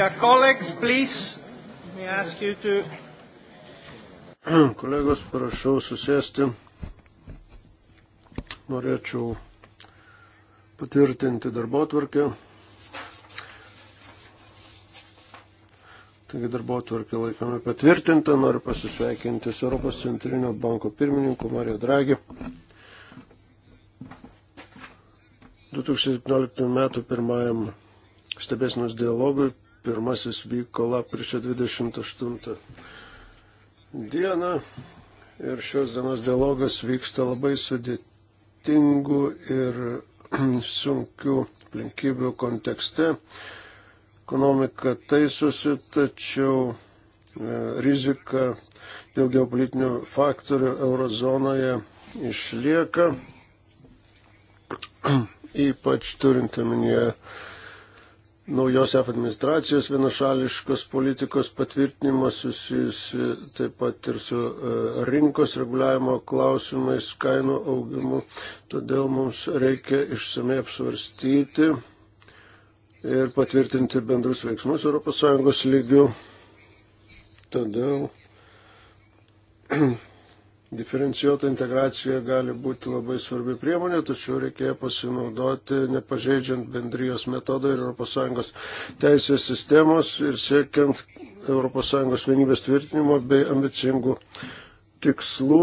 Dear colleagues, please, may I ask you to... Kolegos, prašau susėsti. Norėčiau patvirtinti darbo atvarkę. Taigi darbo atvarkė laikome patvirtintą. Noriu pasisveikinti su Europos centrinio banko pirmininku Mario Draghi. 2017 m. pirmajam stebėsinos dialogui Pirmasis vyko lapkričio 28 dieną ir šios dienos dialogas vyksta labai sudėtingų ir sunkių aplinkybių kontekste. Ekonomika taisosi, tačiau e, rizika dėl geopolitinių faktorių eurozonoje išlieka, ypač turint omenyje naujos F administracijos vienašališkos politikos patvirtinimas susijusi taip pat ir su e, rinkos reguliavimo klausimais, kainų augimu. Todėl mums reikia išsamei apsvarstyti ir patvirtinti bendrus veiksmus ES lygių. Todėl Diferencijuota integracija gali būti labai svarbi priemonė, tačiau reikėjo pasinaudoti, nepažeidžiant bendrijos metodą ir ES teisės sistemos ir siekiant ES vienybės tvirtinimo bei ambicingų tikslų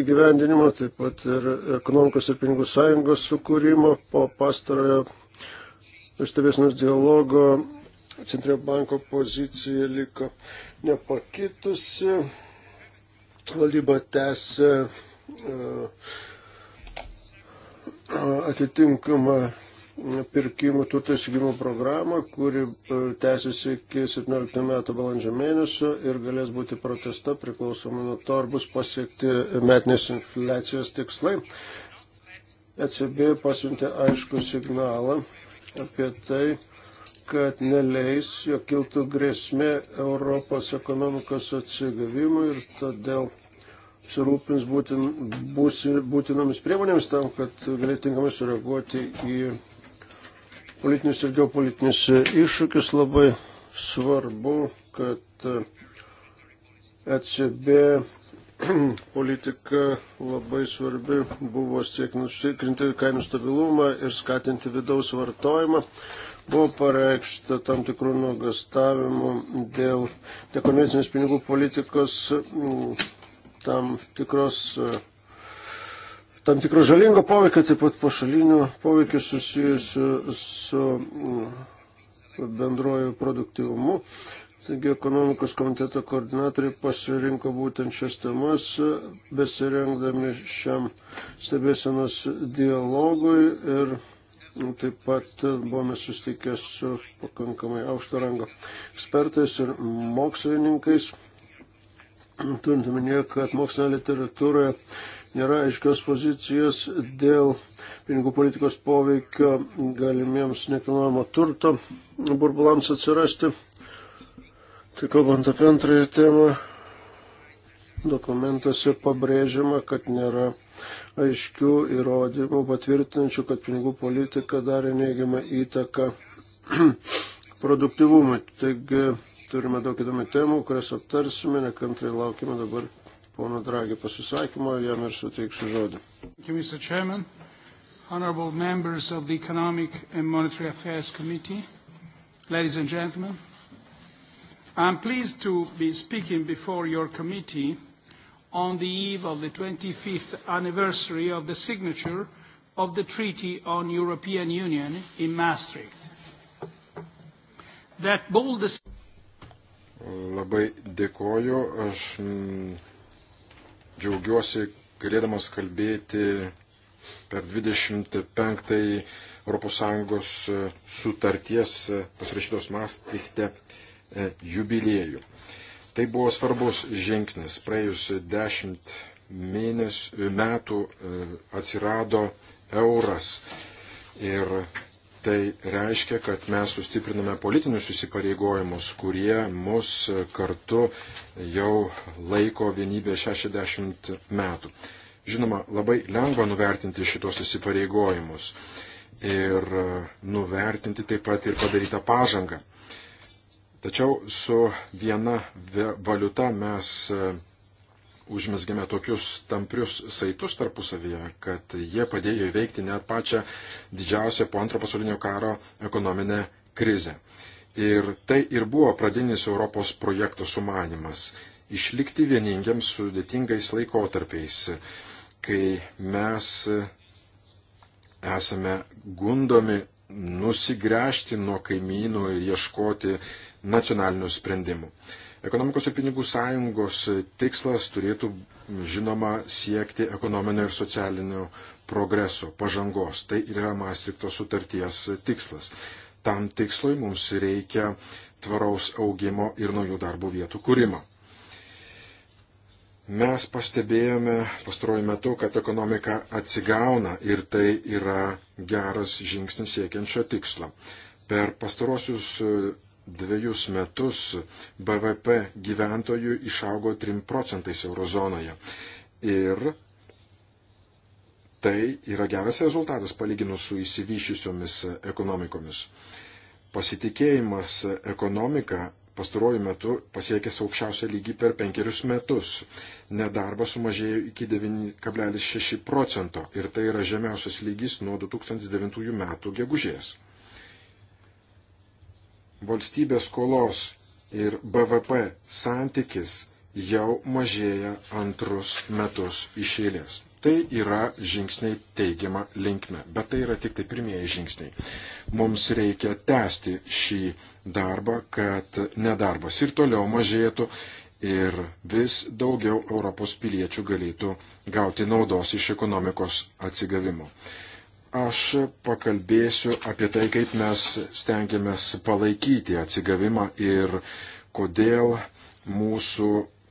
įgyvendinimo, taip pat ir ekonomikos ir pinigų sąjungos sukūrimo po pastarojo stebėsinos dialogo Centrinio banko pozicija liko nepakitusi valdyba tęs e, e, atitinkamą pirkimų turto įsigymų programą, kuri e, tęsiasi iki 17 metų balandžio mėnesio ir galės būti protesta priklausomai nuo to, ar bus pasiekti metinės infliacijos tikslai. ECB pasiuntė aišku signalą apie tai, kad neleis, jog kiltų grėsmė Europos ekonomikos atsigavimui ir todėl apsirūpins būtin, būsi, būtinomis priemonėmis tam, kad galėtų tinkamai sureaguoti į politinius ir geopolitinius iššūkius. Labai svarbu, kad ECB politika labai svarbi buvo siekiant užtikrinti kainų stabilumą ir skatinti vidaus vartojimą buvo pareikšta tam tikrų nuogastavimų dėl nekonvencinės pinigų politikos mm, tam tikros e, tam tikro žalingo poveikio, taip pat pašalinių poveikio susijusių su, su mm, bendroju produktivumu. Taigi ekonomikos komiteto koordinatoriai pasirinko būtent šias temas, e, besirengdami šiam stebėsenos dialogui ir mm, Taip pat e, buvome susitikę su pakankamai aukšto rango ekspertais ir mokslininkais turint omenyje, kad mokslinė literatūroje nėra aiškios pozicijos dėl pinigų politikos poveikio galimiems nekilnojamo turto burbulams atsirasti. Tai kalbant apie antrąją temą, dokumentuose pabrėžiama, kad nėra aiškių įrodymų patvirtinančių, kad pinigų politika darė neigiamą įtaką produktivumui. Taigi, Turime daug įdomių temų, kurias aptarsime, nekantrai laukime dabar pono Dragį pasisakymo, jam ir suteiksiu žodį. Honorable members of the Economic and Monetary Affairs Committee, ladies and gentlemen, I'm pleased to be speaking before your committee on the eve of the 25th anniversary of the signature of the Treaty on European Union in Maastricht. That bold Labai dėkoju. Aš džiaugiuosi galėdamas kalbėti per 25 ES sutarties pasirašytos Maastrichte e, jubiliejų. Tai buvo svarbus žingsnis. Praėjus dešimt mėnesių, metų e, atsirado euras ir Tai reiškia, kad mes sustipriname politinius įsipareigojimus, kurie mus kartu jau laiko vienybė 60 metų. Žinoma, labai lengva nuvertinti šitos įsipareigojimus ir nuvertinti taip pat ir padarytą pažangą. Tačiau su viena valiuta mes užmesgėme tokius tamprius saitus tarpusavyje, kad jie padėjo įveikti net pačią didžiausią po antro pasaulinio karo ekonominę krizę. Ir tai ir buvo pradinis Europos projekto sumanimas - išlikti vieningiams sudėtingais laikotarpiais, kai mes esame gundomi nusigręžti nuo kaimynų ir ieškoti nacionalinių sprendimų. Ekonomikos ir pinigų sąjungos tikslas turėtų, žinoma, siekti ekonominio ir socialinio progreso, pažangos. Tai ir yra Maastrichto sutarties tikslas. Tam tikslui mums reikia tvaraus augimo ir naujų darbo vietų kūrimo. Mes pastebėjome pastaruoju metu, kad ekonomika atsigauna ir tai yra geras žingsnis siekiančio tikslo. Per pastarosius dviejus metus BVP gyventojų išaugo 3 procentais eurozonoje. Ir tai yra geras rezultatas palyginus su įsivyšiusiomis ekonomikomis. Pasitikėjimas ekonomika pastaruoju metu pasiekęs aukščiausią lygį per penkerius metus. Nedarbas sumažėjo iki 9,6 procento ir tai yra žemiausias lygis nuo 2009 metų gegužės valstybės skolos ir BVP santykis jau mažėja antrus metus iš eilės. Tai yra žingsniai teigiama linkme, bet tai yra tik tai pirmieji žingsniai. Mums reikia tęsti šį darbą, kad nedarbas ir toliau mažėtų ir vis daugiau Europos piliečių galėtų gauti naudos iš ekonomikos atsigavimo aš pakalbėsiu apie tai, kaip mes stengiamės palaikyti atsigavimą ir kodėl mūsų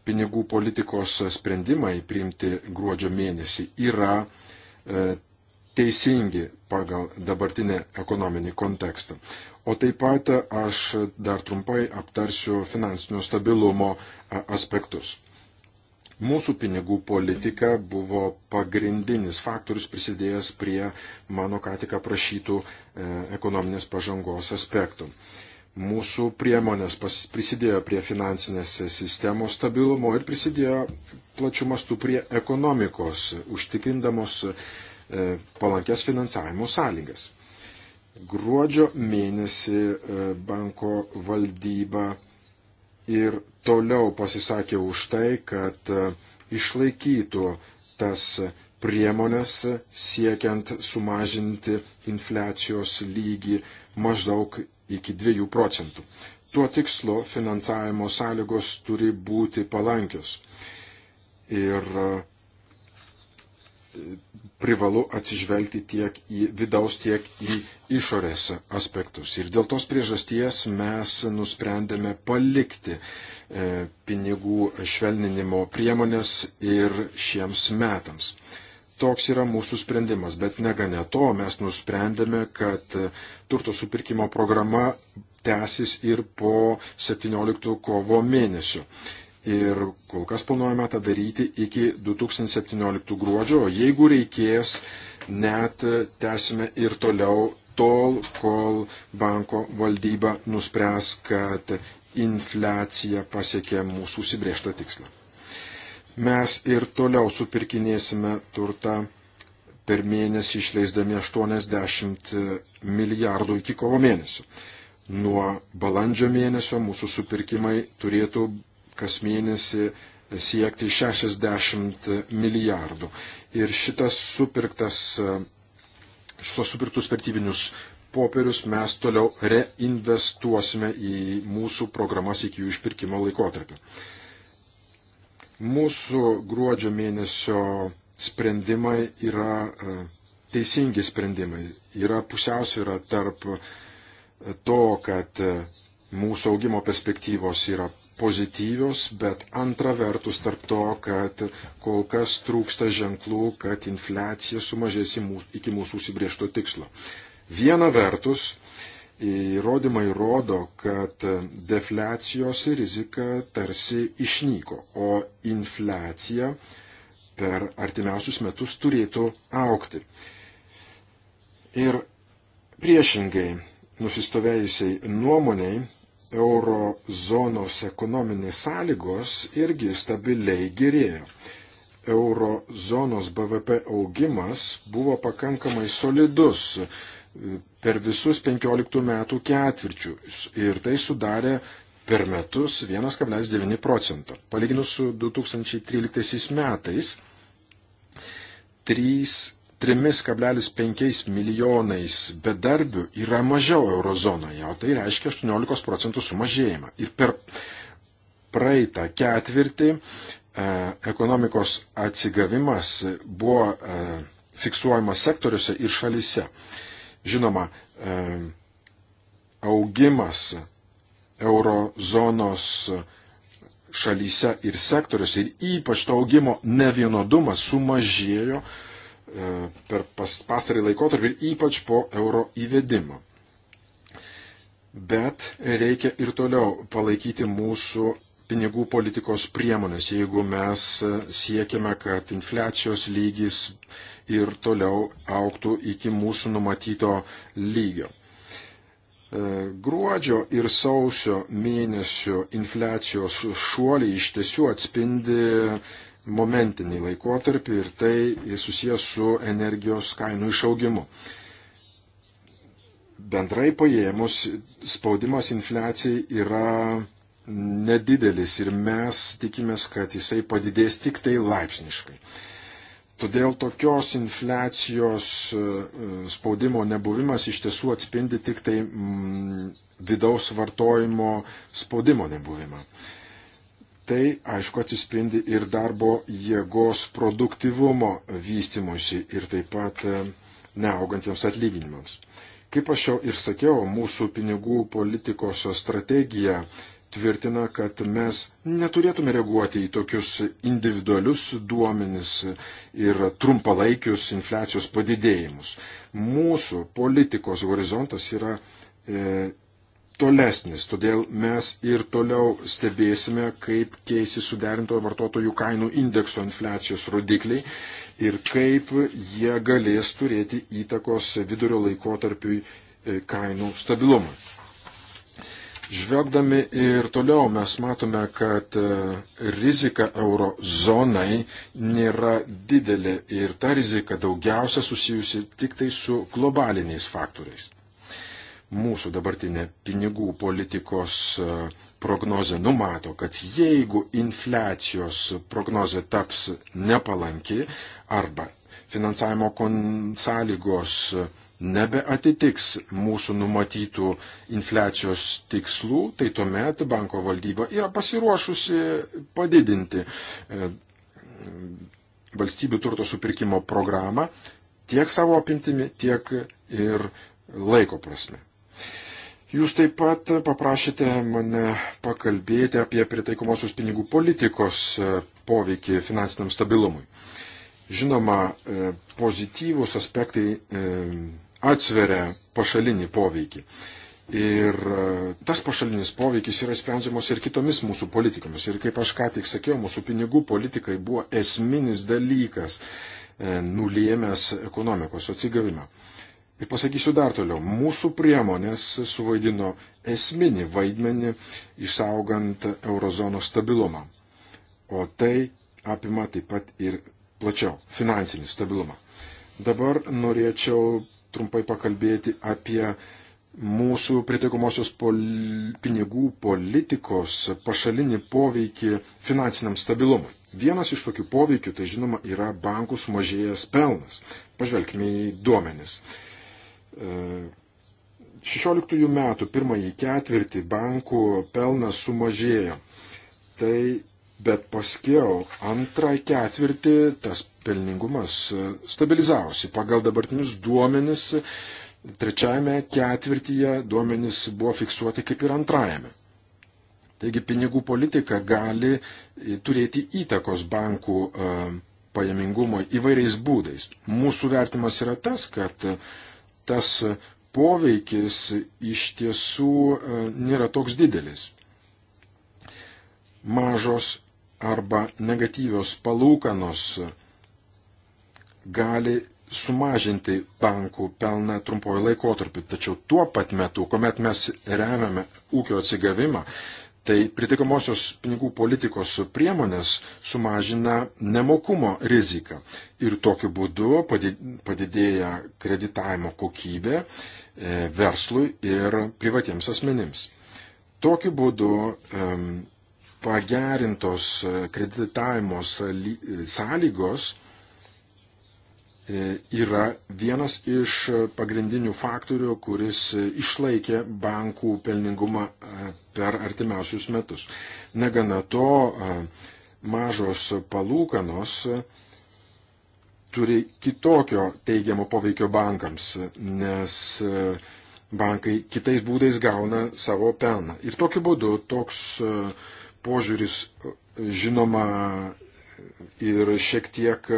pinigų politikos sprendimai priimti gruodžio mėnesį yra e, teisingi pagal dabartinę ekonominį kontekstą. O taip pat aš dar trumpai aptarsiu finansinio stabilumo aspektus. Mūsų pinigų politika buvo pagrindinis faktorius prisidėjęs prie mano ką tik aprašytų e, ekonominės pažangos aspektų. Mūsų priemonės prisidėjo prie finansinės sistemos stabilumo ir prisidėjo plačiumastų prie ekonomikos, užtikrindamos e, palankės finansavimo sąlygas. Gruodžio mėnesį e, banko valdyba ir toliau pasisakė už tai, kad e, išlaikytų tas priemonės siekiant sumažinti infliacijos lygį maždaug iki 2 procentų. Tuo tikslu finansavimo sąlygos turi būti palankios. Ir e, privalu atsižvelgti tiek į vidaus, tiek į išorės aspektus. Ir dėl tos priežasties mes nusprendėme palikti e, pinigų švelninimo priemonės ir šiems metams. Toks yra mūsų sprendimas, bet negane to mes nusprendėme, kad e, turto supirkimo programa tęsis ir po 17 kovo mėnesių ir kol kas planuojame tą daryti iki 2017 gruodžio, o jeigu reikės, net tęsime ir toliau tol, kol banko valdyba nuspręs, kad infliacija pasiekė mūsų užsibriežtą tikslą. Mes ir toliau supirkinėsime turtą per mėnesį išleisdami 80 milijardų iki kovo mėnesio. Nuo balandžio mėnesio mūsų supirkimai turėtų kas mėnesį siekti 60 milijardų. Ir šitas supirktas, šitos supirktus vertybinius popierius mes toliau reinvestuosime į mūsų programas iki jų išpirkimo laikotarpio. Mūsų gruodžio mėnesio sprendimai yra e, teisingi sprendimai. Yra pusiausvyrą tarp to, kad e, mūsų augimo perspektyvos yra pozityvios, bet antra vertus tarp to, kad kol kas trūksta ženklų, kad infliacija sumažės iki mūsų užsibriešto tikslo. Viena vertus, įrodymai rodo, kad defliacijos rizika tarsi išnyko, o infliacija per artimiausius metus turėtų aukti. Ir priešingai nusistovėjusiai nuomoniai euro zonos ekonominės sąlygos irgi stabiliai gerėjo. Euro zonos BVP augimas buvo pakankamai solidus e, per visus 15 metų ketvirčius ir tai sudarė per metus 1,9 procento. Palyginus su 2013 metais 3 3,5 milijonais bedarbių yra mažiau eurozonoje, o tai reiškia 18 procentų sumažėjimą. Ir per praeitą ketvirtį e, ekonomikos atsigavimas buvo e, fiksuojamas sektoriuose ir šalise. Žinoma, e, augimas eurozonos šalyse ir sektoriuose ir ypač to augimo nevienodumas sumažėjo uh, E, per pastarį laikotarpį, ypač po euro įvedimo. Bet reikia ir toliau palaikyti mūsų pinigų politikos priemonės, jeigu mes siekiame, kad infliacijos lygis ir toliau auktų iki mūsų numatyto lygio. E, gruodžio ir sausio mėnesio infliacijos šuoliai iš tiesų atspindi momentinį laikotarpį ir tai susijęs su energijos kainų išaugimu. Bendrai paėmus, spaudimas infliacijai yra nedidelis ir mes tikimės, kad jisai padidės tik tai laipsniškai. Todėl tokios infliacijos e, spaudimo nebuvimas iš tiesų atspindi tik tai mm, vidaus vartojimo spaudimo nebuvimą. Tai, aišku, atsispindi ir darbo jėgos produktivumo vystimuisi ir taip pat e, neaugantiems atlyginimams. Kaip aš jau ir sakiau, mūsų pinigų politikos strategija tvirtina, kad mes neturėtume reaguoti į tokius individualius duomenis ir trumpalaikius infliacijos padidėjimus. Mūsų politikos horizontas yra e, tolesnis, todėl mes ir toliau stebėsime, kaip keisi suderintojo vartotojų kainų indekso infliacijos rodikliai ir kaip jie galės turėti įtakos vidurio laikotarpiui e, kainų stabilumui. Žvelgdami ir toliau mes matome, kad e, rizika eurozonai nėra didelė ir ta rizika daugiausia susijusi tik tai su globaliniais faktoriais mūsų dabartinė pinigų politikos e, prognozė numato, kad jeigu infliacijos prognozė taps nepalanki arba finansavimo sąlygos nebeatitiks mūsų numatytų infliacijos tikslų, tai tuomet banko valdyba yra pasiruošusi padidinti e, valstybių turto supirkimo programą tiek savo apimtimi, tiek ir laiko prasme. Jūs taip pat paprašėte mane pakalbėti apie pritaikomosios pinigų politikos e, poveikį finansiniam stabilumui. Žinoma, e, pozityvūs aspektai e, atsveria pašalinį poveikį. Ir tas pašalinis poveikis yra sprendžiamas ir kitomis mūsų politikomis. Ir kaip aš ką tik sakiau, mūsų pinigų politikai buvo esminis dalykas nulėmęs ekonomikos atsigavimą. Ir pasakysiu dar toliau, mūsų priemonės suvaidino esminį vaidmenį išsaugant eurozonos stabilumą. O tai apima taip pat ir plačiau - finansinį stabilumą. Dabar norėčiau trumpai pakalbėti apie mūsų pritaikomosios pol pinigų politikos pašalinį poveikį finansiniam stabilumui. Vienas iš tokių poveikių, tai žinoma, yra bankų sumažėjęs pelnas. Pažvelkime į duomenis. 16 metų pirmąjį ketvirtį bankų pelnas sumažėjo. Tai bet paskiau antrą ketvirtį tas pelningumas stabilizavosi. Pagal dabartinius duomenis trečiajame ketvirtyje duomenis buvo fiksuoti kaip ir antrajame. Taigi pinigų politika gali turėti įtakos bankų e, pajamingumui įvairiais būdais. Mūsų vertimas yra tas, kad tas poveikis iš tiesų e, nėra toks didelis. Mažos arba negatyvios palūkanos gali sumažinti bankų pelną trumpojo laikotarpiu. Tačiau tuo pat metu, kuomet mes remiame ūkio atsigavimą, tai pritaikomosios pinigų politikos priemonės sumažina nemokumo riziką ir tokiu būdu padidėja kreditavimo kokybė e, verslui ir privatiems asmenims. Tokiu būdu pagerintos e, kreditavimo sąlygos e, yra vienas iš pagrindinių faktorių, kuris išlaikė bankų pelningumą per artimiausius metus. Negana to, mažos palūkanos turi kitokio teigiamo poveikio bankams, nes bankai kitais būdais gauna savo pelną. Ir tokiu būdu toks požiūris, žinoma, ir šiek tiek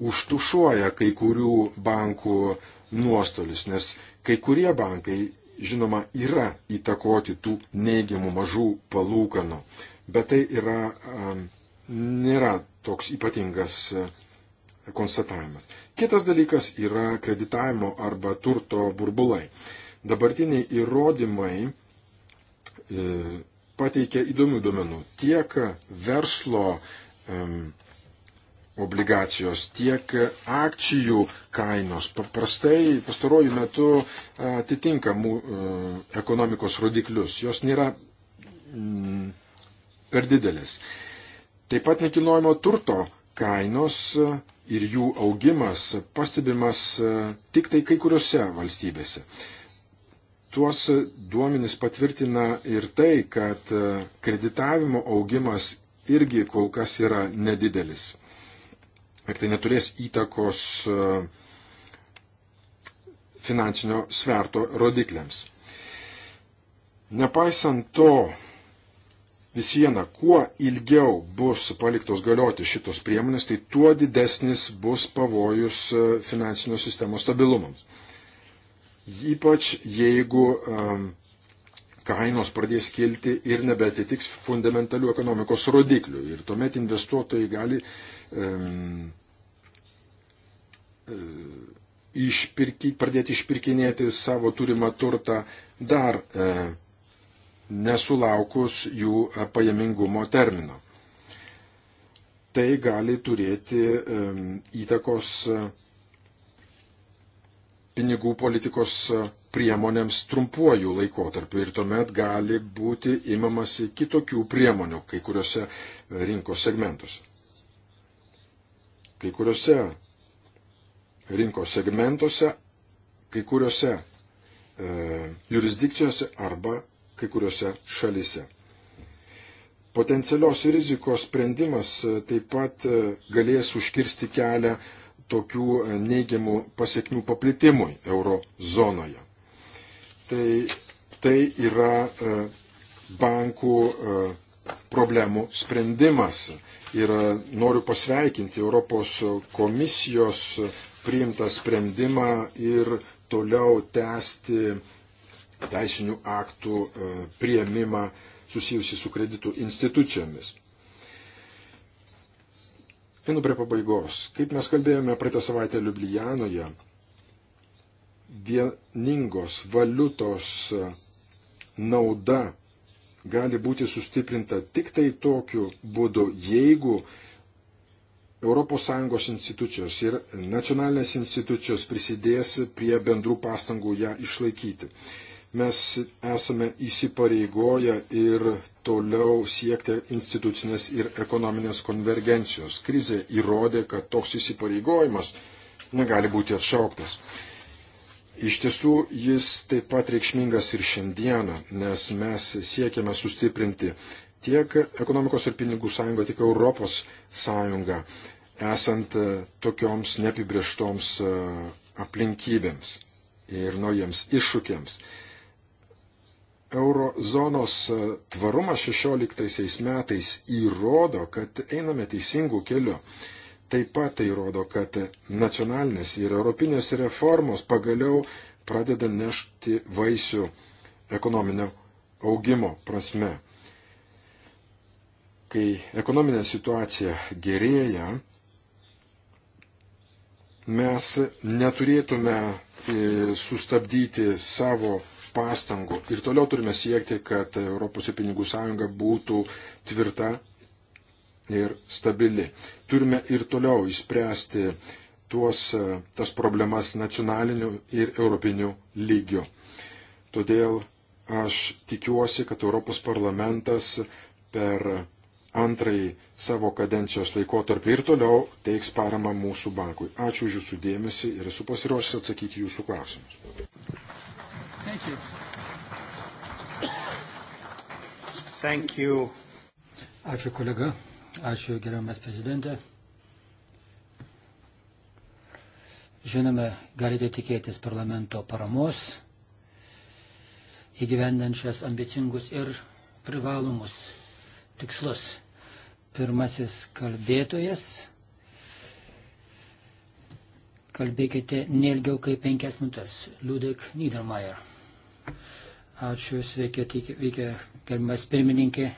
užtušuoja kai kurių bankų nuostolius, nes kai kurie bankai žinoma, yra įtakoti tų neigiamų mažų palūkanų, bet tai yra, nėra toks ypatingas e, konstatavimas. Kitas dalykas yra kreditavimo arba turto burbulai. Dabartiniai įrodymai e, pateikia įdomių duomenų. Tiek verslo um, obligacijos, tiek akcijų kainos paprastai pastaruoju metu e, atitinka mū, e, ekonomikos rodiklius. Jos nėra mm, per didelis. Taip pat nekilnojamo turto kainos ir jų augimas pastebimas e, tik tai kai kuriuose valstybėse. Tuos duomenys patvirtina ir tai, kad kreditavimo augimas irgi kol kas yra nedidelis ar tai neturės įtakos e, finansinio sverto rodikliams. Nepaisant to, vis viena, kuo ilgiau bus paliktos galioti šitos priemonės, tai tuo didesnis bus pavojus e, finansinio sistemos stabilumams. Ypač jeigu um, kainos pradės kilti ir nebetitiks fundamentalių ekonomikos rodiklių. Ir tuomet investuotojai gali um, E, išpirki, pradėti išpirkinėti savo turimą turtą dar e, nesulaukus jų e, pajamingumo termino. Tai gali turėti e, įtakos e, pinigų politikos priemonėms trumpuoju laikotarpiu ir tuomet gali būti imamasi kitokių priemonių kai kuriuose rinkos segmentuose. Kai kuriuose rinkos segmentuose, kai kuriuose e, jurisdikcijose arba kai kuriuose šalise. Potencialios rizikos sprendimas e, taip pat e, galės užkirsti kelią tokių e, neigiamų pasiekmių paplitimui euro zonoje. Tai, tai yra e, bankų e, problemų sprendimas. Ir noriu pasveikinti Europos komisijos priimtą sprendimą ir toliau tęsti teisinių aktų e, prieimimą susijusi su kreditų institucijomis. Einu prie pabaigos. Kaip mes kalbėjome praeitą savaitę Ljubljanoje, vieningos valiutos e, nauda gali būti sustiprinta tik tai tokiu būdu, jeigu ES institucijos ir nacionalinės institucijos prisidės prie bendrų pastangų ją išlaikyti. Mes esame įsipareigoję ir toliau siekti institucinės ir ekonominės konvergencijos. Krizė įrodė, kad toks įsipareigojimas negali būti atšauktas. Iš tiesų, jis taip pat reikšmingas ir šiandieną, nes mes siekiame sustiprinti tiek ekonomikos ir pinigų sąjunga, tiek Europos sąjunga, esant e, tokioms neapibrieštoms e, aplinkybėms ir naujiems iššūkiams. Eurozonos e, tvarumas 16 metais įrodo, kad einame teisingų kelių. Taip pat tai rodo, kad nacionalinės ir europinės reformos pagaliau pradeda nešti vaisių ekonominio augimo prasme. Kai ekonominė situacija gerėja, mes neturėtume e, sustabdyti savo pastangų ir toliau turime siekti, kad Europos ir pinigų sąjunga būtų tvirta ir stabili. Turime ir toliau įspręsti tuos, e, tas problemas nacionaliniu ir europiniu lygiu. Todėl aš tikiuosi, kad Europos parlamentas per antrąjį savo kadencijos laikotarpį ir toliau teiks paramą mūsų bankui. Ačiū už Jūsų dėmesį ir esu pasiruošęs atsakyti Jūsų klausimus. Thank you. Thank you. Ačiū kolega, ačiū gerbiamas prezidentė. Žinome, galite tikėtis parlamento paramos įgyvendančias ambicingus ir privalomus tikslus. Pirmasis kalbėtojas. Kalbėkite nelgiau kaip penkias minutės. Liudek Niedermayer. Ačiū, sveiki, veikia gerbimas pirmininkė.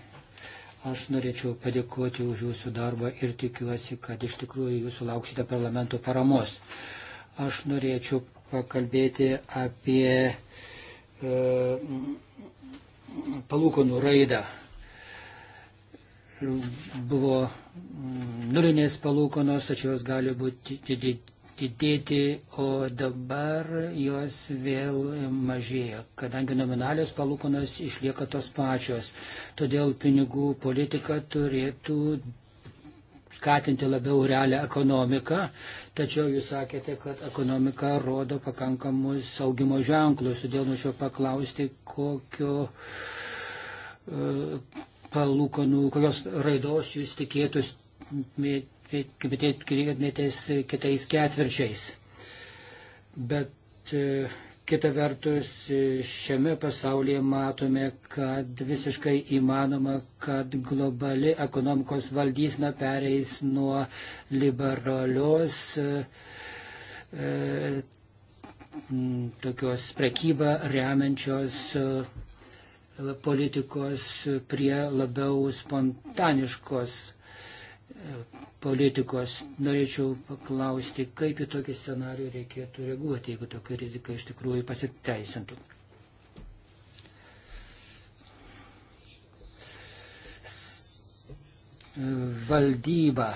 Aš norėčiau padėkoti už jūsų darbą ir tikiuosi, kad iš tikrųjų jūs lauksite parlamento paramos. Aš norėčiau pakalbėti apie e, palūkonų raidą buvo nulinės palūkonos, tačiau jos gali būti didėti, o dabar jos vėl mažėja, kadangi nominalios palūkonos išlieka tos pačios. Todėl pinigų politika turėtų skatinti labiau realią ekonomiką, tačiau jūs sakėte, kad ekonomika rodo pakankamus saugimo ženklus, todėl norėčiau paklausti, kokio e, palūkanų, kokios raidos jūs tikėtus tikėtumėtės kitais ketvirčiais. Bet e, kita vertus, e, šiame pasaulyje matome, kad visiškai įmanoma, kad globali ekonomikos valdysna pereis nuo liberalios e, e tokios prekybą remiančios politikos prie labiau spontaniškos e, politikos. Norėčiau paklausti, kaip į tokį scenarių reikėtų reaguoti, jeigu tokia rizika iš tikrųjų pasiteisintų. Valdyba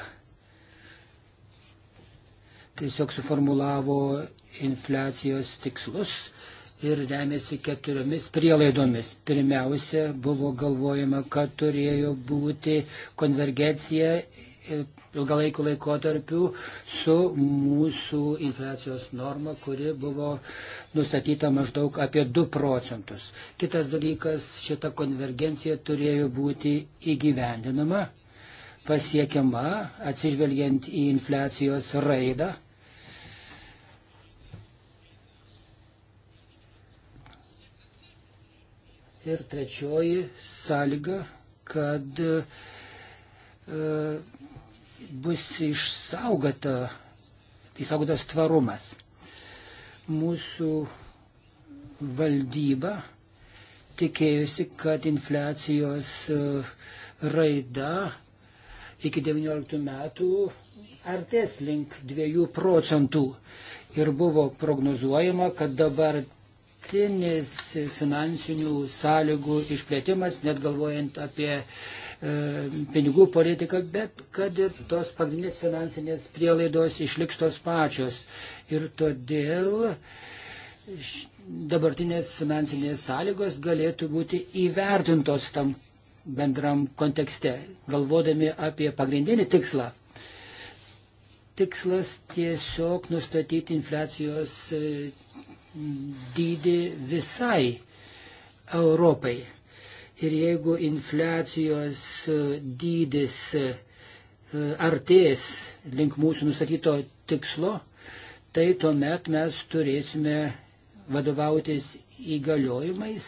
tiesiog suformulavo infliacijos tikslus ir remiasi keturiomis prielaidomis. Pirmiausia, buvo galvojama, kad turėjo būti konvergencija ilgalaikų laikotarpių su mūsų infliacijos norma, kuri buvo nustatyta maždaug apie 2 procentus. Kitas dalykas, šita konvergencija turėjo būti įgyvendinama, pasiekiama atsižvelgiant į infliacijos raidą Ir trečioji sąlyga, kad e, bus išsaugota, išsaugotas tvarumas. Mūsų valdyba tikėjusi, kad infliacijos e, raida iki 19 metų artės link 2 procentų. Ir buvo prognozuojama, kad dabar nuolatinis finansinių sąlygų išplėtimas, net galvojant apie e, pinigų politiką, bet kad ir tos pagrindinės finansinės prielaidos išliks tos pačios. Ir todėl dabartinės finansinės sąlygos galėtų būti įvertintos tam bendram kontekste, galvodami apie pagrindinį tikslą tikslas tiesiog nustatyti infliacijos e, dydį visai Europai. Ir jeigu infliacijos e, dydis e, artės link mūsų nustatyto tikslo, tai tuomet mes turėsime vadovautis įgaliojimais,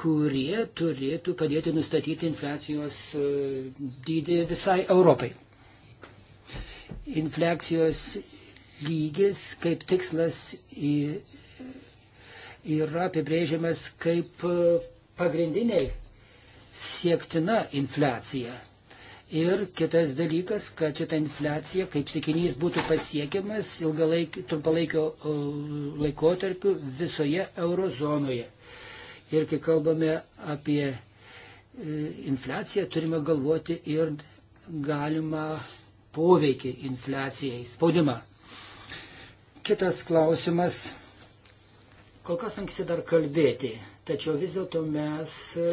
kurie turėtų padėti nustatyti infliacijos e, dydį visai Europai. Infliacijos lygis kaip tikslas yra apibrėžiamas kaip e, pagrindiniai siektina infliacija. Ir kitas dalykas, kad šita infliacija kaip sėkinys būtų pasiekiamas ilgalaik, trumpalaikio e, laikotarpiu visoje eurozonoje. Ir kai kalbame apie e, infliaciją, turime galvoti ir galimą poveikį infliacijai, spaudimą. Kitas klausimas. Kol kas anksti dar kalbėti, tačiau vis dėlto mes e,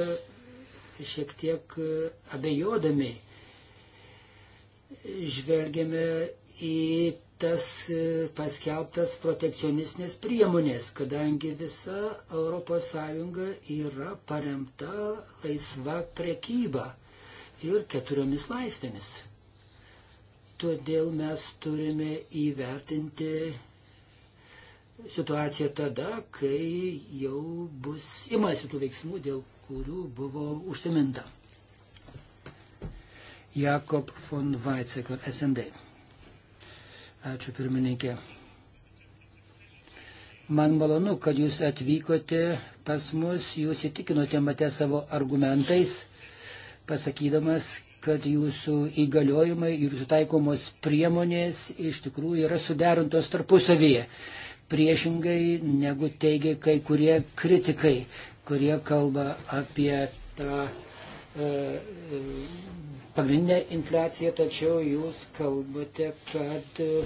šiek tiek e, abejodami žvelgiame į tas e, paskelbtas protekcionistinės priemonės, kadangi visa ES yra paremta laisva prekyba ir keturiomis laisvėmis. Todėl mes turime įvertinti situaciją tada, kai jau bus imasi tų veiksmų, dėl kurių buvo užsiminta. Jakob von Weizsäcker, SND. Ačiū pirmininkė. Man malonu, kad jūs atvykote pas mus, jūs įtikinote mate savo argumentais, pasakydamas, kad jūsų įgaliojimai ir jūsų taikomos priemonės iš tikrųjų yra suderintos tarpusavyje priešingai negu teigia kai kurie kritikai, kurie kalba apie tą e, e, pagrindinę infliaciją, tačiau jūs kalbate, kad e,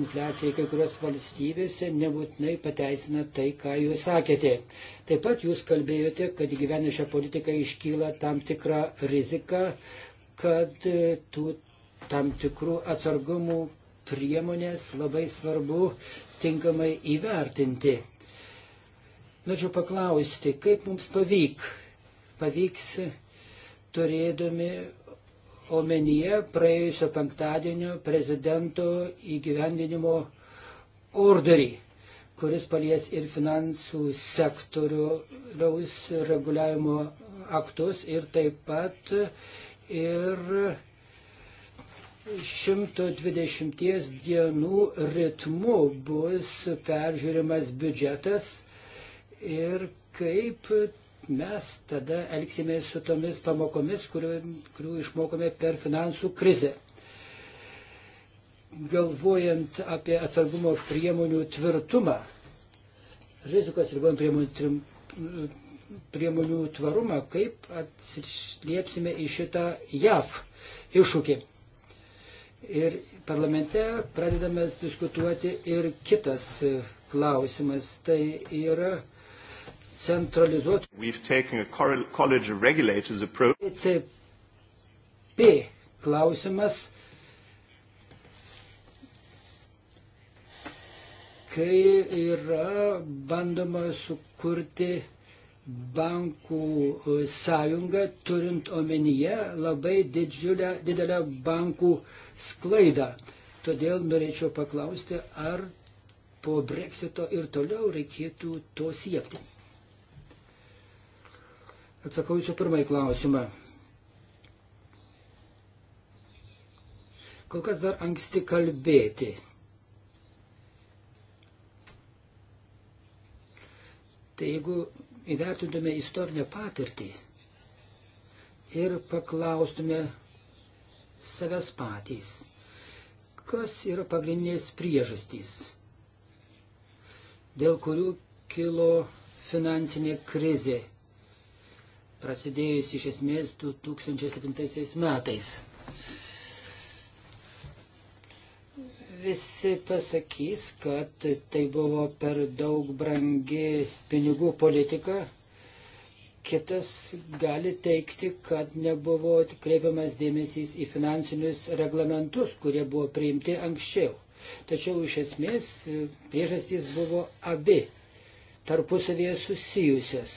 infliacija kai kurios valstybėse nebūtinai pateisina tai, ką jūs sakėte. Taip pat jūs kalbėjote, kad gyvenę šią politiką iškyla tam tikra rizika, kad e, tų tam tikrų atsargumų priemonės labai svarbu tinkamai įvertinti. Norėčiau paklausti, kaip mums pavyk, pavyks turėdami omenyje praėjusio penktadienio prezidento įgyvendinimo orderį, kuris palies ir finansų sektoriaus reguliavimo aktus ir taip pat ir 120 dienų ritmu bus peržiūrimas biudžetas ir kaip mes tada elgsimės su tomis pamokomis, kurių, kurių išmokome per finansų krizę. Galvojant apie atsargumo priemonių tvirtumą, rizikos ribojimo priemonių trim, priemonių tvarumą, kaip atsiliepsime į šitą JAV iššūkį. Ir parlamente pradedame diskutuoti ir kitas klausimas. Tai yra centralizuoti. ECP klausimas. Kai yra bandoma sukurti bankų e, sąjungą, turint omenyje labai didžiulę, didelę bankų sklaidą. Todėl norėčiau paklausti, ar po breksito ir toliau reikėtų to siekti. Atsakau jūsų pirmąjį klausimą. Kol kas dar anksti kalbėti. Tai jeigu įvertintume istorinę patirtį ir paklaustume savęs patys, kas yra pagrindinės priežastys, dėl kurių kilo finansinė krizė, prasidėjusi iš esmės 2007 metais visi pasakys, kad tai buvo per daug brangi pinigų politika. Kitas gali teikti, kad nebuvo kreipiamas dėmesys į finansinius reglamentus, kurie buvo priimti anksčiau. Tačiau iš esmės e, priežastys buvo abi tarpusavėje susijusios.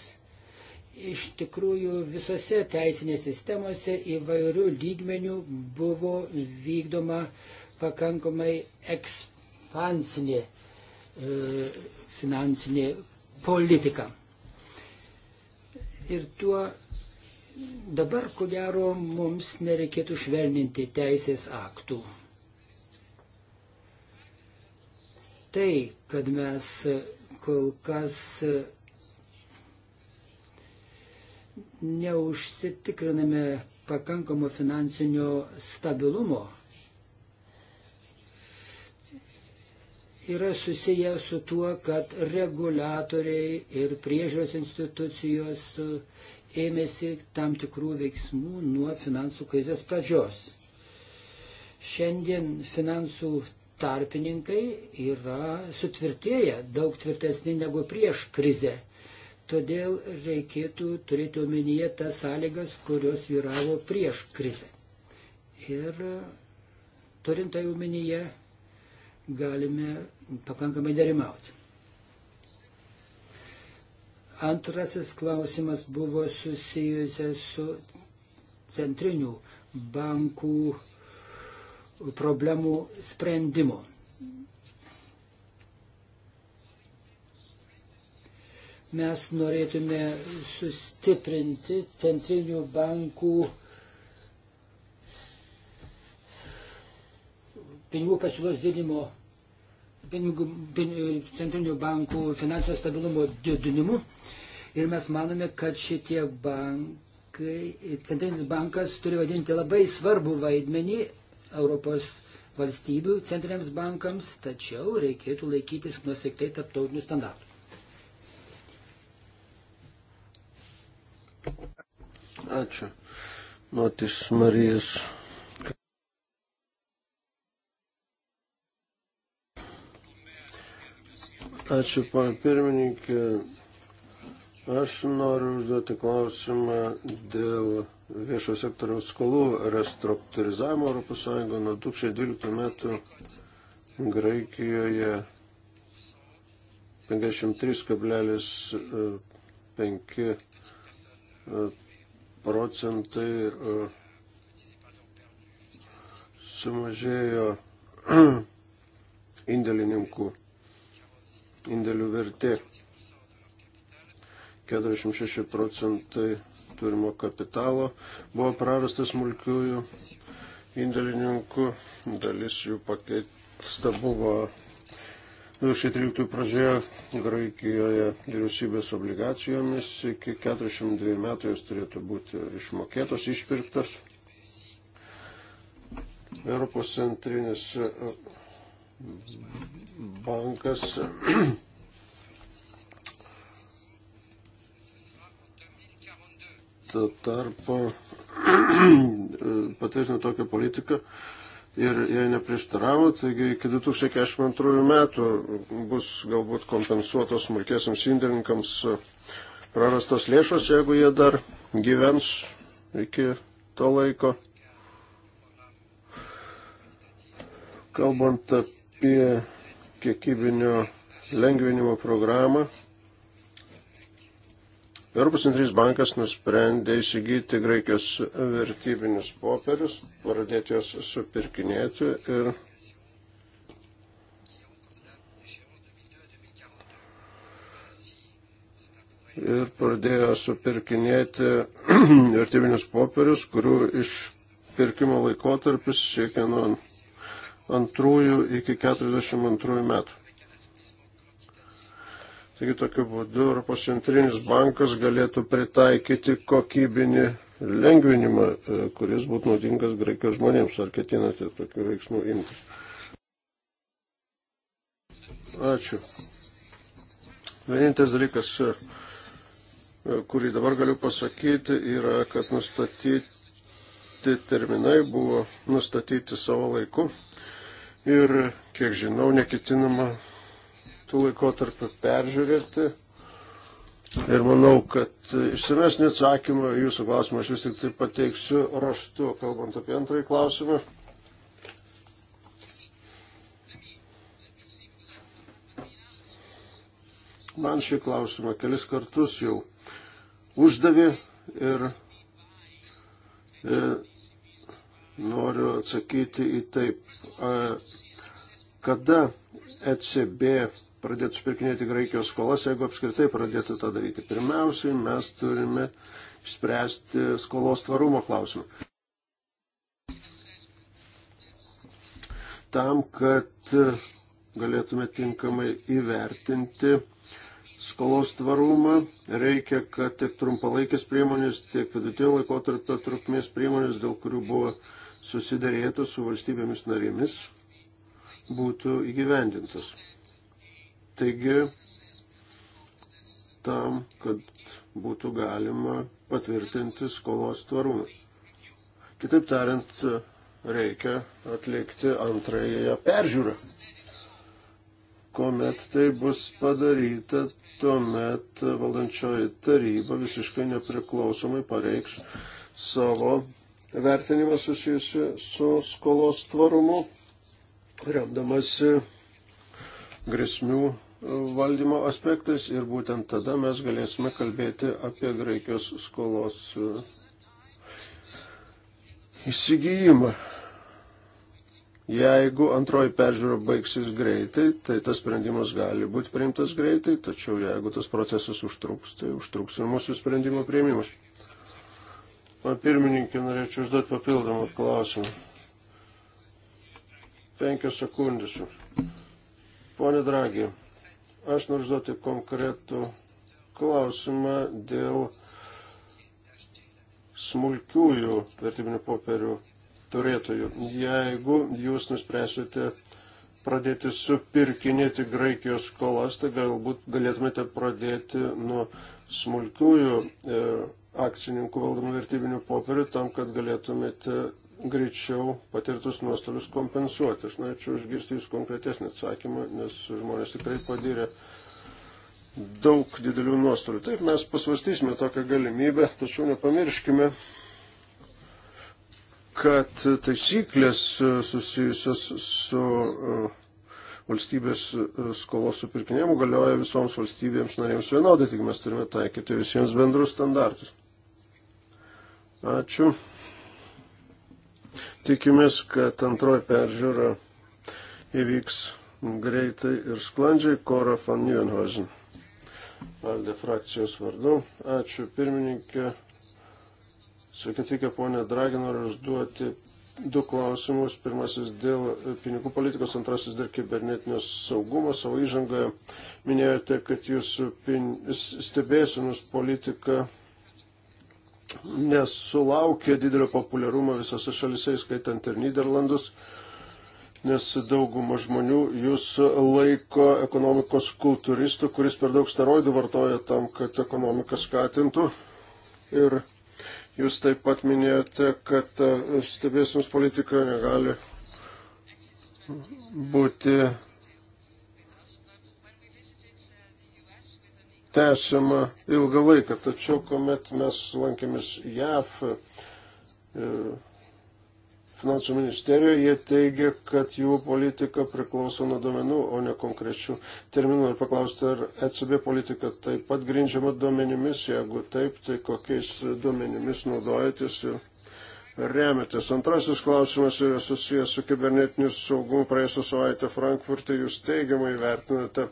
Iš tikrųjų visose teisinės sistemose įvairių lygmenių buvo vykdoma uh, pakankamai ekspansinė e, finansinė politika. Ir tuo dabar, ko gero, mums nereikėtų švelninti teisės aktų. Tai, kad mes kol kas neužsitikriname pakankamo finansinio stabilumo yra susiję su tuo, kad reguliatoriai ir priežiūros institucijos e, ėmėsi tam tikrų veiksmų nuo finansų krizės pradžios. Šiandien finansų tarpininkai yra sutvirtėję, daug tvirtesni negu prieš krizę. Todėl reikėtų turėti omenyje tas sąlygas, kurios vyravo prieš krizę. Ir turint tai omenyje, galime pakankamai nerimauti. Antrasis klausimas buvo susijusias su centrinių bankų problemų sprendimu. Mes norėtume sustiprinti centrinių bankų pinigų pasiūlos didinimo pinigų, pin, centrinių bankų finansinio stabilumo didinimu. Ir mes manome, kad šitie bankai, centrinis bankas turi vadinti labai svarbų vaidmenį Europos valstybių centriniams bankams, tačiau reikėtų laikytis nusiktai tarptautinių standartų. Ačiū. Notis Marijas Ačiū, pana pirmininkė. Aš noriu užduoti klausimą dėl viešo sektoriaus skolų restruktūrizavimo ES nuo 2012 metų Graikijoje 53,5 e, procentai e, sumažėjo indėlininkų indėlių vertė. 46 procentai turimo kapitalo buvo prarastas smulkiųjų indėlininkų, dalis jų pakeista buvo 2013 pradžioje Graikijoje vyriausybės obligacijomis, iki 42 metų jos turėtų būti išmokėtos, išpirktos. Europos centrinis bankas Tuo tarpu patvirtino tokią politiką ir jai neprieštaravo, taigi iki 2042 metų bus galbūt kompensuotos smulkėsiams indėlininkams prarastos lėšos, jeigu jie dar gyvens iki to laiko. Kalbant apie kiekybinio lengvinimo programą. Europos centrinis bankas nusprendė įsigyti Graikijos vertybinius popierius, pradėti juos supirkinėti ir ir pradėjo supirkinėti vertybinius popierius, kurių išpirkimo laikotarpis siekia nuo 42 iki 42 metų. Taigi tokiu būdu Europos centrinis bankas galėtų pritaikyti kokybinį lengvinimą, e, kuris būtų naudingas graikijos žmonėms. Ar ketinate tokių veiksmų imti? Ačiū. Vienintelis dalykas, e, kurį dabar galiu pasakyti, yra, kad nustatyti terminai buvo nustatyti savo laiku ir, kiek žinau, neketinama tų laikotarpių peržiūrėti. Ir manau, kad išsamesnį atsakymą jūsų klausimą aš vis tik tai pateiksiu raštu, kalbant apie antrąjį klausimą. Man šį klausimą kelis kartus jau uždavė ir e, noriu atsakyti į taip. Kada ECB pradėtų spirkinėti Graikijos skolas, jeigu apskritai pradėtų tą daryti? Pirmiausiai mes turime spręsti skolos tvarumo klausimą. Tam, kad galėtume tinkamai įvertinti skolos tvarumą, reikia, kad tiek trumpalaikės priemonės, tiek vidutinio laikotarpio trukmės priemonės, dėl kurių buvo susidarėtų su valstybėmis narėmis, būtų įgyvendintas. Taigi, tam, kad būtų galima patvirtinti skolos tvarumą. Kitaip tariant, reikia atlikti antrąją peržiūrą. Komet tai bus padaryta, tuomet valdančioji taryba visiškai nepriklausomai pareikš savo vertinimą susijusiu su skolos tvarumu, remdamasi grėsmių valdymo aspektais ir būtent tada mes galėsime kalbėti apie Graikijos skolos įsigijimą. Jeigu antroji peržiūra baigsis greitai, tai tas sprendimas gali būti priimtas greitai, tačiau jeigu tas procesas užtruks, tai užtruks ir mūsų sprendimo prieimimas. Man pirmininkė, norėčiau užduoti papildomą klausimą. Penkios sekundės. Pone Dragi, aš noriu užduoti konkretų klausimą dėl smulkiųjų vertybinių popierių turėtojų. Jeigu jūs nuspręsite pradėti supirkinėti Graikijos skolas, tai galbūt galėtumėte pradėti nuo smulkiųjų e, akcininkų valdomų vertybinių popierių tam, kad galėtumėte greičiau patirtus nuostolius kompensuoti. Aš norėčiau išgirsti jūs konkretesnį atsakymą, nes žmonės tikrai padyrė daug didelių nuostolių. Taip, mes pasvastysime tokią galimybę, tačiau nepamirškime, kad taisyklės susijusios su uh, valstybės uh, skolos supirkinėjimu galioja visoms valstybėms narėms vienodai, tik mes turime taikyti visiems bendrus standartus. Ačiū. Tikimės, kad antroji peržiūra įvyks greitai ir sklandžiai. Kora van Nieuwenhuizen. Valdė frakcijos vardu. Ačiū pirmininkė. Sveiki atvykę, ponė Dragi, noriu užduoti du klausimus. Pirmasis dėl pinigų politikos, antrasis dėl kibernetinio saugumo. Savo įžangoje minėjote, kad jūsų pin... stebėsinus politika nesulaukė didelio populiarumo visose šalise, skaitant ir Niderlandus, nes dauguma žmonių jūs laiko ekonomikos kultūristų, kuris per daug steroidų vartoja tam, kad ekonomiką skatintų. Ir jūs taip pat minėjote, kad stebėsimus politika negali būti tęsiama ilgą laiką. Tačiau, kuomet mes lankėmės JAV e, finansų ministerijoje, jie teigia, kad jų politika priklauso nuo duomenų, o ne konkrečių terminų. Ir paklausti, ar ECB politika taip pat grindžiama duomenimis, jeigu taip, tai kokiais duomenimis naudojatės ir remiatės. Antrasis klausimas yra susijęs su kibernetiniu saugumu. Praėjusią savaitę Frankfurte jūs teigiamai vertinate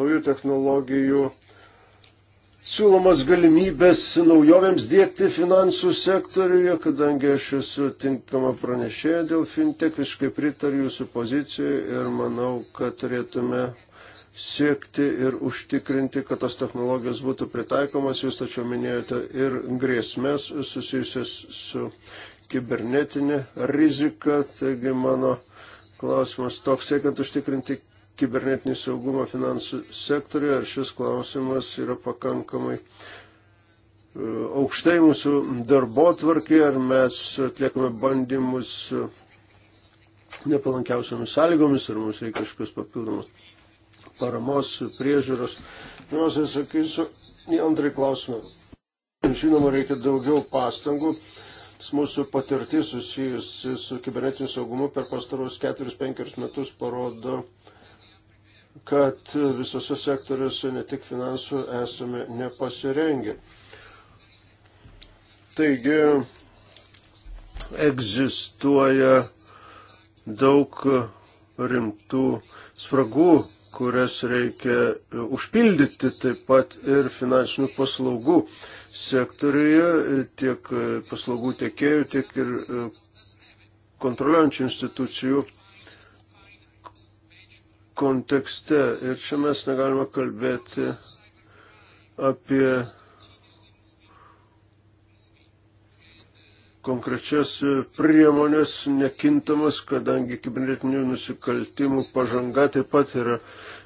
naujų technologijų siūlomas galimybės naujovėms dėkti finansų sektoriuje, kadangi aš esu tinkama pranešėja dėl fintech, visiškai pritariu jūsų pozicijai ir manau, kad turėtume siekti ir užtikrinti, kad tos technologijos būtų pritaikomas, jūs tačiau minėjote ir grėsmės susijusias su kibernetinė rizika, taigi mano klausimas toks, siekiant užtikrinti kibernetinį saugumą finansų sektoriuje, ar šis klausimas yra pakankamai e, aukštai mūsų darbo tvarkė, ar mes atliekame bandymus e, nepalankiausiamis sąlygomis, ar mums reikia kažkokios papildomos paramos, priežiūros. Pirmiausia, sakysiu į antrąjį klausimą. Žinoma, reikia daugiau pastangų mūsų patirtis susijusi su kibernetiniu saugumu per pastarus 4-5 metus parodo, kad visose sektoriuose, ne tik finansų, esame nepasirengę. Taigi egzistuoja daug rimtų spragų, kurias reikia užpildyti taip pat ir finansinių paslaugų sektoriuje, tiek paslaugų tiekėjų, tiek ir e, kontroliuojančių institucijų kontekste. Ir čia mes negalime kalbėti apie konkrečias priemonės nekintamas, kadangi kibernetinių nusikaltimų pažanga taip pat yra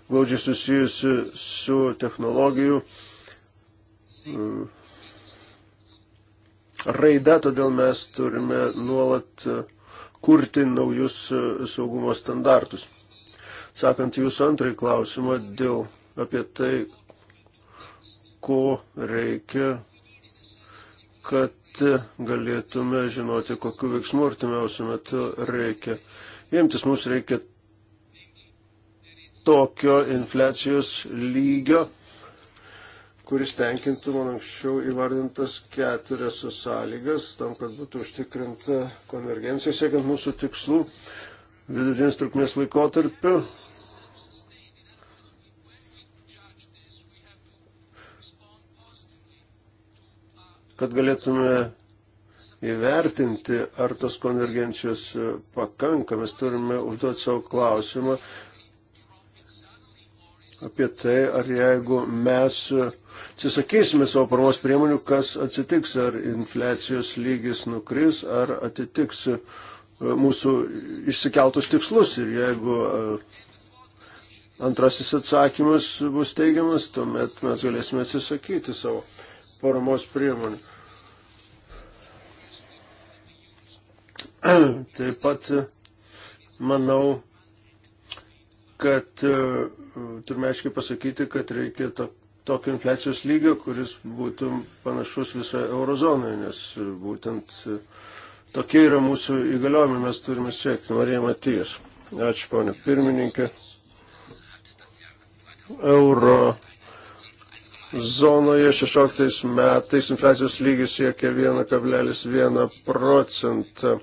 glaudžiai susijusi su technologijų e, raida, todėl mes turime nuolat kurti naujus saugumo standartus. Sakant jūsų antrąjį klausimą dėl apie tai, ko reikia, kad galėtume žinoti, kokiu veiksmu artimiausiu metu reikia. Imtis mums reikia tokio infliacijos lygio, kuris tenkintų man anksčiau įvardintas keturias sąlygas, tam, kad būtų užtikrinta konvergencija siekiant mūsų tikslų vidutinis trukmės laikotarpiu kad galėtume įvertinti, ar tos konvergencijos pakanka. Mes turime užduoti savo klausimą apie tai, ar jeigu mes atsisakysime savo paramos priemonių, kas atsitiks, ar infliacijos lygis nukris, ar atitiks mūsų išsikeltus tikslus. Ir jeigu e, antrasis atsakymas bus teigiamas, tuomet mes galėsime atsisakyti savo paramos priemonių. Taip pat manau, kad e, turime aiškiai pasakyti, kad reikia to, tokio infliacijos lygio, kuris būtų panašus visą eurozoną, nes e, būtent e, tokie yra mūsų įgaliojimai, mes turime siekti. Marija Matijas. Ačiū, ponė pirmininkė. Euro zonoje 16 metais infliacijos lygis siekia 1,1 procentą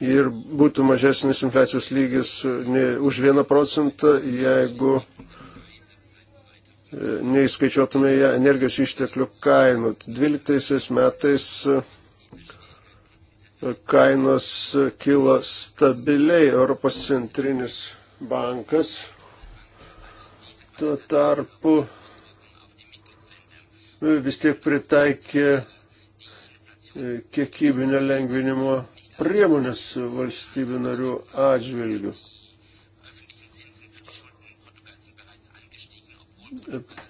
ir būtų mažesnis infliacijos lygis už 1 procentą, jeigu e, neįskaičiuotume energijos išteklių kainų. 12 metais e, kainos kilo stabiliai Europos centrinis bankas. Tuo tarpu vis tiek pritaikė e, kiekybinio lengvinimo priemonės valstybių narių atžvilgių.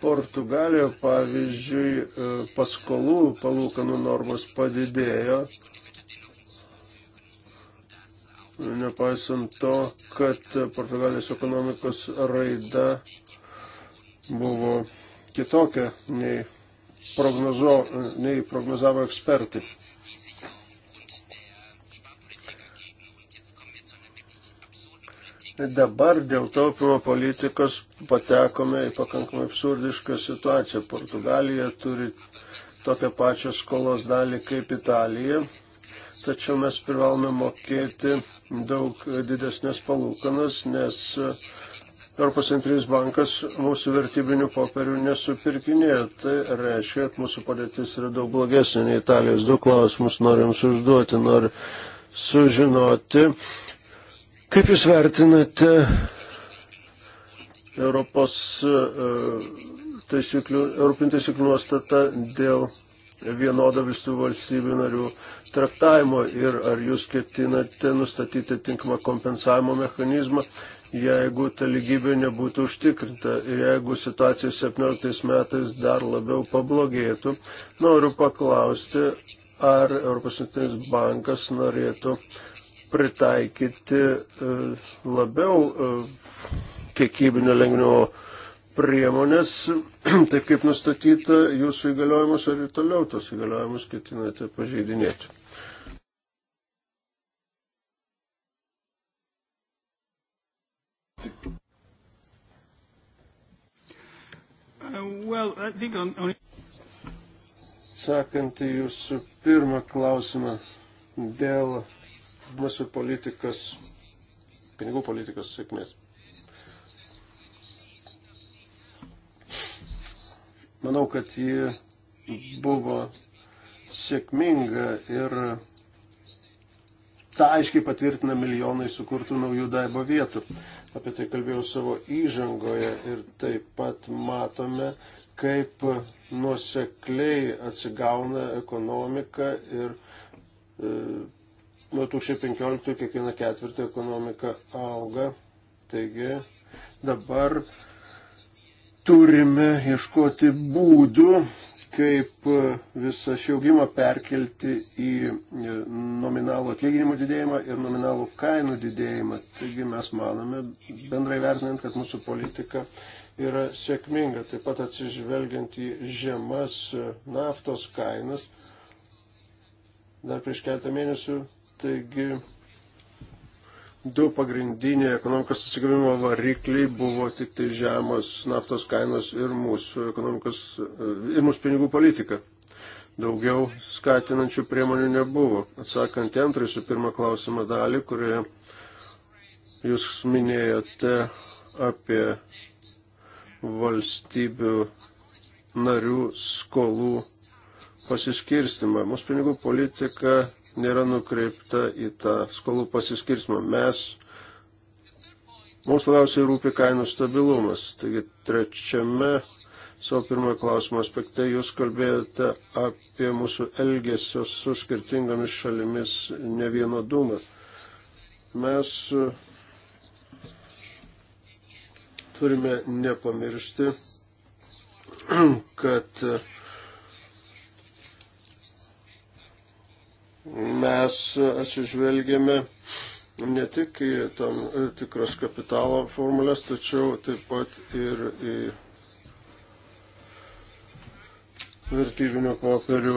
Portugalijoje, pavyzdžiui, e, paskolų palūkanų normos padidėjo, nepaisant to, kad Portugalijos ekonomikos raida buvo kitokia nei prognozo, nei prognozavo ekspertai. Dabar dėl taupimo politikos patekome į pakankamai absurdišką situaciją. Portugalija turi tokią pačią skolos dalį kaip Italija, tačiau mes privalome mokėti daug didesnės palūkanas, nes uh, Europos centrinis bankas mūsų vertybinių popierių nesupirkinėjo. Tai reiškia, kad mūsų padėtis yra daug blogesnė nei Italijos. Du klausimus norim užduoti, noriu sužinoti. Kaip Jūs vertinate Europos e, taisyklių, Europin taisyklių nuostatą dėl vienodo visų valstybių narių traktavimo ir ar Jūs ketinate nustatyti tinkamą kompensavimo mechanizmą? jeigu ta lygybė nebūtų užtikrinta ir jeigu situacija 17 metais dar labiau pablogėtų, noriu paklausti, ar Europos Centrinis bankas norėtų pritaikyti e, labiau e, kiekybinio lengvinimo priemonės, taip kaip nustatyta jūsų įgaliojimus, ar ir toliau tos įgaliojimus ketinate pažeidinėti. Well, on, on... Sakant į jūsų pirmą klausimą dėl mūsų politikos, pinigų politikos sėkmės. Manau, kad ji buvo sėkminga ir tą aiškiai patvirtina milijonai sukurtų naujų darbo vietų. Apie tai kalbėjau savo įžangoje ir taip pat matome, kaip nuosekliai atsigauna ekonomika ir e, nuo 2015 kiekvieną ketvirtį ekonomika auga. Taigi dabar turime ieškoti būdų, kaip e, visą šį augimą perkelti į e, nominalų atlyginimų didėjimą ir nominalų kainų didėjimą. Taigi mes manome, bendrai vertinant, kad mūsų politika yra sėkminga, taip pat atsižvelgiant į žemas e, naftos kainas. Dar prieš keletą mėnesių, taigi du pagrindiniai ekonomikos atsigavimo varikliai buvo tik tai žemos naftos kainos ir mūsų ekonomikos ir mūsų pinigų politika. Daugiau skatinančių priemonių nebuvo. Atsakant į antrąjį su pirmą klausimą dalį, kurioje jūs minėjote apie valstybių narių skolų pasiskirstimą. Mūsų pinigų politika nėra nukreipta į tą skolų pasiskirsmą. Mes, mums labiausiai rūpi kainų stabilumas. Taigi trečiame savo pirmojo klausimo aspekte jūs kalbėjote apie mūsų elgesio su skirtingomis šalimis nevienodumą. Mes turime nepamiršti, kad mes atsižvelgėme ne tik į tam e, tikras kapitalo formulės, tačiau taip pat ir į vertybinių popierių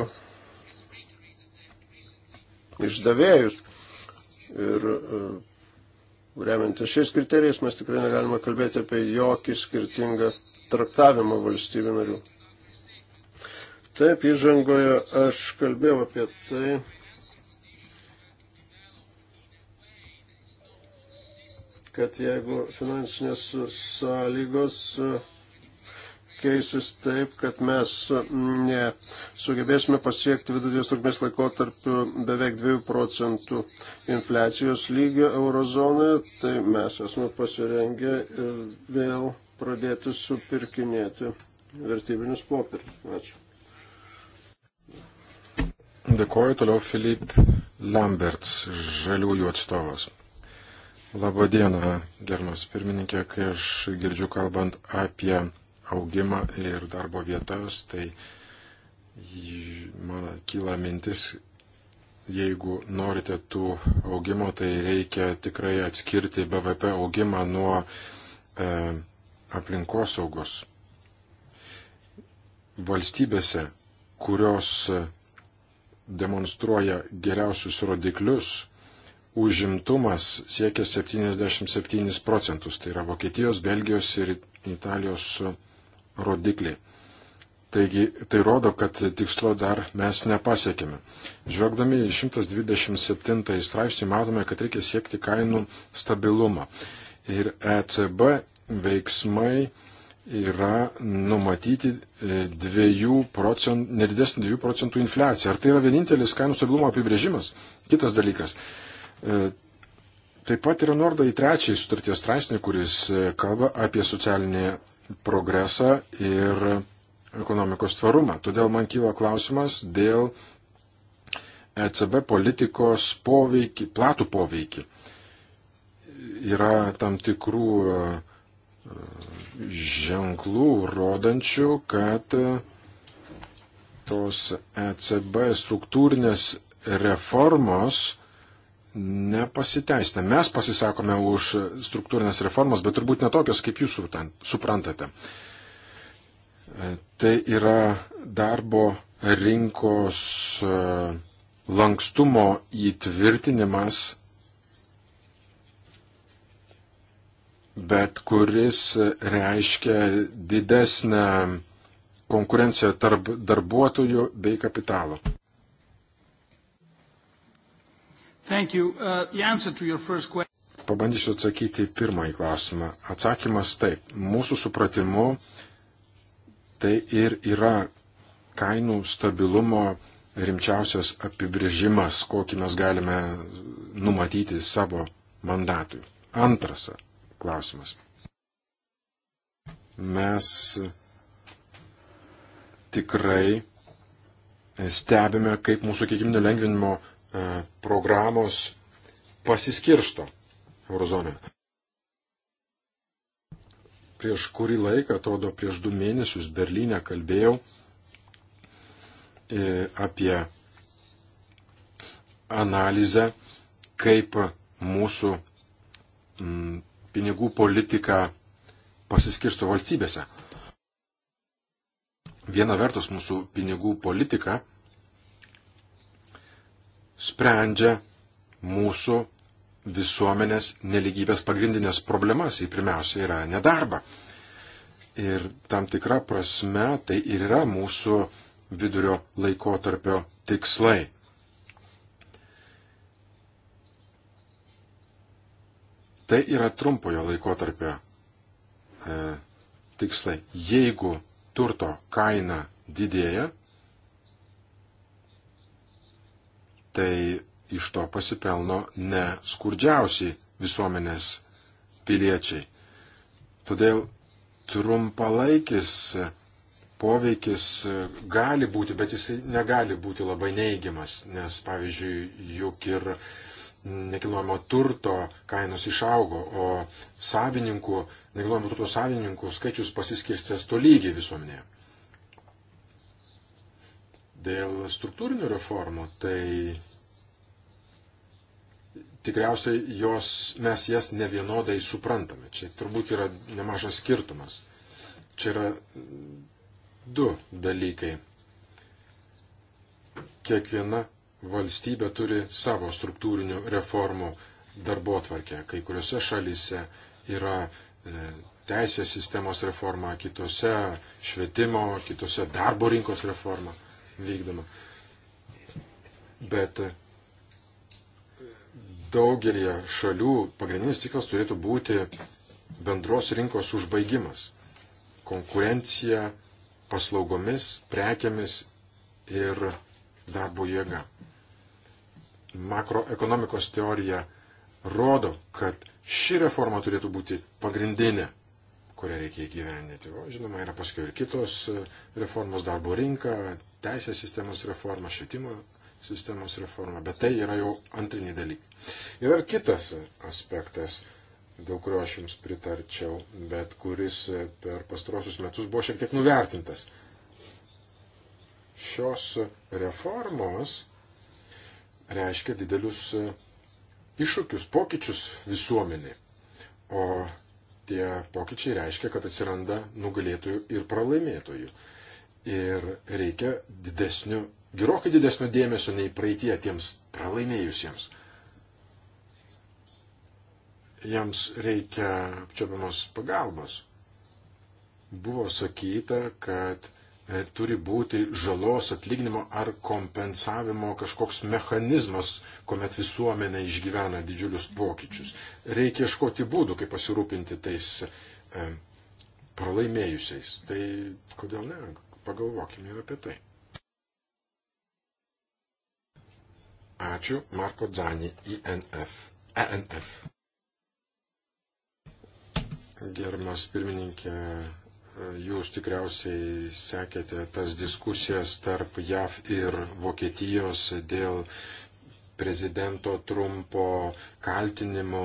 išdavėjus. Ir e, remiantis šiais kriterijais mes tikrai negalime kalbėti apie jokį skirtingą traktavimą valstybių narių. Taip, įžangoje aš kalbėjau apie tai, kad jeigu finansinės sąlygos e, keisis taip, kad mes nesugebėsime pasiekti vidutinės trukmės laikotarpiu beveik 2 procentų infliacijos lygio eurozonoje, tai mes esame pasirengę vėl pradėti supirkinėti vertybinius popierius. Ačiū. Dėkuoju toliau Filip Lamberts, žaliųjų atstovas. Labadiena, gerbiamas pirmininkė, kai aš girdžiu kalbant apie augimą ir darbo vietas, tai man kyla mintis, jeigu norite tų augimo, tai reikia tikrai atskirti BVP augimą nuo e, aplinkosaugos. Valstybėse, kurios demonstruoja geriausius rodiklius užimtumas siekia 77 procentus, tai yra Vokietijos, Belgijos ir Italijos rodikliai. Taigi tai rodo, kad tikslo dar mes nepasiekime. Žvelgdami į 127 straipsnį matome, kad reikia siekti kainų stabilumą. Ir ECB veiksmai yra numatyti 2 e, procentų, nedidesnį 2 procentų infliaciją. Ar tai yra vienintelis kainų stabilumo apibrėžimas? Kitas dalykas. E, taip pat yra nuoroda į trečiąjį sutarties straipsnį, kuris e, kalba apie socialinį progresą ir ekonomikos tvarumą. Todėl man kyla klausimas dėl ECB politikos poveikį, platų poveikį. Yra tam tikrų e, ženklų rodančių, kad tos ECB struktūrinės reformos nepasiteisina. Mes pasisakome už struktūrinės reformas, bet turbūt netokios, kaip jūs suprantate. E, tai yra darbo rinkos e, lankstumo įtvirtinimas, bet kuris reiškia didesnę konkurenciją tarp darbuotojų bei kapitalo. Uh, Pabandysiu atsakyti pirmąjį klausimą. Atsakymas taip. Mūsų supratimu tai ir yra kainų stabilumo rimčiausias apibrėžimas, kokį mes galime numatyti savo mandatui. Antras klausimas. Mes tikrai stebime, kaip mūsų kiekiminio lengvinimo E, programos pasiskirsto eurozonoje. Prieš kurį laiką, atrodo, prieš du mėnesius Berlyne kalbėjau e, apie analizę, kaip mūsų pinigų politika pasiskirsto valstybėse. Viena vertus mūsų pinigų politika sprendžia mūsų visuomenės neligybės pagrindinės problemas, jį pirmiausia yra nedarba. Ir tam tikra prasme tai ir yra mūsų vidurio laikotarpio tikslai. Tai yra trumpojo laikotarpio e, tikslai. Jeigu turto kaina didėja, tai iš to pasipelno ne skurdžiausi visuomenės piliečiai. Todėl trumpalaikis poveikis gali būti, bet jis negali būti labai neigiamas, nes, pavyzdžiui, juk ir nekilnojamo turto kainos išaugo, o savininkų, nekilnojamo turto savininkų skaičius pasiskirstęs tolygiai visuomenėje. Dėl struktūrinių reformų, tai tikriausiai jos, mes jas nevienodai suprantame. Čia turbūt yra nemažas skirtumas. Čia yra du dalykai. Kiekviena valstybė turi savo struktūrinių reformų darbo atvarkę. Kai kuriuose šalyse yra e, teisės sistemos reforma, kitose švietimo, kitose darbo rinkos reforma vykdoma. Bet daugelį šalių pagrindinis tikslas turėtų būti bendros rinkos užbaigimas. Konkurencija paslaugomis, prekiamis ir darbo jėga. Makroekonomikos teorija rodo, kad ši reforma turėtų būti pagrindinė, kurią reikia įgyvendinti. O žinoma, yra paskui ir kitos e, reformos darbo rinka, teisės sistemos reforma, švietimo sistemos reforma, bet tai yra jau antriniai dalykai. Yra ir kitas aspektas, dėl kurio aš jums pritarčiau, bet kuris per pastrosius metus buvo šiek tiek nuvertintas. Šios reformos reiškia didelius iššūkius, pokyčius visuomenį. O tie pokyčiai reiškia, kad atsiranda nugalėtojų ir pralaimėtojų. Ir reikia didesnių, gerokai didesnio dėmesio nei praeitie tiems pralaimėjusiems. Jiems reikia apčiopiamos pagalbos. Buvo sakyta, kad e, turi būti žalos atlyginimo ar kompensavimo kažkoks mechanizmas, kuomet visuomenė išgyvena didžiulius pokyčius. Reikia ieškoti būdų, kaip pasirūpinti tais e, pralaimėjusiais. Tai kodėl ne? Pagalvokime ir apie tai. Ačiū Marko Dzani, INF. ENF. Germas pirmininkė, jūs tikriausiai sekėte tas diskusijas tarp JAV ir Vokietijos dėl prezidento Trumpo kaltinimų,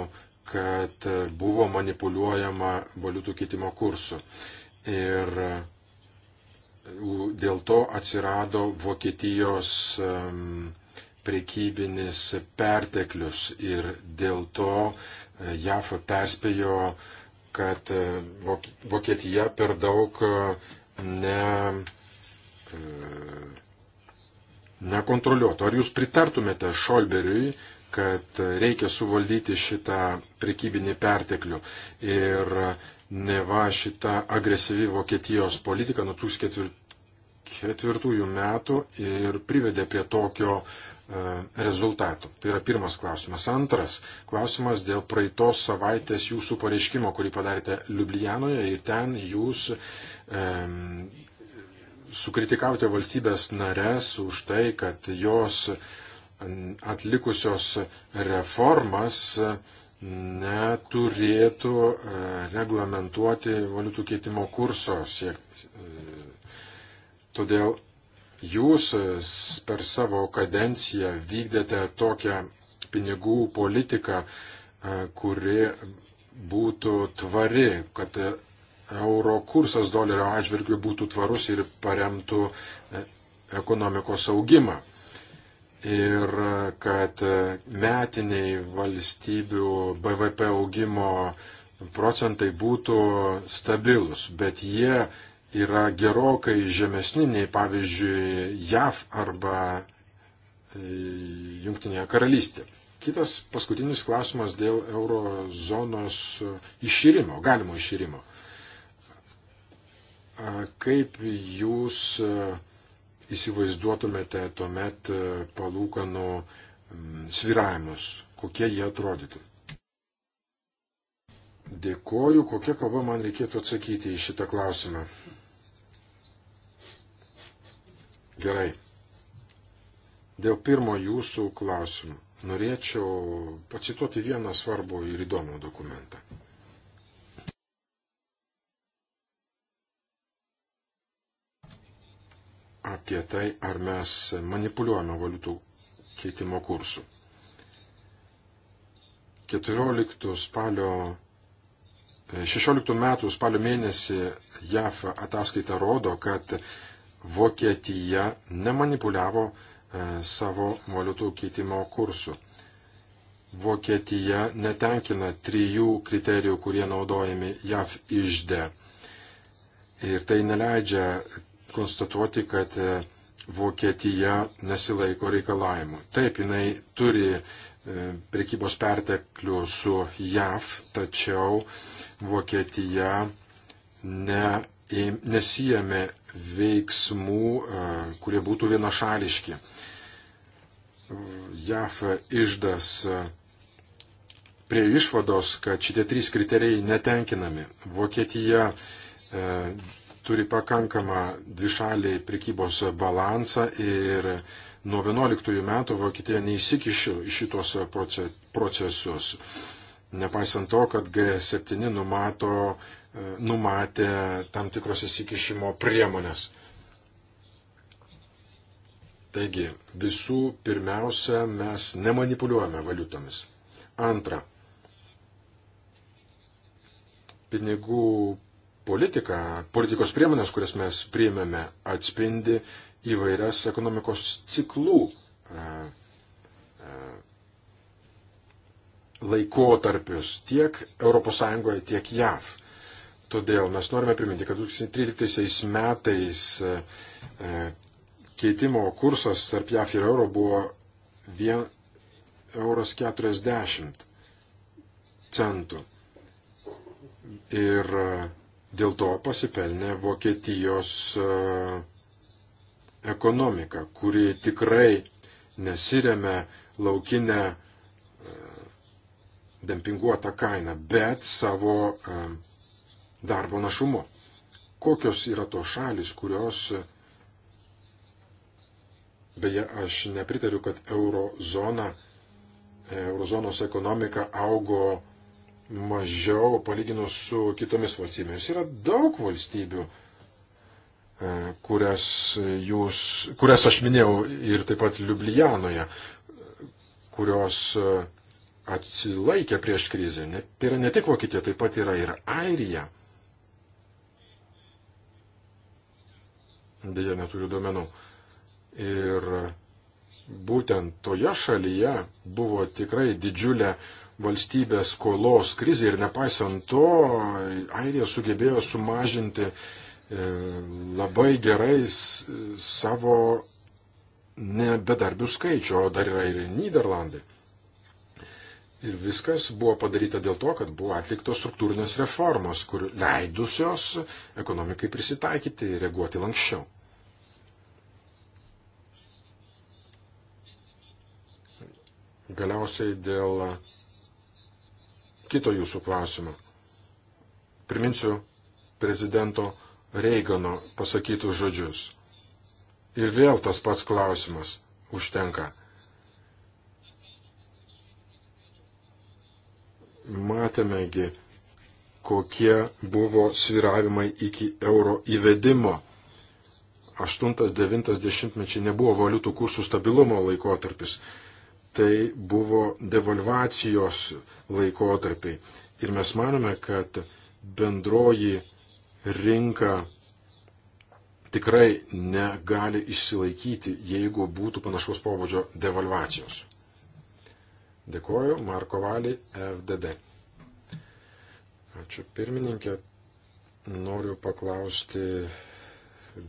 kad buvo manipuliuojama valiutų kitimo kursu. Ir dėl to atsirado Vokietijos prekybinis perteklius ir dėl to e, JAF perspėjo, kad e, Vokietija per daug e, ne, nekontroliuotų. Ar jūs pritartumėte Šolberiui, kad reikia suvaldyti šitą prekybinį perteklių ir neva šita agresyvi Vokietijos politika nuo 2004 metų ir privedė prie tokio e, rezultatų. Tai yra pirmas klausimas. Antras klausimas dėl praeitos savaitės jūsų pareiškimo, kurį padarėte Ljubljanoje ir ten jūs e, sukritikavote valstybės nares už tai, kad jos atlikusios reformas e, neturėtų e, reglamentuoti valiutų keitimo kurso. Siek, e, todėl jūs e, per savo kadenciją vykdėte tokią pinigų politiką, kuri būtų tvari, kad euro kursas dolerio atžvilgių būtų tvarus ir paremtų ekonomikos augimą ir kad metiniai valstybių BVP augimo procentai būtų stabilus, bet jie yra gerokai žemesni nei pavyzdžiui JAV arba e, Junktinėje karalystėje. Kitas paskutinis klausimas dėl eurozonos iširimo, galimo iširimo. Kaip jūs įsivaizduotumėte tuomet e, palūkanų mm, sviravimus, kokie jie atrodytų. Dėkoju, kokia kalba man reikėtų atsakyti į šitą klausimą. Gerai. Dėl pirmo jūsų klausimų norėčiau pacituoti vieną svarbų ir įdomų dokumentą. apie tai, ar mes manipuliuojame valiutų keitimo kursu. 14 spalio 16 e, metų spalio mėnesį JAF ataskaita rodo, kad Vokietija nemanipuliavo e, savo valiutų keitimo kursų. Vokietija netenkina trijų kriterijų, kurie naudojami JAF išdė. Ir tai neleidžia konstatuoti, kad e, Vokietija nesilaiko reikalavimų. Taip, jinai turi e, prekybos perteklių su JAV, tačiau Vokietija ne, nesijėmė veiksmų, e, kurie būtų vienašališki. JAF išdas prie išvados, kad šitie trys kriterijai netenkinami. Vokietija turi pakankamą dvišalį prekybos balansą ir nuo 11 metų Vokietija neįsikišė šitos procesus. Nepaisant to, kad G7 numato, numatė tam tikros įsikišimo priemonės. Taigi, visų pirmiausia, mes nemanipuliuojame valiutomis. Antra, pinigų politika, politikos priemonės, kurias mes priėmėme, atspindi įvairias ekonomikos ciklų e, e, laikotarpius tiek ES, tiek JAV. Todėl mes norime priminti, kad 2013 metais e, keitimo kursas tarp JAV ir euro buvo 1,40 euros centų. Ir Dėl to pasipelnė Vokietijos e, ekonomika, kuri tikrai nesiremia laukinę e, dempinguotą kainą, bet savo e, darbo našumu. Kokios yra tos šalis, kurios, beje, aš nepritariu, kad eurozona, eurozonos ekonomika augo mažiau palyginus su kitomis valstybėmis. Yra daug valstybių, e, kurias, jūs, kurias aš minėjau ir taip pat Ljubljanoje, kurios e, atsilaikė prieš krizę. Tai yra ne tik Vokietija, taip pat yra ir Airija. Deja, neturiu duomenų. Ir būtent toje šalyje buvo tikrai didžiulė uh, valstybės skolos krizė ir nepaisant to, Airija sugebėjo sumažinti e, labai gerai savo bedarbių skaičių, o dar yra ir Niderlandai. Ir viskas buvo padaryta dėl to, kad buvo atliktos struktūrinės reformos, kur leidusios ekonomikai prisitaikyti ir reaguoti lankščiau. Galiausiai dėl kito jūsų klausimo. Priminsiu prezidento Reigano pasakytus žodžius. Ir vėl tas pats klausimas užtenka. Matėmegi, kokie buvo sviravimai iki euro įvedimo. 8-90 mečiai nebuvo valiutų kursų stabilumo laikotarpis tai buvo devalvacijos laikotarpiai. Ir mes manome, kad bendroji rinka tikrai negali išsilaikyti, jeigu būtų panašaus pobūdžio devalvacijos. Dėkoju, Marko Valį, FDD. Ačiū pirmininkė. Noriu paklausti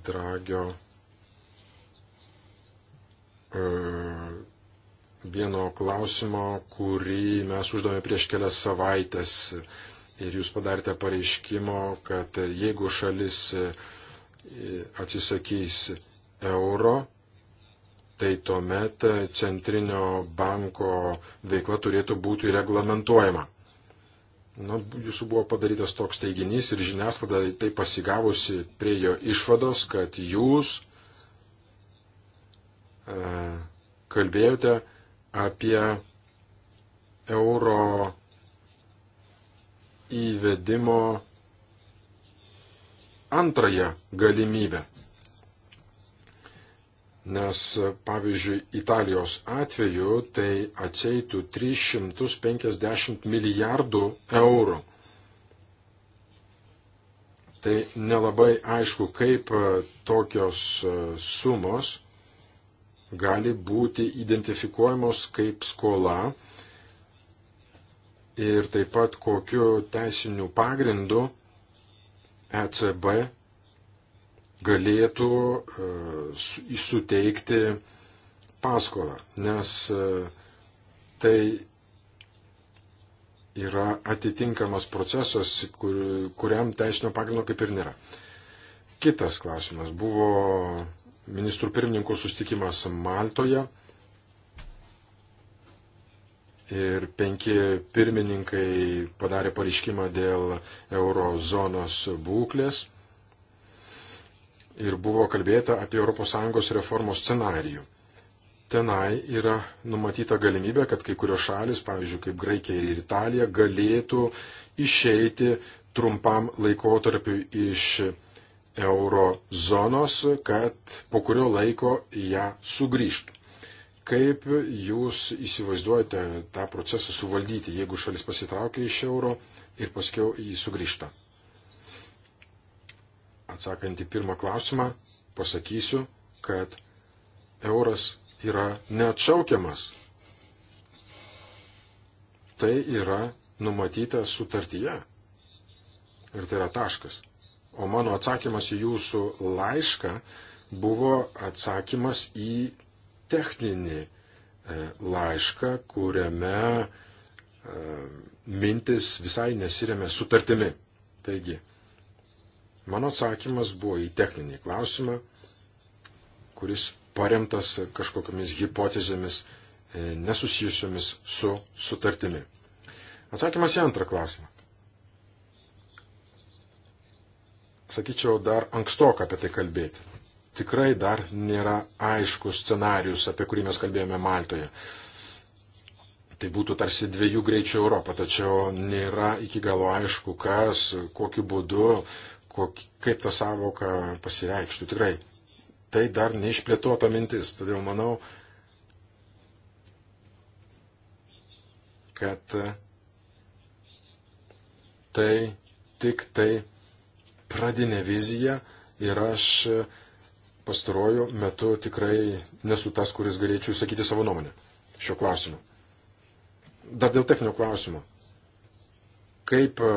Dragio e, vieno klausimo, kurį mes uždavėme prieš kelias savaitės. Ir jūs padarėte pareiškimo, kad jeigu šalis e, atsisakys euro, tai tuomet centrinio banko veikla turėtų būti reglamentuojama. Na, jūsų buvo padarytas toks teiginys ir žiniasklaida tai pasigavusi prie jo išvados, kad jūs e, kalbėjote apie euro įvedimo antrąją galimybę. Nes, pavyzdžiui, Italijos atveju tai atseitų 350 milijardų eurų. Tai nelabai aišku, kaip tokios sumos gali būti identifikuojamos kaip skola ir taip pat kokiu teisiniu pagrindu ECB galėtų e, suteikti paskolą, nes e, tai yra atitinkamas procesas, kur, kuriam teisinio pagrindo kaip ir nėra. Kitas klausimas buvo ministrų pirmininkų sustikimas Maltoje ir penki pirmininkai padarė pareiškimą dėl eurozonos būklės ir buvo kalbėta apie ES reformos scenarijų. Tenai yra numatyta galimybė, kad kai kurios šalis, pavyzdžiui, kaip Graikija ir Italija, galėtų išeiti trumpam laikotarpiu iš euro zonos, kad po kurio laiko ją sugrįžtų. Kaip jūs įsivaizduojate tą procesą suvaldyti, jeigu šalis pasitraukia iš euro ir paskiau jį sugrįžta? Atsakant į pirmą klausimą, pasakysiu, kad euras yra neatšaukiamas. Tai yra numatyta sutartyje. Ir tai yra taškas. O mano atsakymas į jūsų laišką buvo atsakymas į techninį e, laišką, kuriame e, mintis visai nesiremė sutartimi. Taigi, mano atsakymas buvo į techninį klausimą, kuris paremtas kažkokiamis hipotezėmis e, nesusijusiomis su sutartimi. Atsakymas į antrą klausimą. sakyčiau, dar ankstoka apie tai kalbėti. Tikrai dar nėra aiškus scenarius, apie kurį mes kalbėjome Maltoje. Tai būtų tarsi dviejų greičių Europą, tačiau nėra iki galo aišku, kas, kokiu būdu, kok, kaip ta savoka pasireikštų. Tikrai tai dar neišplėtota mintis. Todėl manau, kad tai tik tai pradinę viziją ir aš pastaruoju metu tikrai nesu tas, kuris galėčiau sakyti savo nuomonę šiuo klausimu. Dar dėl techninio klausimo. Kaip e,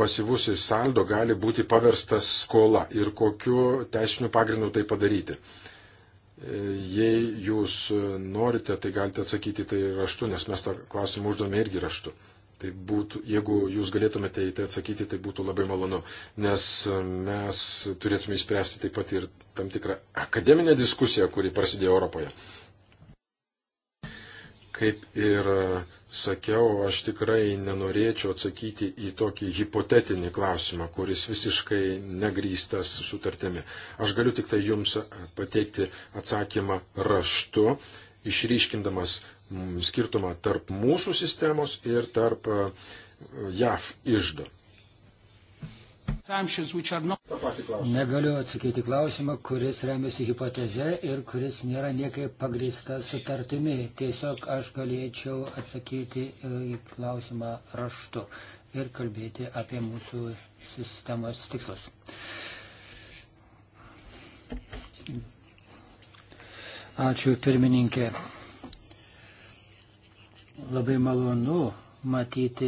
pasivusis saldo gali būti paverstas skola ir kokiu teisiniu pagrindu tai padaryti? E, jei jūs norite, tai galite atsakyti tai raštu, nes mes tą klausimą uždome irgi raštu. Tai būtų, jeigu jūs galėtumėte į tai atsakyti, tai būtų labai malonu, nes e, mes turėtume įspręsti taip pat ir tam tikrą akademinę diskusiją, kuri prasidėjo Europoje. Kaip ir e, sakiau, aš tikrai nenorėčiau atsakyti į tokį hipotetinį klausimą, kuris visiškai negrystas sutartimi. Aš galiu tik tai jums pateikti atsakymą raštu, išryškindamas Mm, skirtumą tarp mūsų sistemos ir tarp e, JAV išdo. Negaliu atsakyti klausimą, kuris remiasi hipoteze ir kuris nėra niekaip pagrįsta sutartimi. Tiesiog aš galėčiau atsakyti e, į klausimą raštu ir kalbėti apie mūsų sistemos tikslus. Ačiū pirmininkė. Labai malonu matyti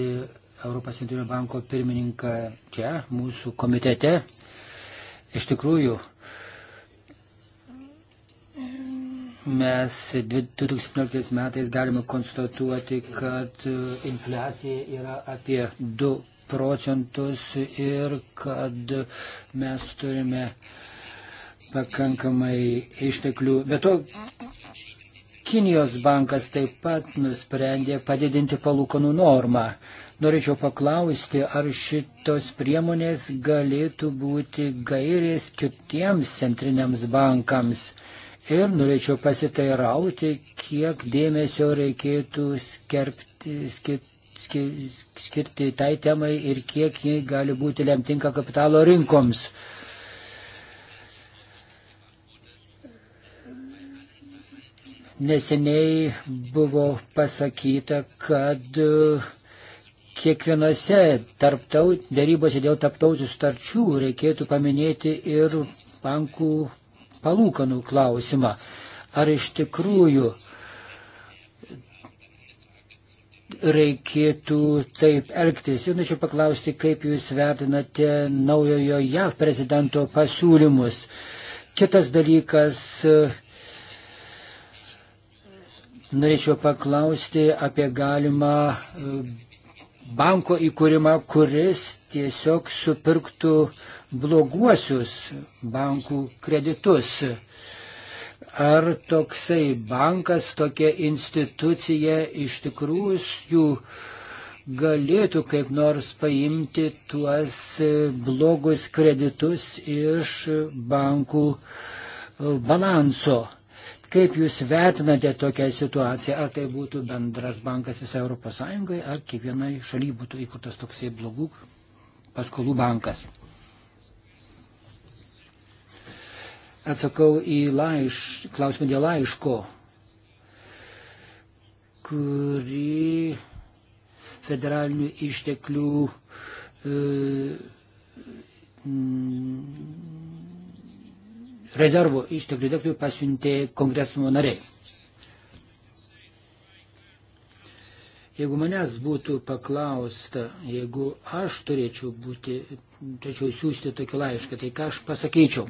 Europos Centrinio banko pirmininką čia, mūsų komitete. Iš tikrųjų, mes 2017 metais galime konstatuoti, kad infliacija yra apie 2 procentus ir kad mes turime pakankamai išteklių. Bet to Kinijos bankas taip pat nusprendė padidinti palūkanų normą. Norėčiau paklausti, ar šitos priemonės galėtų būti gairės kitiems centriniams bankams. Ir norėčiau pasitairauti, kiek dėmesio reikėtų skerpti, skir, skir, skirti tai temai ir kiek jie gali būti lemtinga kapitalo rinkoms. Uh, Neseniai buvo pasakyta, kad e, kiekvienose tarptaut, dėrybose dėl tarptautinių starčių reikėtų paminėti ir bankų palūkanų klausimą. Ar iš tikrųjų reikėtų taip elgtis? Ir norėčiau paklausti, kaip jūs vertinate naujojo JAV prezidento pasiūlymus. Kitas dalykas Norėčiau paklausti apie galimą e, banko įkūrimą, kuris tiesiog supirktų bloguosius bankų kreditus. Ar toksai bankas, tokia institucija iš tikrųjų jų galėtų kaip nors paimti tuos e, blogus kreditus iš bankų e, balanso? Kaip Jūs vertinate tokią situaciją? Ar tai būtų bendras bankas visai Europos Sąjungai, ar kiekvienai šaly būtų įkurtas toksai blogų paskolų bankas? Atsakau į laiš, klausimą dėl laiško, kurį federalinių išteklių e, m, rezervų išteklių dėklių pasiuntė kongresumo nariai. Jeigu manęs būtų paklausta, jeigu aš turėčiau būti, turėčiau siūsti tokį laišką, tai ką aš pasakyčiau?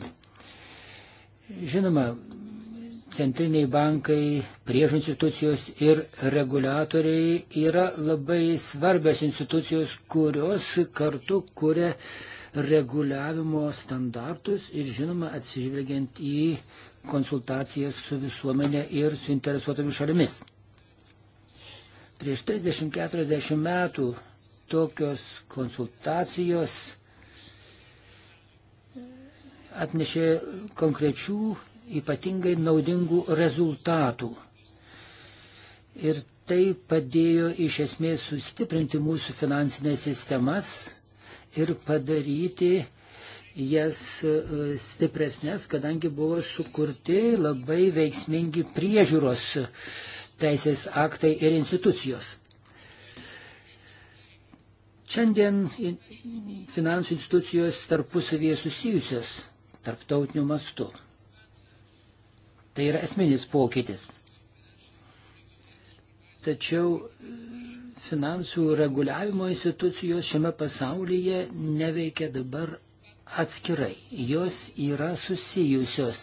Žinoma, centriniai bankai, priež institucijos ir reguliatoriai yra labai svarbios institucijos, kurios kartu kuria reguliavimo standartus ir žinoma atsižvelgiant į konsultacijas su visuomenė ir suinteresuotomis šalimis. Prieš 30-40 metų tokios konsultacijos atnešė konkrečių ypatingai naudingų rezultatų. Ir tai padėjo iš esmės sustiprinti mūsų finansinės sistemas ir padaryti jas e, stipresnės, kadangi buvo sukurti labai veiksmingi priežiūros teisės aktai ir institucijos. Šiandien finansų institucijos tarpusavėje susijusios tarptautiniu mastu. Tai yra esminis pokytis. Tačiau finansų reguliavimo institucijos šiame pasaulyje neveikia dabar atskirai. Jos yra susijusios.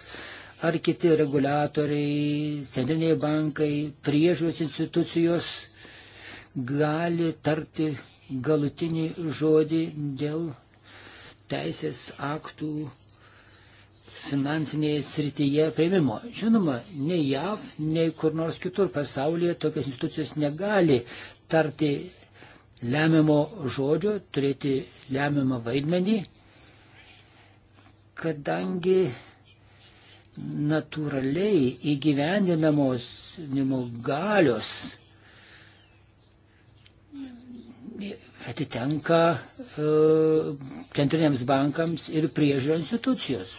Ar kiti reguliatoriai, centriniai bankai, priežiūros institucijos gali tarti galutinį žodį dėl teisės aktų finansinėje srityje prieimimo. Žinoma, nei JAV, nei kur nors kitur pasaulyje tokios institucijos negali tarti lemiamo žodžio, turėti lemiamą vaidmenį, kadangi natūraliai įgyvendinamos galios atitenka e, centriniams bankams ir priežiūro institucijos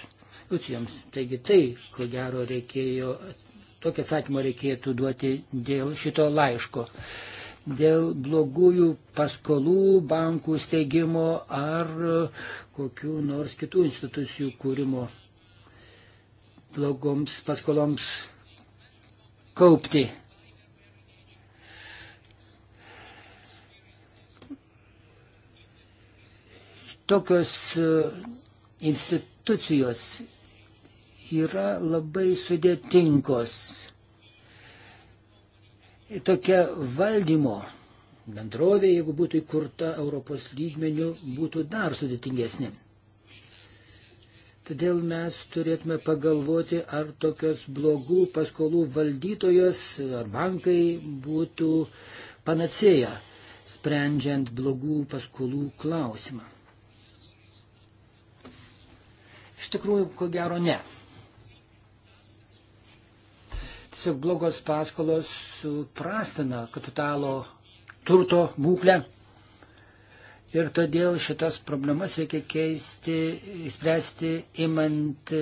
institucijoms. Taigi tai, ko gero, reikėjo, tokį atsakymą reikėtų duoti dėl šito laiško. Dėl blogųjų paskolų, bankų steigimo ar kokių nors kitų institucijų kūrimo blogoms paskoloms kaupti. Tokios e, institucijos yra labai sudėtingos. Tokia valdymo bendrovė, jeigu būtų įkurta Europos lygmenių, būtų dar sudėtingesnė. Todėl mes turėtume pagalvoti, ar tokios blogų paskolų valdytojos ar bankai būtų panacėja, sprendžiant blogų paskolų klausimą. Iš tikrųjų, ko gero ne blogos paskolos prastina kapitalo turto būklę. Ir todėl šitas problemas reikia keisti, įspręsti imant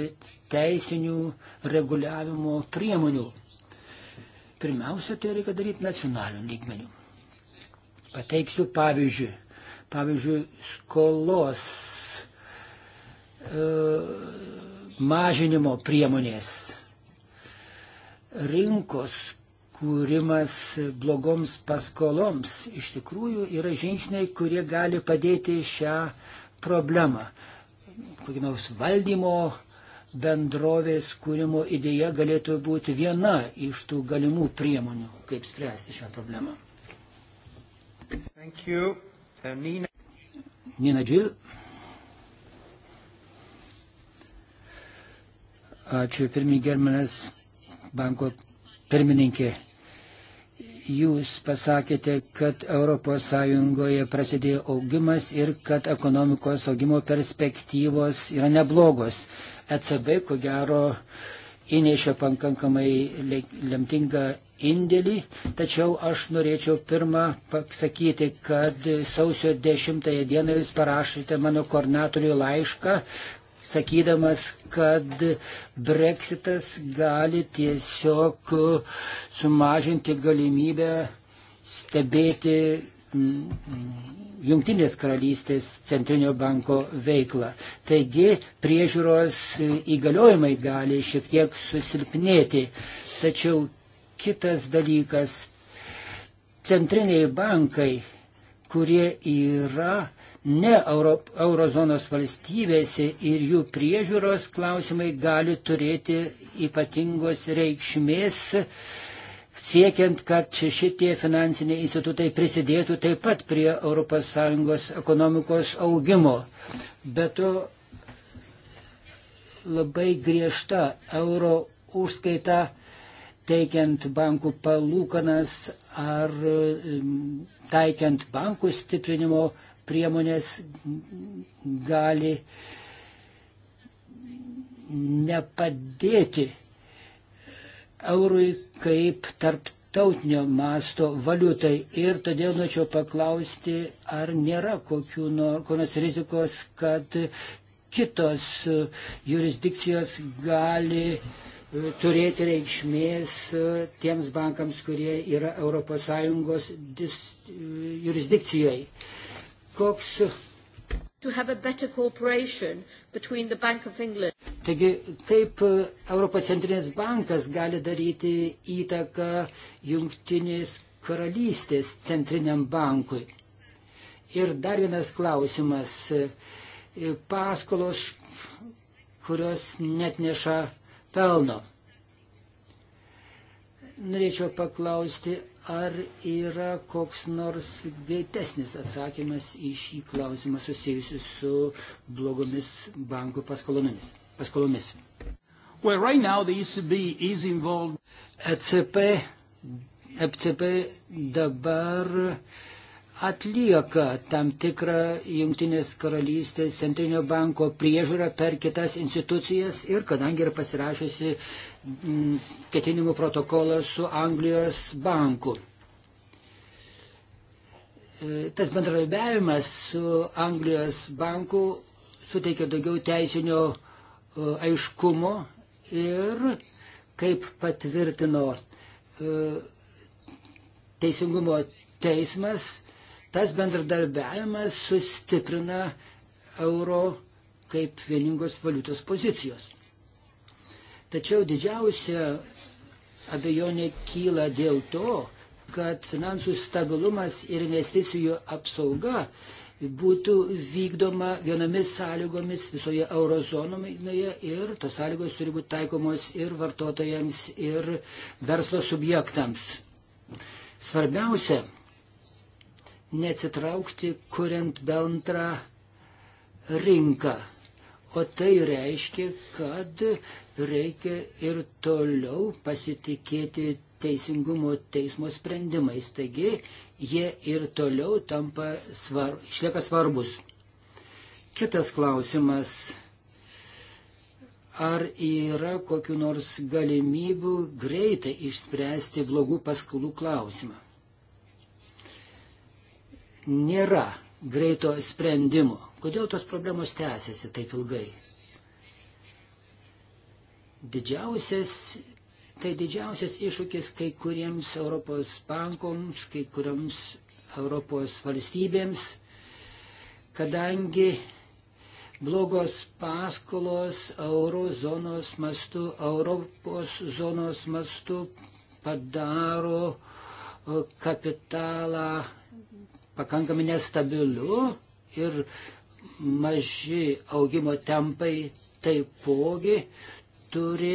teisinių reguliavimo priemonių. Pirmiausia, tai reikia daryti nacionaliniu lygmeniu. Pateiksiu pavyzdžių. Pavyzdžiui, skolos e, mažinimo priemonės rinkos kūrimas blogoms paskoloms iš tikrųjų yra žingsniai, kurie gali padėti šią problemą. Kokį nors valdymo bendrovės kūrimo idėja galėtų būti viena iš tų galimų priemonių, kaip spręsti šią problemą. Uh, Nina. Nina Džil. Ačiū, pirmininkė, germanas banko pirmininkė. Jūs pasakėte, kad ES prasidėjo augimas ir kad ekonomikos augimo perspektyvos yra neblogos. ECB, ko gero, įnešė pankankamai lemtingą indėlį, tačiau aš norėčiau pirmą pasakyti, kad sausio 10 dieną jūs parašėte mano koordinatoriui laišką, sakydamas, kad breksitas gali tiesiog sumažinti galimybę stebėti Junktinės karalystės centrinio banko veiklą. Taigi priežiūros įgaliojimai gali šiek tiek susilpnėti. Tačiau kitas dalykas, centriniai bankai, kurie yra ne eurozonos valstybėse ir jų priežiūros klausimai gali turėti ypatingos reikšmės, siekiant, kad šitie finansiniai institutai prisidėtų taip pat prie ES ekonomikos augimo. Bet to labai griežta euro užskaita teikiant bankų palūkanas ar taikiant bankų stiprinimo priemonės gali nepadėti eurui kaip tarptautinio masto valiutai. Ir todėl norėčiau paklausti, ar nėra kokių nors rizikos, kad kitos jurisdikcijos gali e, turėti reikšmės e, tiems bankams, kurie yra ES e, jurisdikcijoje koks. Taigi, kaip e, Europos centrinis bankas gali daryti įtaką jungtinės karalystės centriniam bankui? Ir dar vienas klausimas. E, paskolos, kurios net neša pelno norėčiau paklausti, Ar yra koks nors greitesnis atsakymas į šį klausimą susijusiu su blogomis bankų paskolomis? paskolomis? Well, right now the ECB is involved. ECP, ECB dabar uh, atlieka tam tikrą Junktinės karalystės centrinio banko priežiūrą per kitas institucijas ir kadangi yra pasirašusi mm, ketinimų protokolą su Anglijos banku e, tas bendradarbiavimas su Anglijos banku suteikia daugiau teisinio e, aiškumo ir, kaip patvirtino e, Teisingumo teismas, Tas bendradarbiavimas sustiprina euro kaip vieningos valiutos pozicijos. Tačiau didžiausia abejonė kyla dėl to, kad finansų stabilumas ir investicijų apsauga būtų vykdoma vienomis sąlygomis visoje eurozonoje ir tos sąlygos turi būti taikomos ir vartotojams, ir verslo subjektams. Svarbiausia, neatsitraukti, kuriant bendrą rinką. O tai reiškia, kad reikia ir toliau pasitikėti teisingumo teismo sprendimais. Taigi jie ir toliau tampa svar, išlieka svarbus. Kitas klausimas. Ar yra kokiu nors galimybių greitai išspręsti blogų paskolų klausimą? nėra greito sprendimo. Kodėl tos problemos tęsiasi taip ilgai? Didžiausias, tai didžiausias iššūkis kai kuriems Europos bankoms, kai kuriams Europos valstybėms, kadangi blogos paskolos eurozonos mastu, Europos zonos mastu padaro e, kapitalą pakankamai nestabiliu ir maži augimo tempai taipogi turi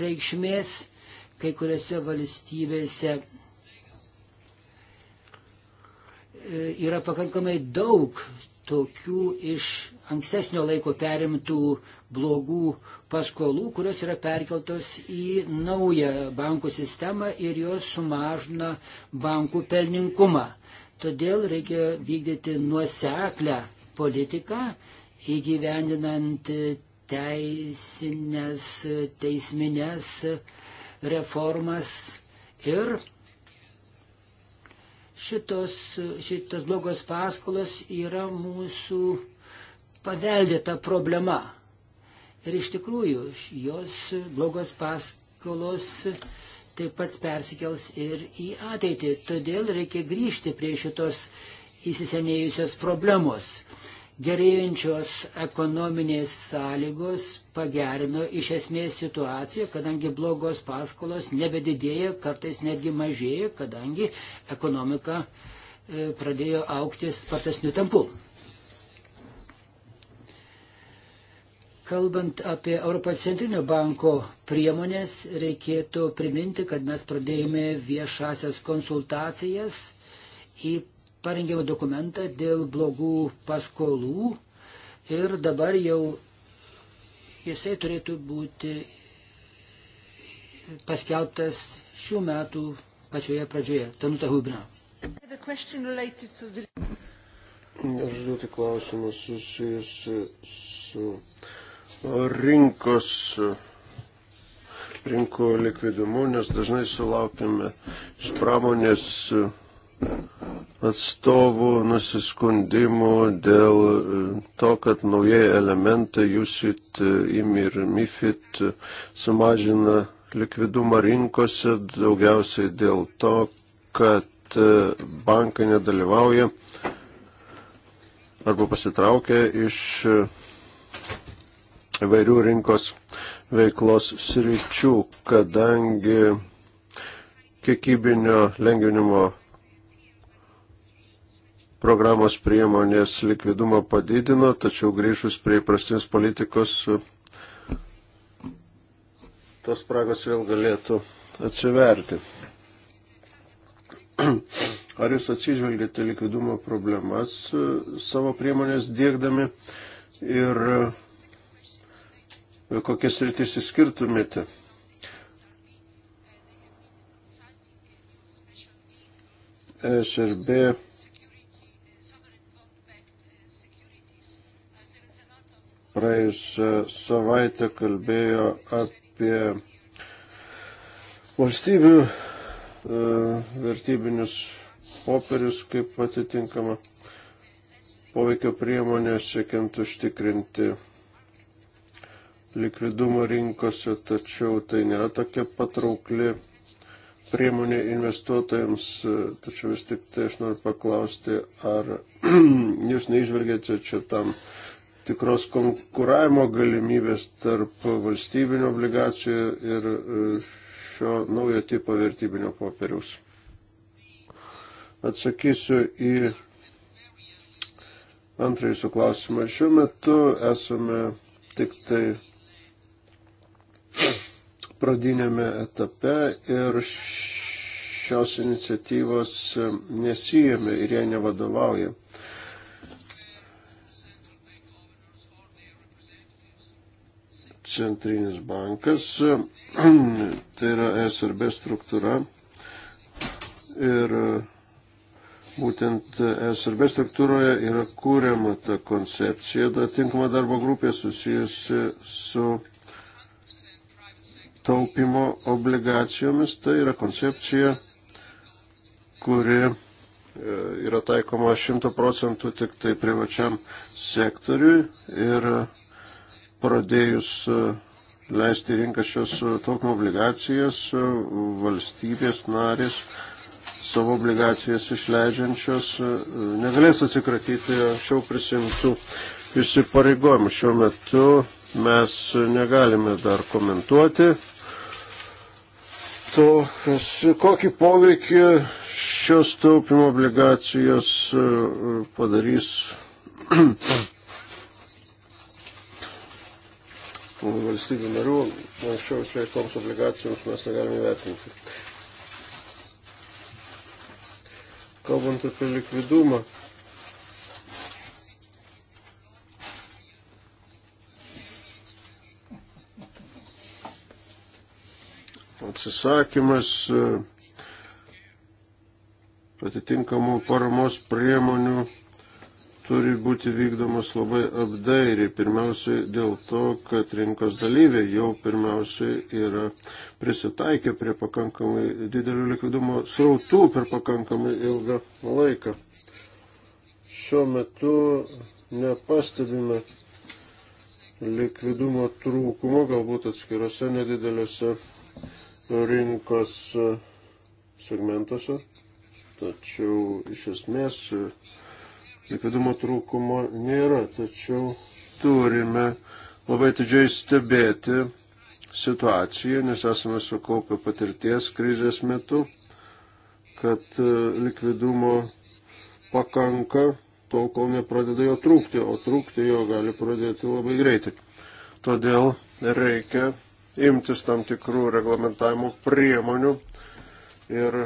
reikšmės kai kuriuose valstybėse. E, yra pakankamai daug tokių iš ankstesnio laiko perimtų blogų paskolų, kurios yra perkeltos į naują bankų sistemą ir jos sumažina bankų pelninkumą. Todėl reikia vykdyti nuoseklę politiką, įgyvendinant teisinės, teisminės reformas ir šitos, šitos blogos paskolos yra mūsų paveldėta problema. Ir iš tikrųjų, jos blogos paskolos taip pat persikels ir į ateitį. Todėl reikia grįžti prie šitos įsisenėjusios problemos. Gerėjančios ekonominės sąlygos pagerino iš esmės situaciją, kadangi blogos paskolos nebedidėja, kartais netgi mažėja, kadangi ekonomika e, pradėjo aukti spartesniu tempu. Kalbant apie Europos centrinio banko priemonės, reikėtų priminti, kad mes pradėjome viešasias konsultacijas į parengėme dokumentą dėl blogų paskolų ir dabar jau jisai turėtų būti paskelbtas šių metų pačioje pradžioje. Tanuta Hubina. Aš duoti klausimą susijusi su. su rinkos, rinkų likvidumu, nes dažnai sulaukime iš pramonės atstovų nusiskundimų dėl e, to, kad naujai elementai JUSIT, e, IMIR, MIFIT e, sumažina likvidumą rinkose, daugiausiai dėl to, kad bankai nedalyvauja arba pasitraukia iš įvairių rinkos veiklos sričių, kadangi kiekybinio lengvinimo programos priemonės likvidumą padidino, tačiau grįžus prie įprastinės politikos tos spragos vėl galėtų atsiverti. Ar jūs atsižvelgėte likvidumo problemas savo priemonės dėkdami ir kokias rytis įskirtumėte? SRB praėjusią savaitę kalbėjo apie valstybių e, vertybinius popierius kaip atitinkama poveikio priemonė siekiant užtikrinti likvidumo rinkose, tačiau tai nėra tokia patraukli priemonė investuotojams, tačiau vis tik tai aš noriu paklausti, ar jūs neižvelgėte čia tam tikros konkuravimo galimybės tarp valstybinio obligacijų ir e, šio naujo tipo vertybinio popieriaus. Atsakysiu į antrąjį jūsų klausimą. Šiuo metu esame tik tai pradinėme etape ir šios iniciatyvos nesijėmė ir jai nevadovauja. Centrinis bankas, tai yra SRB struktūra ir būtent SRB struktūroje yra kūriama ta koncepcija, da tinkama darbo grupė susijusi su taupimo obligacijomis. Tai yra koncepcija, kuri e, yra taikoma 100 procentų tik tai privačiam sektoriui ir e, pradėjus e, leisti rinką šios taupimo obligacijas, valstybės narės savo obligacijas išleidžiančios negalės atsikratyti anksčiau prisimtų įsipareigojimų. Šiuo metu mes negalime dar komentuoti to, kas, kokį poveikį šios taupimo obligacijos e, padarys valstybių narių, anksčiau išleiktoms obligacijoms mes negalime vertinti. Kalbant apie likvidumą, atsisakymas e, atitinkamų paramos priemonių turi būti vykdomas labai apdairiai. Pirmiausiai dėl to, kad rinkos dalyviai jau pirmiausiai yra prisitaikę prie pakankamai didelių likvidumo srautų per pakankamai ilgą laiką. Šiuo metu nepastebime likvidumo trūkumo, galbūt atskirose nedidelėse rinkos e, segmentuose, tačiau iš esmės e, likvidumo trūkumo nėra, tačiau turime labai didžiai stebėti situaciją, nes esame sukaupę patirties krizės metu, kad e, likvidumo pakanka tol, kol nepradeda jo trūkti, o trūkti jo gali pradėti labai greitai. Todėl reikia imtis tam tikrų reglamentavimo priemonių ir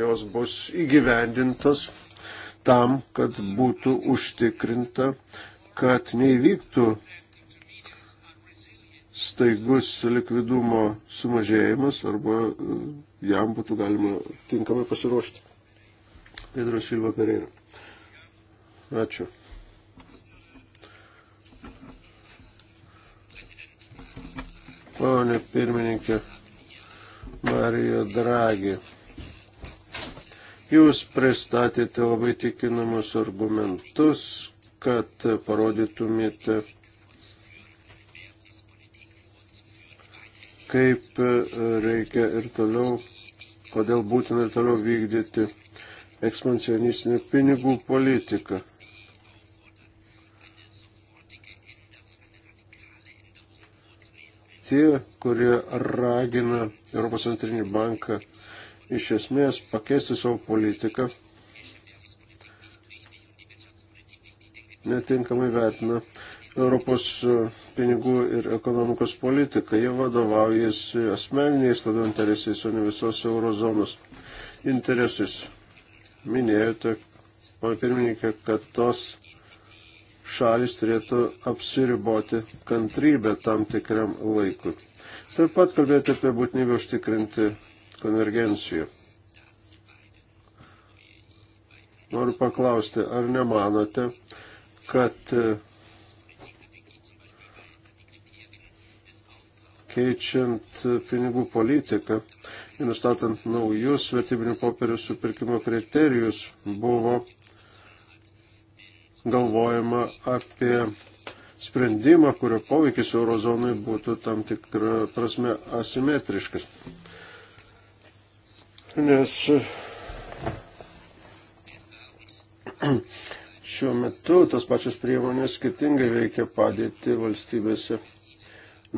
jos bus įgyvendintos tam, kad mm. būtų užtikrinta, kad neįvyktų staigus likvidumo sumažėjimas arba e, jam būtų galima tinkamai pasiruošti. Pedro Silva Pereira. Ačiū. ponė pirmininkė Marijo Dragi. Jūs pristatėte labai tikinamus argumentus, kad parodytumėte, kaip e, reikia ir toliau, kodėl būtina ir toliau vykdyti ekspansionistinę pinigų politiką. Vokietija, kuri ragina Europos centrinį banką iš esmės pakeisti savo politiką, netinkamai vertina Europos pinigų ir ekonomikos politiką. Jie vadovaujasi asmeniniais tada interesais, o ne visos eurozonos interesais. Minėjote, pana pirmininkė, kad tos šalis turėtų apsiriboti kantrybę tam tikriam laikui. Jūs taip pat kalbėjote apie būtinybę užtikrinti konvergenciją. Noriu paklausti, ar nemanote, kad e, keičiant pinigų politiką ir nustatant naujus vertybinių popierių supirkimo kriterijus buvo galvojama apie sprendimą, kurio poveikis eurozonai būtų tam tikrą prasme asimetriškas. Nes šiuo metu tos pačios priemonės skirtingai veikia padėti valstybėse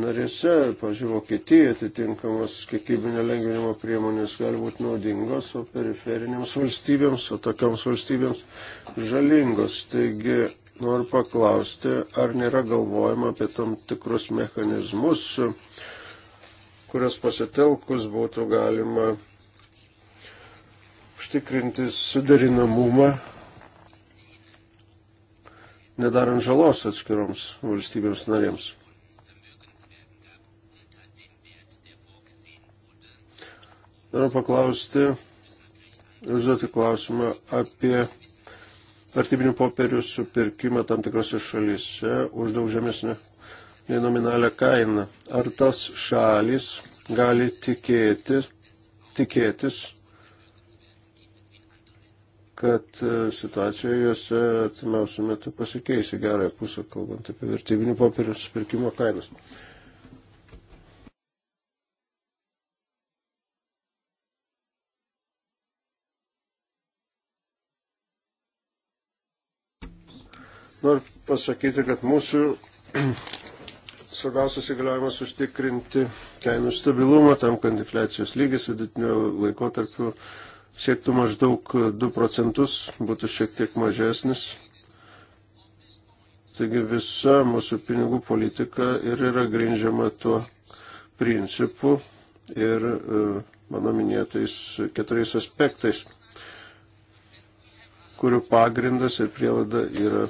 narėse, pažiūrėjau, Vokietija atitinkamos kiekybinio lengvinimo priemonės gali būti naudingos, o periferinėms valstybėms, o tokiams valstybėms žalingos. Taigi noriu paklausti, ar nėra galvojama apie tam tikrus mechanizmus, kurias pasitelkus būtų galima užtikrinti suderinamumą, nedarant žalos atskiroms valstybėms narėms. Noriu paklausti, užduoti klausimą apie vertybinių popierių supirkimą tam tikrose šalyse už daug žemesnę nei nominalią kainą. Ar tas šalis gali tikėti, tikėtis, kad e, situacija juose artimiausiu metu pasikeis į gerąją pusę, kalbant apie vertybinių popierių supirkimo kainas? Noriu pasakyti, kad mūsų svarbiausias įgaliojimas užtikrinti kainų stabilumą tam, kad infliacijos lygis vidutinio laikotarpiu siektų maždaug 2 procentus, būtų šiek tiek mažesnis. Taigi visa mūsų pinigų politika ir yra grindžiama tuo principu ir e, mano minėtais keturiais aspektais, kurių pagrindas ir prielada yra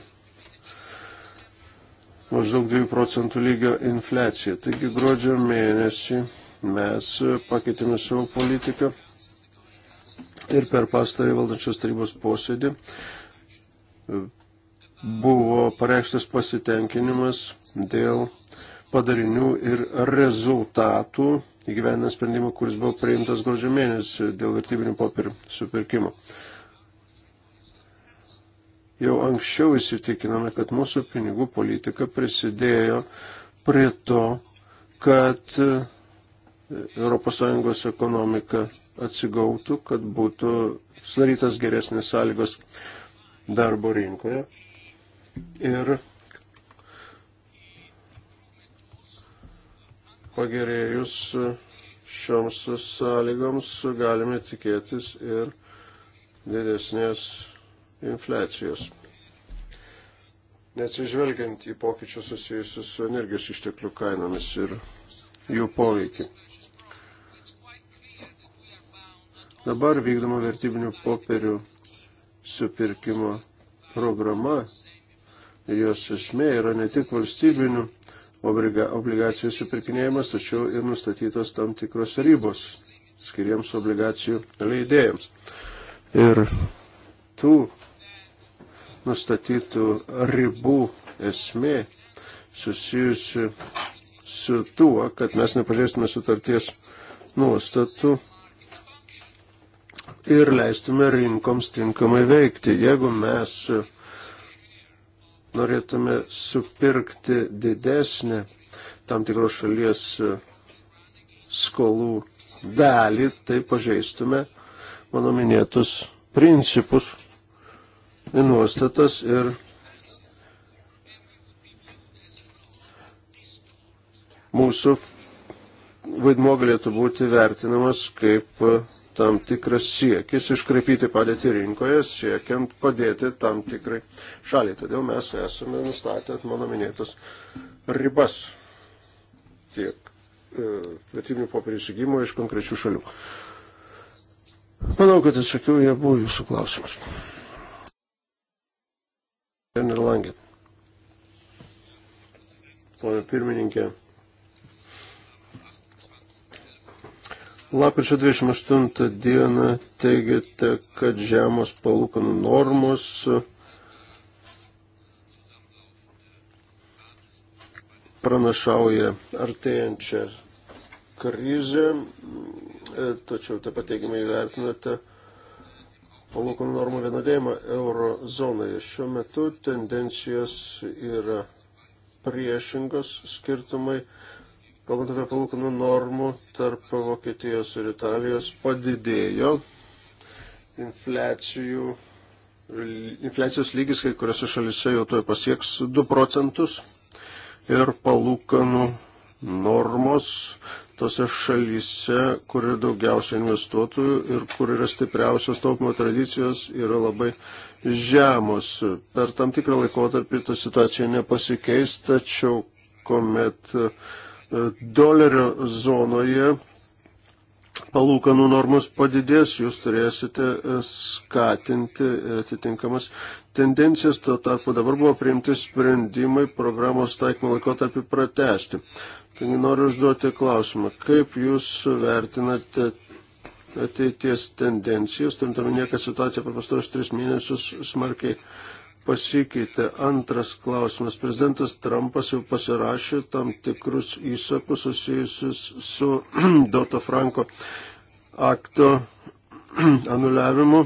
maždaug 2 procentų lygio infliacija. Taigi gruodžio mėnesį mes pakeitėme savo politiką ir per pastarį valdančios tarybos posėdį buvo pareikštas pasitenkinimas dėl padarinių ir rezultatų įgyvenant sprendimą, kuris buvo priimtas gruodžio mėnesį dėl vertybinių popierių supirkimo jau anksčiau įsitikinome, kad mūsų pinigų politika prisidėjo prie to, kad ES ekonomika atsigautų, kad būtų sudarytas geresnės sąlygos darbo rinkoje. Ir pagerėjus šioms sąlygoms galime tikėtis ir didesnės infliacijos, neatsižvelgiant į pokyčius susijusius su energijos išteklių kainomis ir jų poveikį. Dabar vykdoma vertybinių popierių supirkimo programa ir jos esmė yra ne tik valstybinių obligacijų supirkinėjimas, tačiau ir nustatytos tam tikros ribos skiriems obligacijų leidėjams. Ir tų nustatytų ribų esmė susijusi su tuo, kad mes nepažeistume sutarties nuostatų ir leistume rinkoms tinkamai veikti. Jeigu mes norėtume supirkti didesnį tam tikros šalies skolų dalį, tai pažeistume mano minėtus principus nuostatas ir mūsų vaidmo galėtų būti vertinamas kaip e, tam tikras siekis iškraipyti padėtį rinkoje, siekiant padėti tam tikrai šaliai. Todėl mes esame nustatę mano minėtas ribas tiek e, vertybinių popierių įsigymų iš konkrečių šalių. Manau, kad atsakiau į abu jūsų klausimus. Werner Langė. Pone pirmininkė. Lapkričio 28 dieną teigiate, kad žemos palūkanų normos pranašauja artėjančią krizę, tačiau taip pat teigiamai vertinate palūkanų normų vienodėjimą eurozonoje. Šiuo metu tendencijos yra priešingos skirtumai, kalbant apie palūkanų normų, tarp Vokietijos ir Italijos padidėjo infliacijų. Infliacijos lygis kai kuriuose šalise jau toj pasieks 2 procentus ir palūkanų normos tose šalyse, kur yra daugiausia investuotojų ir kur yra stipriausios taupimo tradicijos, yra labai žemos. Per tam tikrą laikotarpį ta situacija nepasikeis, tačiau kuomet e, dolerio zonoje palūkanų normos padidės, jūs turėsite e, skatinti atitinkamas tendencijas, tuo tarpu dabar buvo priimti sprendimai programos taikymo laikotarpį pratesti. Taigi noriu užduoti klausimą, kaip jūs vertinate ateities tendencijos, turint omenyje, kad situacija per pastarus tris mėnesius smarkiai pasikeitė. Antras klausimas. Prezidentas Trumpas jau pasirašė tam tikrus įsakus susijusius su Doto Franko akto anuliavimu.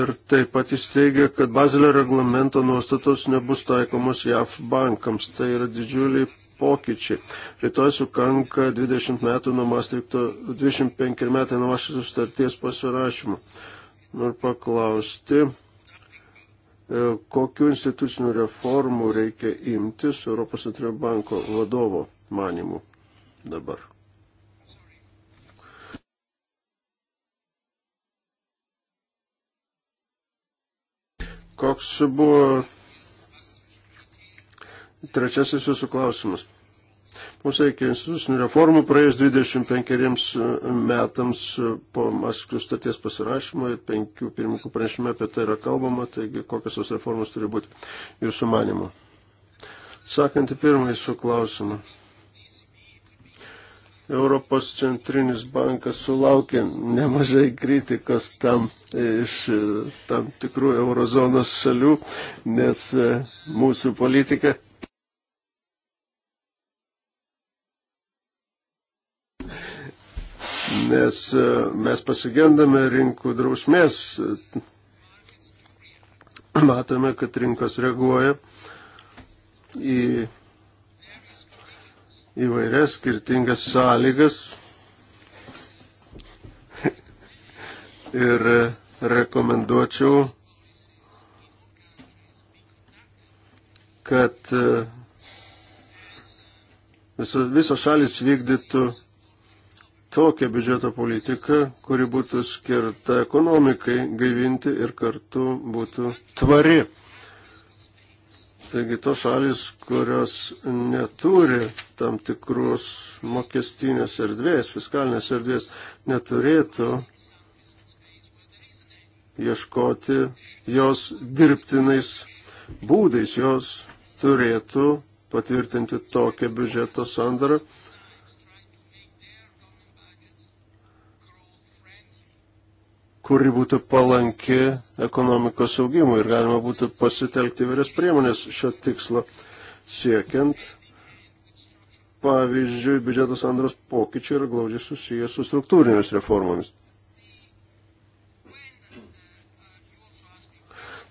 Ir taip pat įsteigia, kad Bazilio reglamento nuostatos nebus taikomos JAF bankams. Tai yra didžiuliai pokyčiai. Rytoj sukanka 20 metų nuo Maastrichto, 25 metai nuo Maastrichto sutarties pasirašymo. Noriu paklausti, e, kokiu institucinių reformų reikia imtis Europos centrinio banko vadovo manimų dabar. koks buvo Trečiasis jūsų klausimas. Mums reikia institucinių reformų praėjus 25 e, metams e, po Maskvių staties pasirašymo ir penkių pirmininkų pranešime apie tai yra kalbama, taigi kokios tos reformos turi būti jūsų manimo. Sakant į pirmąjį jūsų klausimą. Europos centrinis bankas sulaukė nemažai kritikos tam e, iš tam tikrų eurozonos šalių, nes mūsų politika nes e, mes pasigendame rinkų drausmės. Matome, kad rinkos reaguoja į įvairias skirtingas sąlygas ir rekomenduočiau, kad e, visos šalis vykdytų tokią biudžeto politiką, kuri būtų skirta ekonomikai gaivinti ir kartu būtų tvari. Taigi tos šalis, kurios neturi tam tikros mokestinės erdvės, fiskalinės erdvės, neturėtų ieškoti jos dirbtinais būdais, jos turėtų patvirtinti tokią biudžeto sandarą, kuri būtų palanki ekonomikos augimui ir galima būtų pasitelkti vėlias priemonės šio tikslo siekiant. Pavyzdžiui, biudžeto sandros pokyčiai yra glaudžiai susijęs su struktūrinėmis reformomis.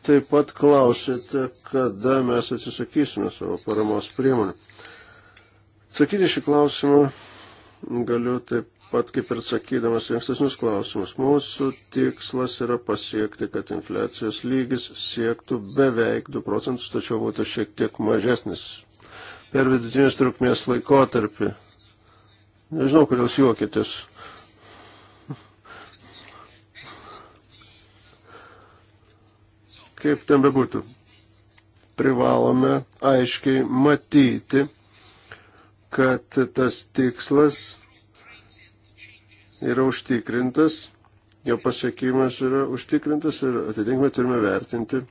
Taip pat klausėte, kada mes atsisakysime savo paramos priemonių. Atsakyti šį klausimą galiu taip pat kaip ir sakydamas ankstesnius klausimus, mūsų tikslas yra pasiekti, kad infliacijos lygis siektų beveik 2 procentus, tačiau būtų šiek tiek mažesnis per vidutinės trukmės laikotarpį. Nežinau, kodėl jūs juokitės. Kaip ten bebūtų, privalome aiškiai matyti, kad tas tikslas yra užtikrintas, jo pasiekimas yra užtikrintas ir atitinkamai turime vertinti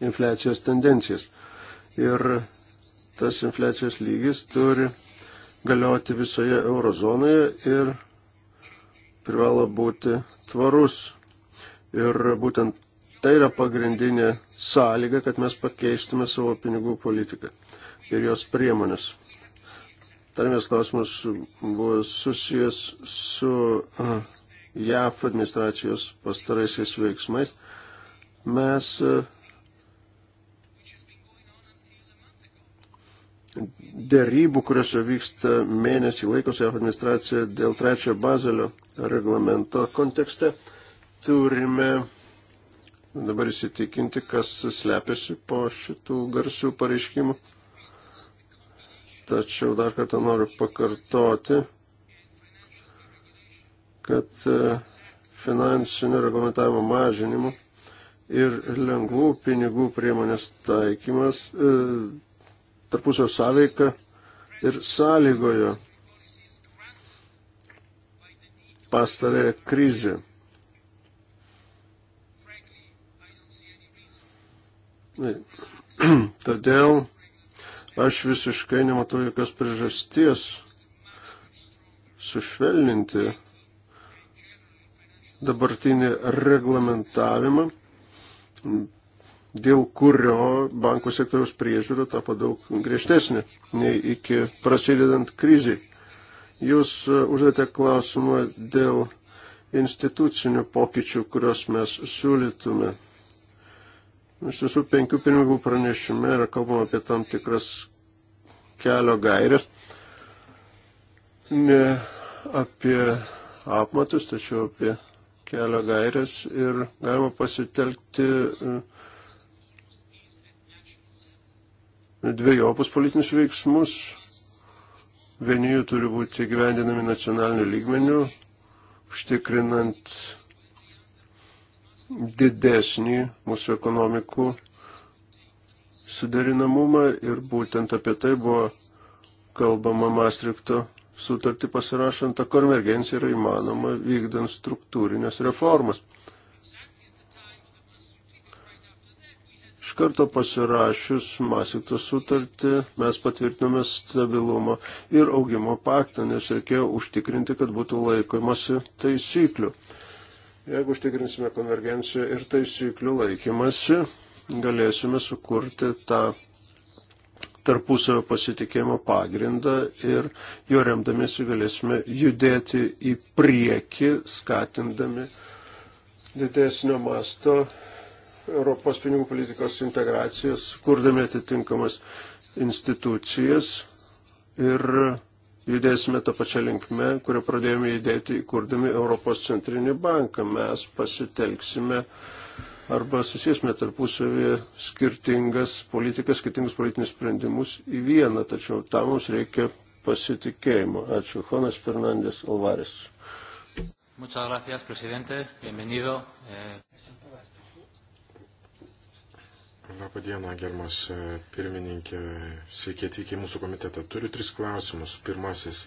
infliacijos tendencijas. Ir tas infliacijos lygis turi galioti visoje eurozonoje ir privalo būti tvarus. Ir būtent tai yra pagrindinė sąlyga, kad mes pakeistume savo pinigų politiką ir jos priemonės. Dar vienas klausimas buvo susijęs su JAF administracijos pastaraisiais veiksmais. Mes dėrybų, kuriuose vyksta mėnesį laikos JAF administracija dėl trečiojo bazelio reglamento kontekste, turime dabar įsitikinti, kas slepiasi po šitų garsių pareiškimų. Tačiau dar kartą noriu pakartoti, kad e, finansinio reglamentavimo mažinimu ir lengvų pinigų priemonės taikymas e, tarpusio sąveika ir sąlygojo pastarė krizė. Todėl Aš visiškai nematau jokios priežasties sušvelninti dabartinį reglamentavimą, dėl kurio bankų sektoriaus priežiūra tapo daug griežtesnė nei iki prasidedant kriziai. Jūs e, uždėte klausimą dėl institucinių pokyčių, kuriuos mes siūlytume. Iš visų penkių pirmininkų pranešime yra kalbama apie tam tikras kelio gairės, ne apie apmatus, tačiau apie kelio gairės ir galima pasitelkti e, dviejopus politinius veiksmus. Vieni jų turi būti gyvendinami nacionaliniu lygmeniu, užtikrinant didesnį mūsų ekonomikų suderinamumą ir būtent apie tai buvo kalbama Maastrichto sutartį pasirašant, ta konvergencija yra įmanoma vykdant struktūrinės reformas. Iš karto pasirašius Maastrichto sutartį mes patvirtinome stabilumo ir augimo paktą, nes reikėjo užtikrinti, kad būtų laikomasi taisyklių. Jeigu užtikrinsime konvergenciją ir taisyklių laikymasi, galėsime sukurti tą tarpusavio pasitikėjimo pagrindą ir jo remdamėsi galėsime judėti į priekį, skatindami didesnio masto Europos pinigų politikos integracijas, kurdami atitinkamas institucijas ir judėsime tą pačią linkmę, kurią pradėjome judėti įkurdami Europos centrinį banką. Mes pasitelksime uh, arba susijęsime tarpusavį skirtingas politikas, skirtingus politinius sprendimus į vieną, tačiau tam mums reikia pasitikėjimo. Ačiū. Jonas Fernandės Alvarės. Muchas gracias, presidente. Bienvenido. Eh, Labą dieną, germas e, pirmininkė. Sveiki atvykę į mūsų komitetą. Turiu tris klausimus. Pirmasis.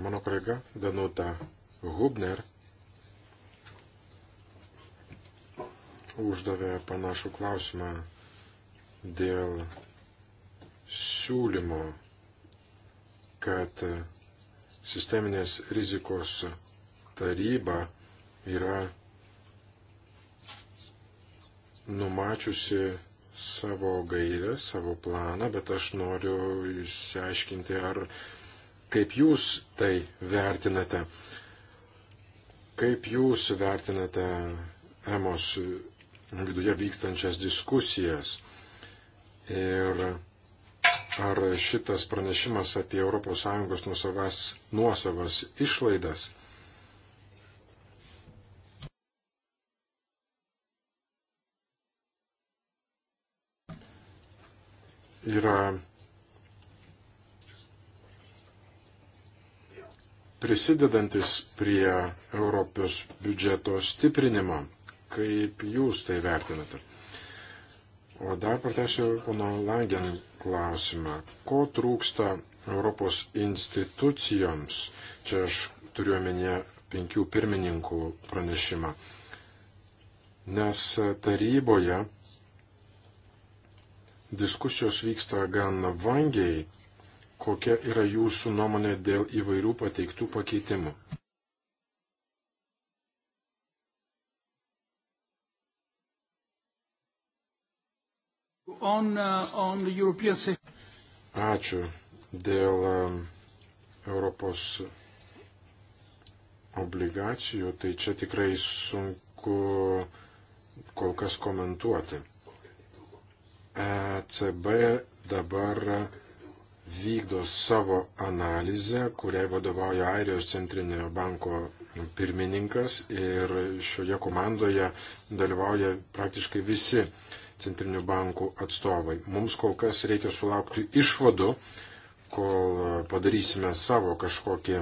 Mano kolega Danuta Hubner uždavė panašų klausimą dėl siūlymo, kad sisteminės rizikos taryba yra numačiusi savo gairę, savo planą, bet aš noriu išsiaiškinti, ar kaip jūs tai vertinate. Kaip jūs vertinate EMOS viduje vykstančias diskusijas. Ir ar šitas pranešimas apie ES nuosavas, nuosavas išlaidas yra prisidedantis prie Europos biudžeto stiprinimo kaip jūs tai vertinate. O dar pratęsiu pono Langen klausimą. Ko trūksta Europos institucijoms? Čia aš turiu omenyje penkių pirmininkų pranešimą. Nes taryboje diskusijos vyksta gan vangiai, kokia yra jūsų nuomonė dėl įvairių pateiktų pakeitimų. on, uh, on European... Ačiū dėl um, Europos obligacijų, tai čia tikrai sunku kol kas komentuoti. ECB dabar vykdo savo analizę, kuriai vadovauja Airijos centrinio banko pirmininkas ir šioje komandoje dalyvauja praktiškai visi centrinių bankų atstovai. Mums kol kas reikia sulaukti išvadų, kol e, padarysime savo kažkokį,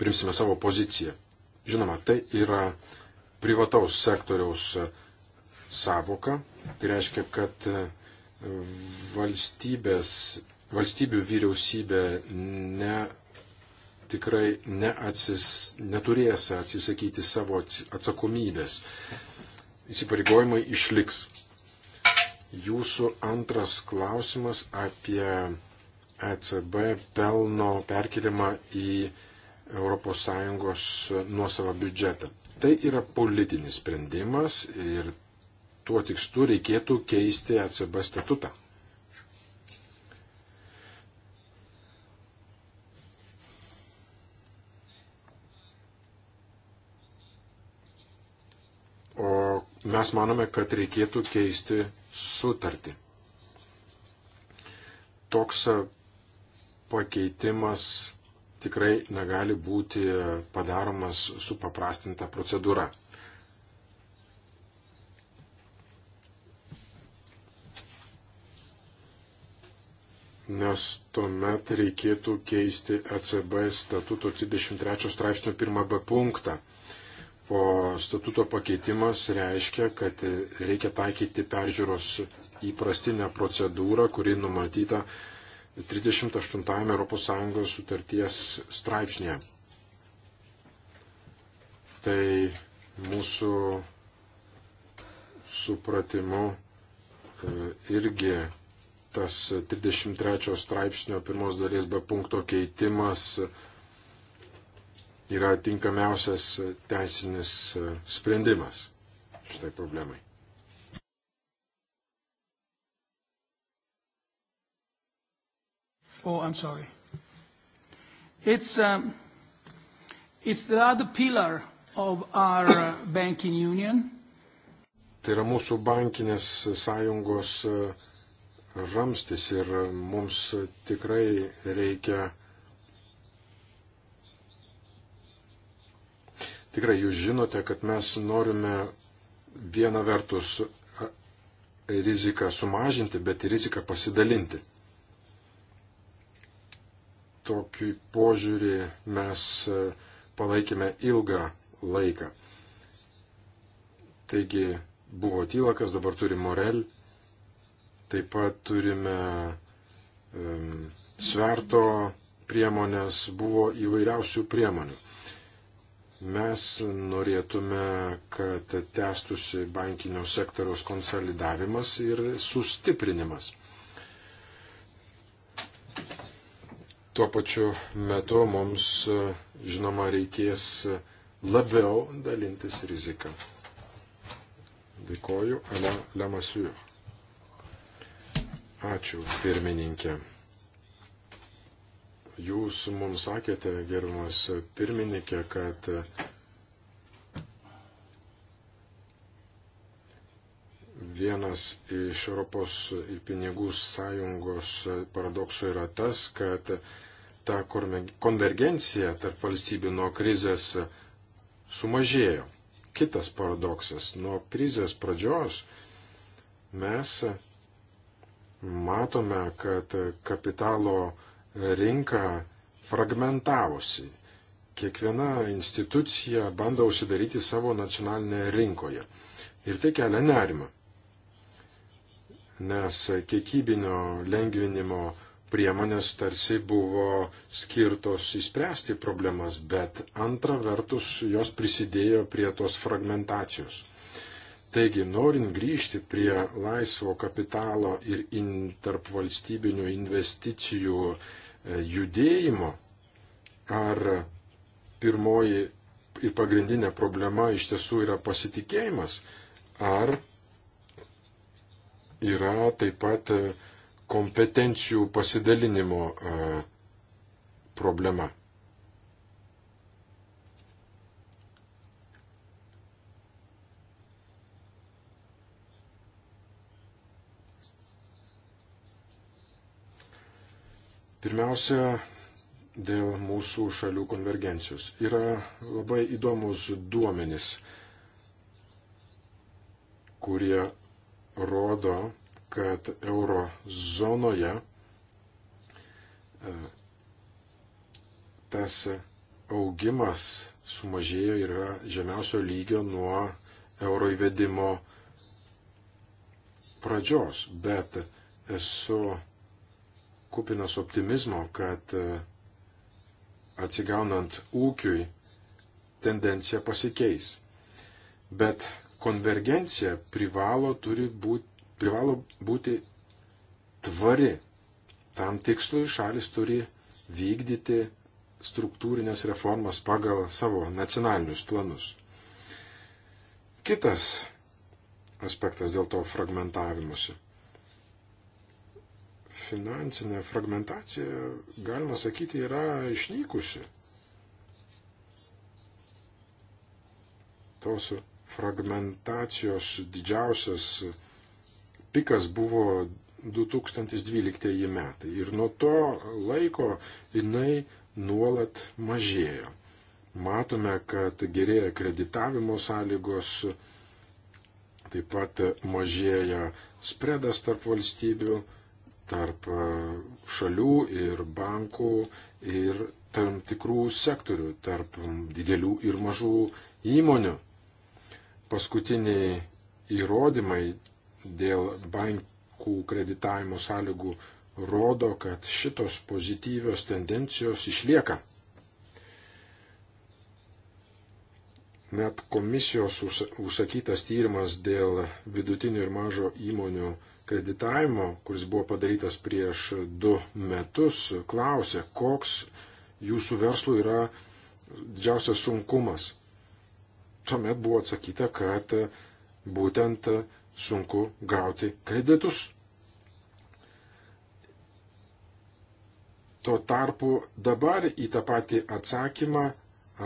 primsime savo poziciją. Žinoma, tai yra privataus sektoriaus e, savoka. Tai reiškia, kad e, valstybės, valstybių vyriausybė ne, tikrai neatsis, neturės atsisakyti savo atsakomybės. Įsipareigojimai išliks. Jūsų antras klausimas apie ECB pelno perkelimą į ES nuosavą biudžetą. Tai yra politinis sprendimas ir tuo tikslu reikėtų keisti ECB statutą. O mes manome, kad reikėtų keisti sutartį. Toks e, pakeitimas tikrai negali būti padaromas su paprastinta procedūra. nes tuomet reikėtų keisti ECB statuto 23 straipsnio 1b punktą po statuto pakeitimas reiškia, kad reikia taikyti peržiūros įprastinę procedūrą, kuri numatyta 38 ES sutarties straipsnėje. Tai mūsų supratimu e, irgi tas 33 straipsnio pirmos dalies be punkto keitimas yra tinkamiausias teisinis e, sprendimas šitai problemai. Oh, I'm sorry. It's, um, it's the other pillar of our uh, banking union. Tai yra mūsų bankinės sąjungos e, ramstis ir mums tikrai reikia uh, Tikrai jūs žinote, kad mes norime viena vertus riziką sumažinti, bet ir riziką pasidalinti. Tokį požiūrį mes palaikėme ilgą laiką. Taigi buvo Tylakas, dabar turi Morel, taip pat turime um, sverto priemonės, buvo įvairiausių priemonių. Mes norėtume, kad testusi bankinio sektoriaus konsolidavimas ir sustiprinimas. Tuo pačiu metu mums, žinoma, reikės labiau dalintis riziką. Dėkoju, Alema Siur. Ačiū, pirmininkė. Jūs mums sakėte, gerbiamas pirmininkė, kad vienas iš Europos pinigų sąjungos paradoksų yra tas, kad ta konvergencija tarp valstybių nuo krizės sumažėjo. Kitas paradoksas. Nuo krizės pradžios mes matome, kad kapitalo rinka fragmentavosi. Kiekviena institucija bando užsidaryti savo nacionalinėje rinkoje. Ir tai kelia nerimą. Nes kiekybinio lengvinimo priemonės tarsi buvo skirtos įspręsti problemas, bet antra vertus jos prisidėjo prie tos fragmentacijos. Taigi, norint grįžti prie laisvo kapitalo ir tarp valstybinių investicijų judėjimo, ar pirmoji ir pagrindinė problema iš tiesų yra pasitikėjimas, ar yra taip pat kompetencijų pasidalinimo e, problema. Pirmiausia, dėl mūsų šalių konvergencijos. Yra labai įdomus duomenys, kurie rodo, kad euro zonoje e, tas augimas sumažėjo ir yra žemiausio lygio nuo euro įvedimo pradžios, bet esu kupinas optimizmo, kad e, atsigaunant ūkiui tendencija pasikeis. Bet konvergencija privalo, būti, privalo būti tvari. Tam tikslui šalis turi vykdyti struktūrinės reformas pagal savo nacionalinius planus. Kitas aspektas dėl to fragmentavimuose finansinė fragmentacija, galima sakyti, yra išnykusi. Tos fragmentacijos didžiausias pikas buvo 2012 metai ir nuo to laiko jinai nuolat mažėjo. Matome, kad gerėja kreditavimo sąlygos, taip pat mažėja spredas tarp valstybių tarp e, šalių ir bankų ir tam tikrų sektorių, tarp didelių ir mažų įmonių. Paskutiniai įrodymai dėl bankų kreditavimo sąlygų rodo, kad šitos pozityvios tendencijos išlieka. Net komisijos užsakytas tyrimas dėl vidutinių ir mažo įmonių kreditavimo, kuris buvo padarytas prieš du metus, klausė, koks jūsų verslų yra didžiausias sunkumas. Tuomet buvo atsakyta, kad būtent sunku gauti kreditus. Tuo tarpu dabar į tą patį atsakymą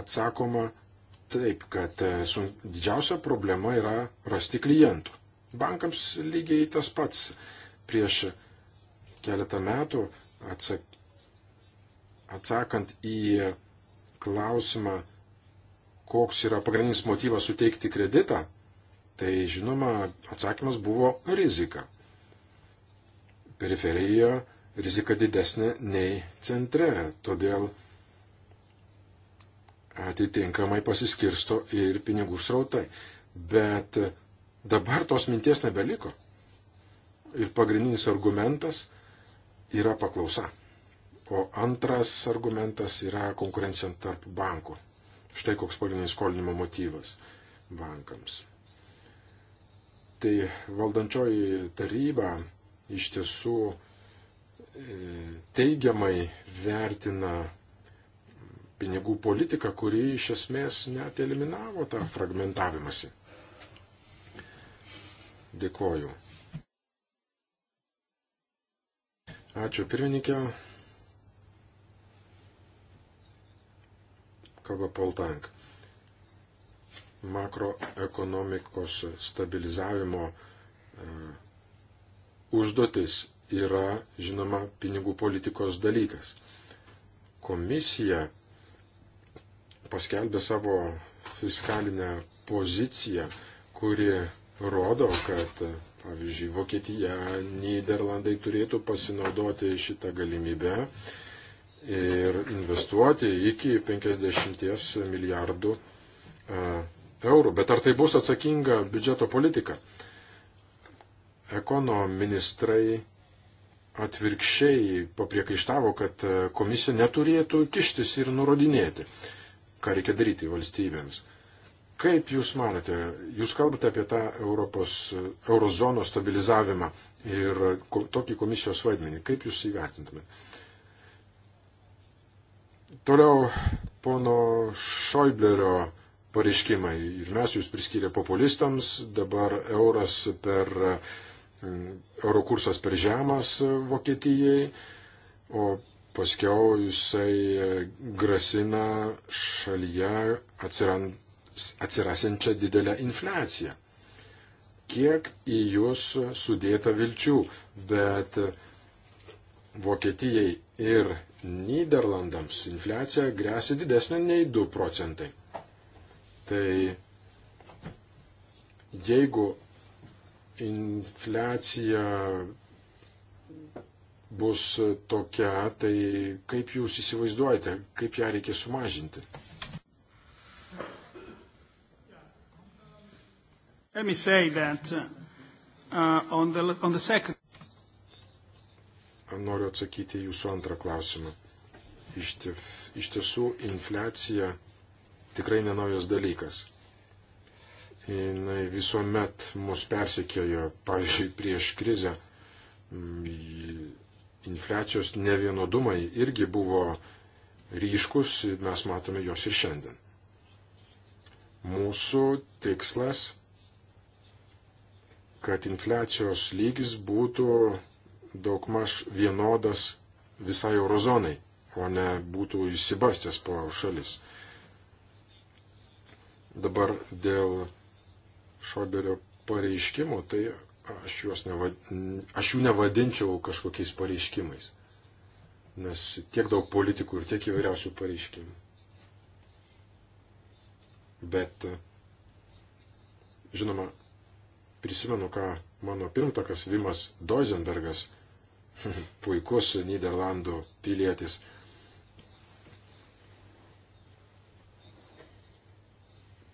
atsakoma taip, kad didžiausia problema yra rasti klientų. Bankams lygiai tas pats. Prieš keletą metų atsak... atsakant į klausimą, koks yra pagrindinis motyvas suteikti kreditą, tai žinoma, atsakymas buvo rizika. Periferijoje rizika didesnė nei centre, todėl atitinkamai pasiskirsto ir pinigų srautai. Bet Dabar tos minties nebeliko. Ir pagrindinis argumentas yra paklausa. O antras argumentas yra konkurencija tarp bankų. Štai koks pagrindinis skolinimo motyvas bankams. Tai valdančioji taryba iš tiesų e, teigiamai vertina pinigų politiką, kuri iš esmės net eliminavo tą fragmentavimąsi. Dėkoju. Ačiū pirmininkė. Kalba Paul Tank. Makroekonomikos stabilizavimo e, užduotis yra, žinoma, pinigų politikos dalykas. Komisija paskelbė savo fiskalinę poziciją, kuri rodo, kad, pavyzdžiui, Vokietija, Niderlandai turėtų pasinaudoti šitą galimybę ir investuoti iki 50 milijardų e, eurų. Bet ar tai bus atsakinga biudžeto politika? Ekonoministrai atvirkščiai papriekaištavo, kad e, komisija neturėtų kištis ir nurodinėti, ką reikia daryti valstybėms. Kaip Jūs manote, Jūs kalbate apie tą Europos, eurozono stabilizavimą ir tokį komisijos vaidmenį. Kaip Jūs įvertintumėte? Toliau pono Šoiblerio pareiškimai. Ir mes Jūs priskyrė populistams, dabar euras per, mm, euro kursas per žemas Vokietijai, o paskiau Jisai grasina šalyje atsirand atsirasinčią didelę infliaciją. Kiek į jūs sudėta vilčių, bet Vokietijai ir Niderlandams infliacija grėsia didesnė nei 2 procentai. Tai jeigu infliacija bus tokia, tai kaip jūs įsivaizduojate, kaip ją reikia sumažinti? Let me say that uh, on, the, on the second. Noriu atsakyti jūsų antrą klausimą. Iš, tif, iš tiesų, infliacija tikrai nenaujas dalykas. Jis visuomet mus persekiojo, pavyzdžiui, prieš krizę. Mm, infliacijos nevienodumai irgi buvo ryškus, mes matome juos ir šiandien. Mūsų tikslas kad infliacijos lygis būtų daugmaž vienodas visai eurozonai, o ne būtų įsibastęs po šalis. Dabar dėl Šoberio pareiškimų, tai aš, nevad... aš jų nevadinčiau kažkokiais pareiškimais, nes tiek daug politikų ir tiek įvairiausių pareiškimų. Bet, žinoma, prisimenu, ką mano pirmtakas Vimas Doisenbergas, puikus Niderlandų pilietis,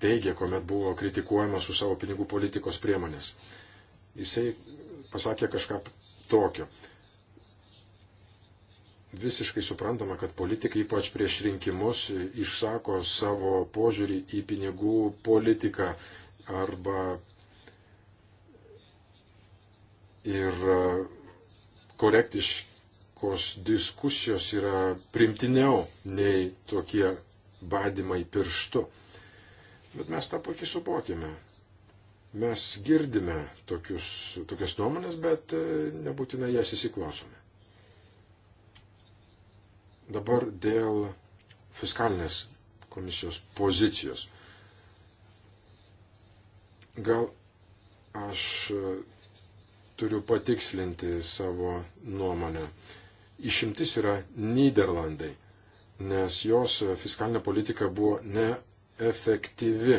teigė, kuomet buvo kritikuojamas už savo pinigų politikos priemonės. Jisai pasakė kažką tokio. Visiškai suprantama, kad politikai ypač prieš rinkimus išsako savo požiūrį į pinigų politiką arba ir e, korektiškos diskusijos yra primtiniau nei tokie badimai pirštu. Bet mes tą puikiai suvokime. Mes girdime tokius, tokias nuomonės, bet e, nebūtinai jas įsiklausome. Dabar dėl fiskalinės komisijos pozicijos. Gal aš turiu patikslinti savo nuomonę. Išimtis yra Niderlandai, nes jos fiskalinė politika buvo neefektyvi.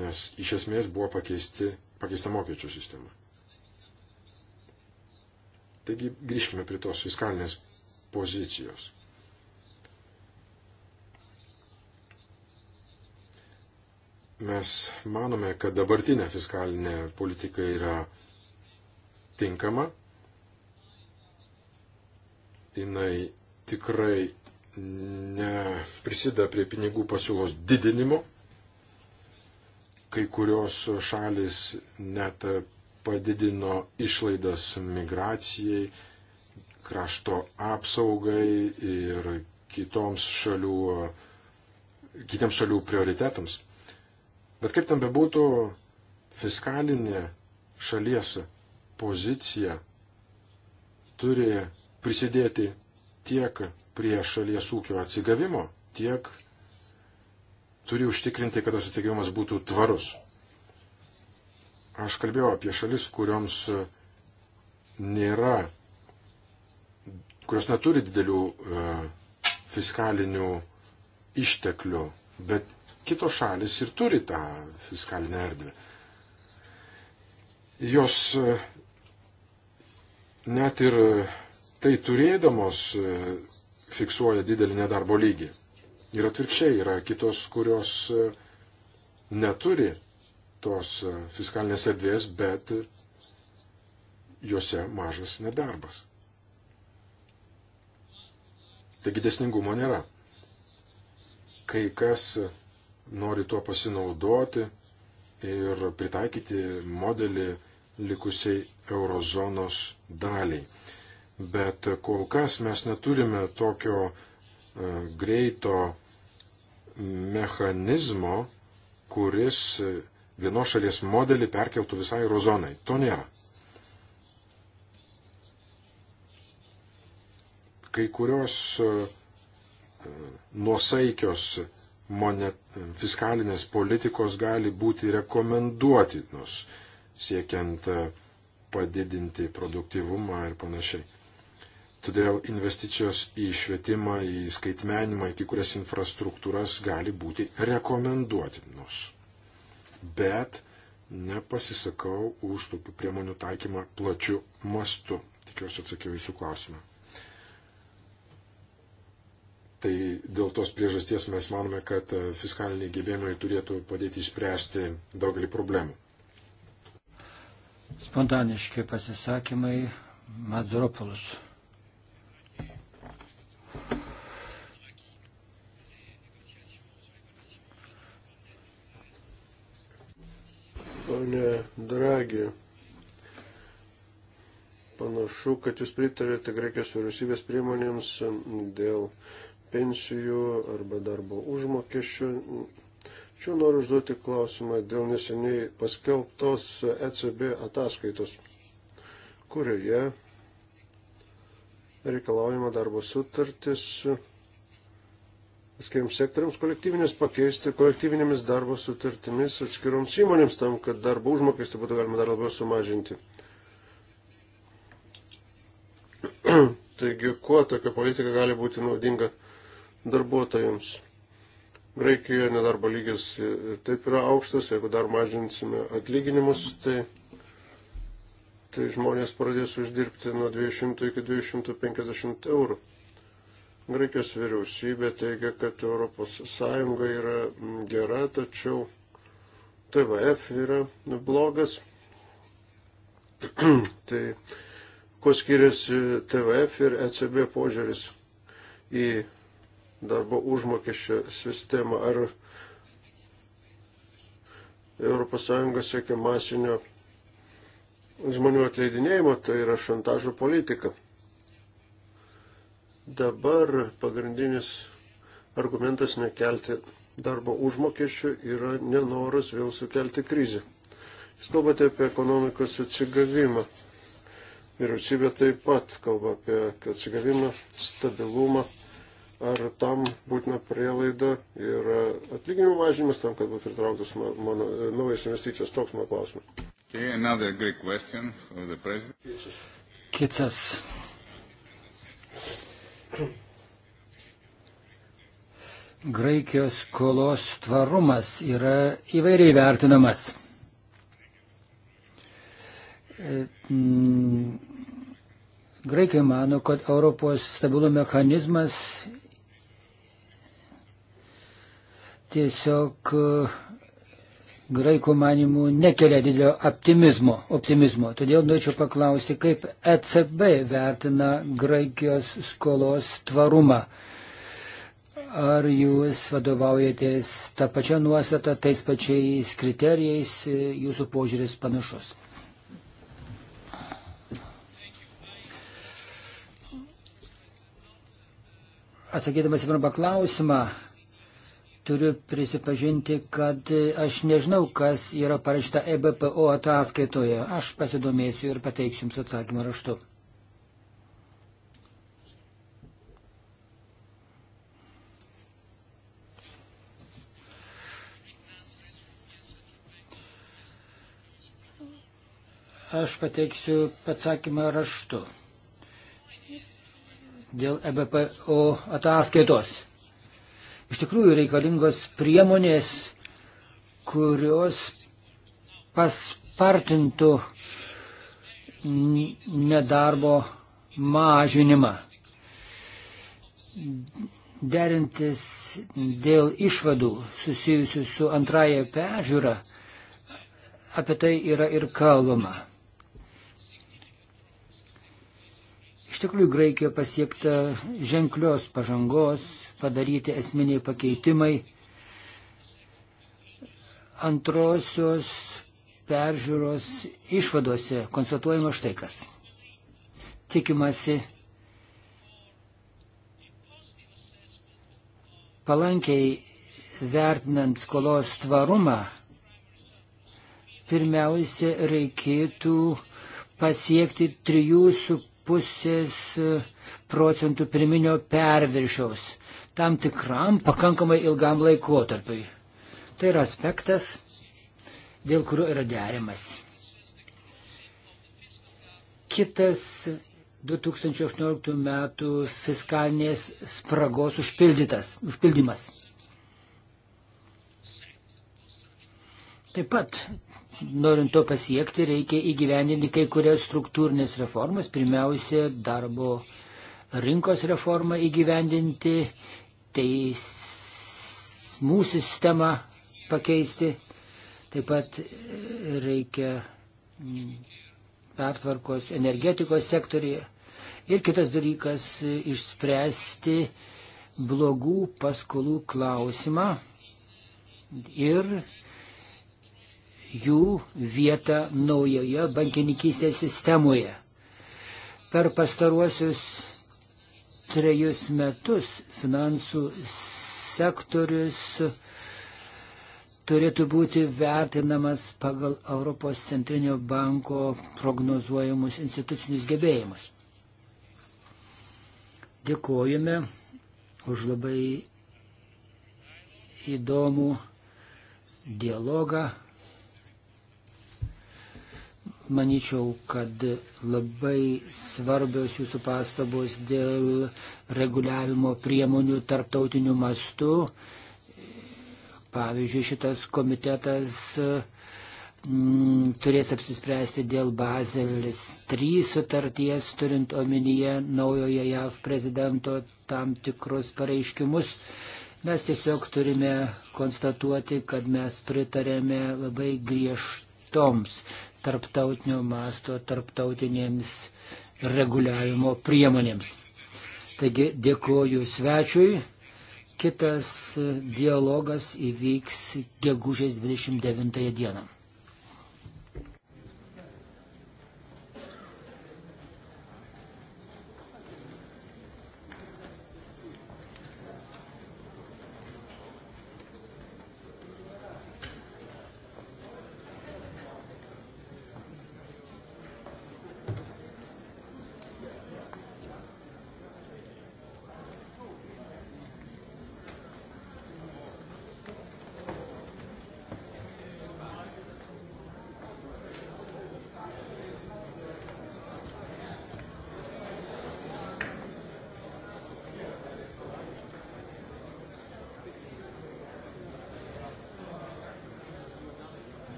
Nes iš esmės buvo pakeisti, pakeista mokesčių sistema. Taigi grįžkime prie tos fiskalinės pozicijos. Mes manome, kad dabartinė fiskalinė politika yra tinkama. Jis tikrai neprisida prie pinigų pasiūlos didinimo. Kai kurios šalis net padidino išlaidas migracijai, krašto apsaugai ir kitoms šalių, kitiems šalių prioritetams. Bet kaip ten bebūtų, fiskalinė šalies pozicija turi prisidėti tiek prie šalies ūkio atsigavimo, tiek turi užtikrinti, kad tas atsigavimas būtų tvarus. Aš kalbėjau apie šalis, kurioms nėra, kurios neturi didelių e, fiskalinių išteklių, bet kitos šalis ir turi tą fiskalinę erdvę. Jos e, net ir e, tai turėdamos e, fiksuoja didelį nedarbo lygį. Ir atvirkščiai yra kitos, kurios neturi tos fiskalinės erdvės, bet juose mažas nedarbas. Taigi desningumo nėra. Kai kas nori tuo pasinaudoti ir pritaikyti modelį likusiai eurozonos daliai. Bet kol kas mes neturime tokio e, greito mechanizmo, kuris e, vienos šalies modelį perkeltų visai eurozonai. To nėra. Kai kurios e, nuosaikios monet, fiskalinės politikos gali būti rekomenduotinos, siekiant e, padidinti produktivumą ir panašiai. Todėl investicijos į švietimą, į skaitmenimą, į kurias infrastruktūras gali būti rekomenduotinos. Bet nepasisakau už tokių priemonių taikymą plačiu mastu. Tikiuosi atsakiau jūsų klausimą. Tai dėl tos priežasties mes manome, kad e, fiskaliniai gebėjimai turėtų padėti išspręsti daugelį problemų. Spontaniški pasisakymai Maduropolus. Pone Dragi, panašu, kad jūs pritarėte Graikijos vyriausybės priemonėms dėl pensijų arba darbo užmokesčių. Čia noriu užduoti klausimą dėl neseniai paskelbtos ECB ataskaitos, kurioje reikalaujama darbo sutartis atskiriams sektoriams kolektyvinės pakeisti kolektyvinėmis darbo sutartimis atskiroms įmonėms tam, kad darbo užmokestį būtų galima dar labiau sumažinti. Taigi, kuo tokia politika gali būti naudinga darbuotojams. Graikijoje nedarbo lygis taip yra aukštas, jeigu dar mažinsime atlyginimus, tai, tai žmonės pradės uždirbti nuo 200 iki 250 eurų. Graikijos vyriausybė teigia, kad ES yra gera, tačiau TVF yra blogas. tai kuo skiriasi TVF ir ECB požiūris į darbo užmokesčio sistemą. Ar ES siekia masinio žmonių atleidinėjimo, tai yra šantažo politika. Dabar pagrindinis argumentas nekelti darbo užmokesčių yra nenoras vėl sukelti krizę. Jūs kalbate apie ekonomikos atsigavimą. Vyriausybė taip pat kalba apie atsigavimą, stabilumą ar tam būtina prielaida ir atlyginimų mažinimas tam, kad būtų įtrauktas mano e, naujas investicijos. Toks mano klausimas. Kitas. Graikijos skolos tvarumas yra įvairiai vertinamas. E, Graikai mano, kad Europos stabilumo mechanizmas tiesiog e, graikų manimų nekelia didelio optimizmo. optimizmo. Todėl norėčiau paklausti, kaip ECB vertina Graikijos skolos tvarumą. Ar jūs vadovaujatės tą pačią nuostatą, tais pačiais kriterijais, jūsų požiūris panašus? Atsakydamas į pirmą klausimą, turiu prisipažinti, kad aš nežinau, kas yra parašyta EBPO ataskaitoje. Aš pasidomėsiu ir pateiksiu Jums atsakymą raštu. Aš pateiksiu atsakymą raštu dėl EBPO ataskaitos. Iš tikrųjų reikalingos priemonės, kurios paspartintų nedarbo mažinimą. Derintis dėl išvadų susijusių su antraja pežiūra, apie tai yra ir kalbama. Iš tikrųjų, Graikija pasiekta ženklios pažangos padaryti esminiai pakeitimai. Antrosios peržiūros išvadose konstatuojama štai kas. Tikimasi palankiai vertinant skolos tvarumą, pirmiausia reikėtų pasiekti 3,5 procentų pirminio perviršiaus tam tikram pakankamai ilgam laikotarpiui. Tai yra aspektas, dėl kurio yra derimas. Kitas 2018 metų fiskalinės spragos užpildymas. Taip pat, norint to pasiekti, reikia įgyvendinti kai kurias struktūrinės reformas. Pirmiausia, darbo rinkos reformą įgyvendinti teismų sistemą pakeisti. Taip pat reikia mm, pertvarkos energetikos sektorija. Ir kitas dalykas - išspręsti blogų paskolų klausimą ir jų vietą naujoje bankininkystės sistemoje. Per pastaruosius trejus metus finansų sektorius turėtų būti vertinamas pagal Europos centrinio banko prognozuojamus institucinius gebėjimus. Dėkojame už labai įdomų dialogą Maničiau, kad labai svarbios jūsų pastabos dėl reguliavimo priemonių tarptautiniu mastu. Pavyzdžiui, šitas komitetas m, mm, turės apsispręsti dėl Bazelis 3 sutarties, turint omenyje naujojo JAV prezidento tam tikrus pareiškimus. Mes tiesiog turime konstatuoti, kad mes pritarėme labai griežtai kitoms tarptautinio masto, tarptautinėms reguliavimo priemonėms. Taigi dėkoju svečiui. Kitas dialogas įvyks gegužės 29 dieną.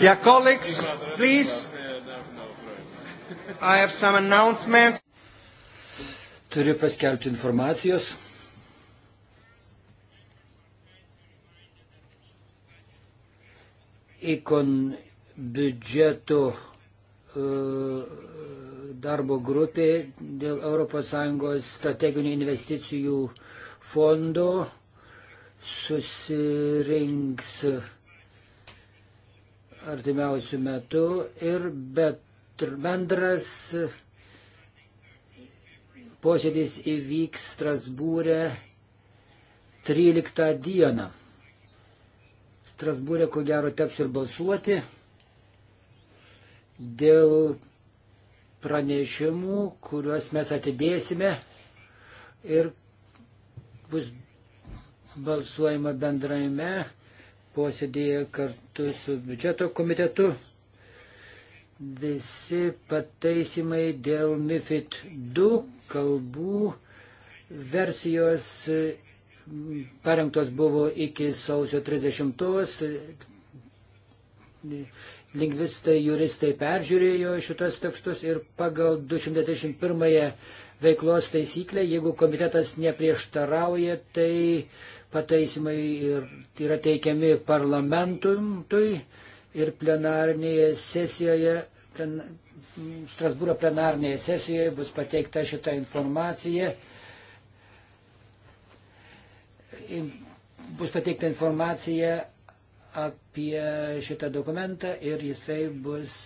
Yeah, colleagues, please. I have some announcements. Turiu paskelbti informacijos. Ikon biudžeto e, darbo grupė dėl ES strateginių investicijų fondo susirinks artimiausių metų ir bet bendras posėdis įvyks Strasbūrė 13 dieną. Strasbūrė, ko gero, teks ir balsuoti dėl pranešimų, kuriuos mes atidėsime ir bus balsuojama bendraime posėdėje kartu su biudžeto komitetu. Visi pataisimai dėl MIFID 2 kalbų versijos parengtos buvo iki sausio 30. Lingvistai, juristai peržiūrėjo šitos tekstus ir pagal 231 veiklos taisyklę, jeigu komitetas neprieštarauja, tai pataisimai ir yra teikiami parlamentui ir plenarnėje sesijoje, plen, Strasbūro plenarnėje sesijoje bus pateikta šita informacija. Bus pateikta informacija apie šitą dokumentą ir jisai bus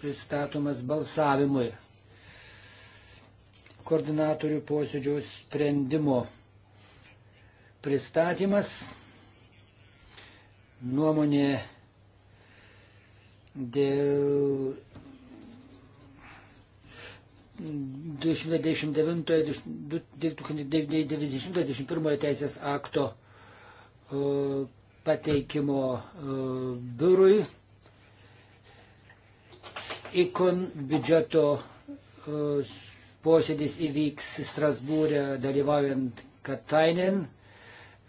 pristatomas balsavimui koordinatorių posėdžio sprendimo pristatymas. Nuomonė dėl 299-2091 teisės akto e, pateikimo e, biurui. Ikon biudžeto e, posėdis įvyks Strasbūrė dalyvaujant Katainen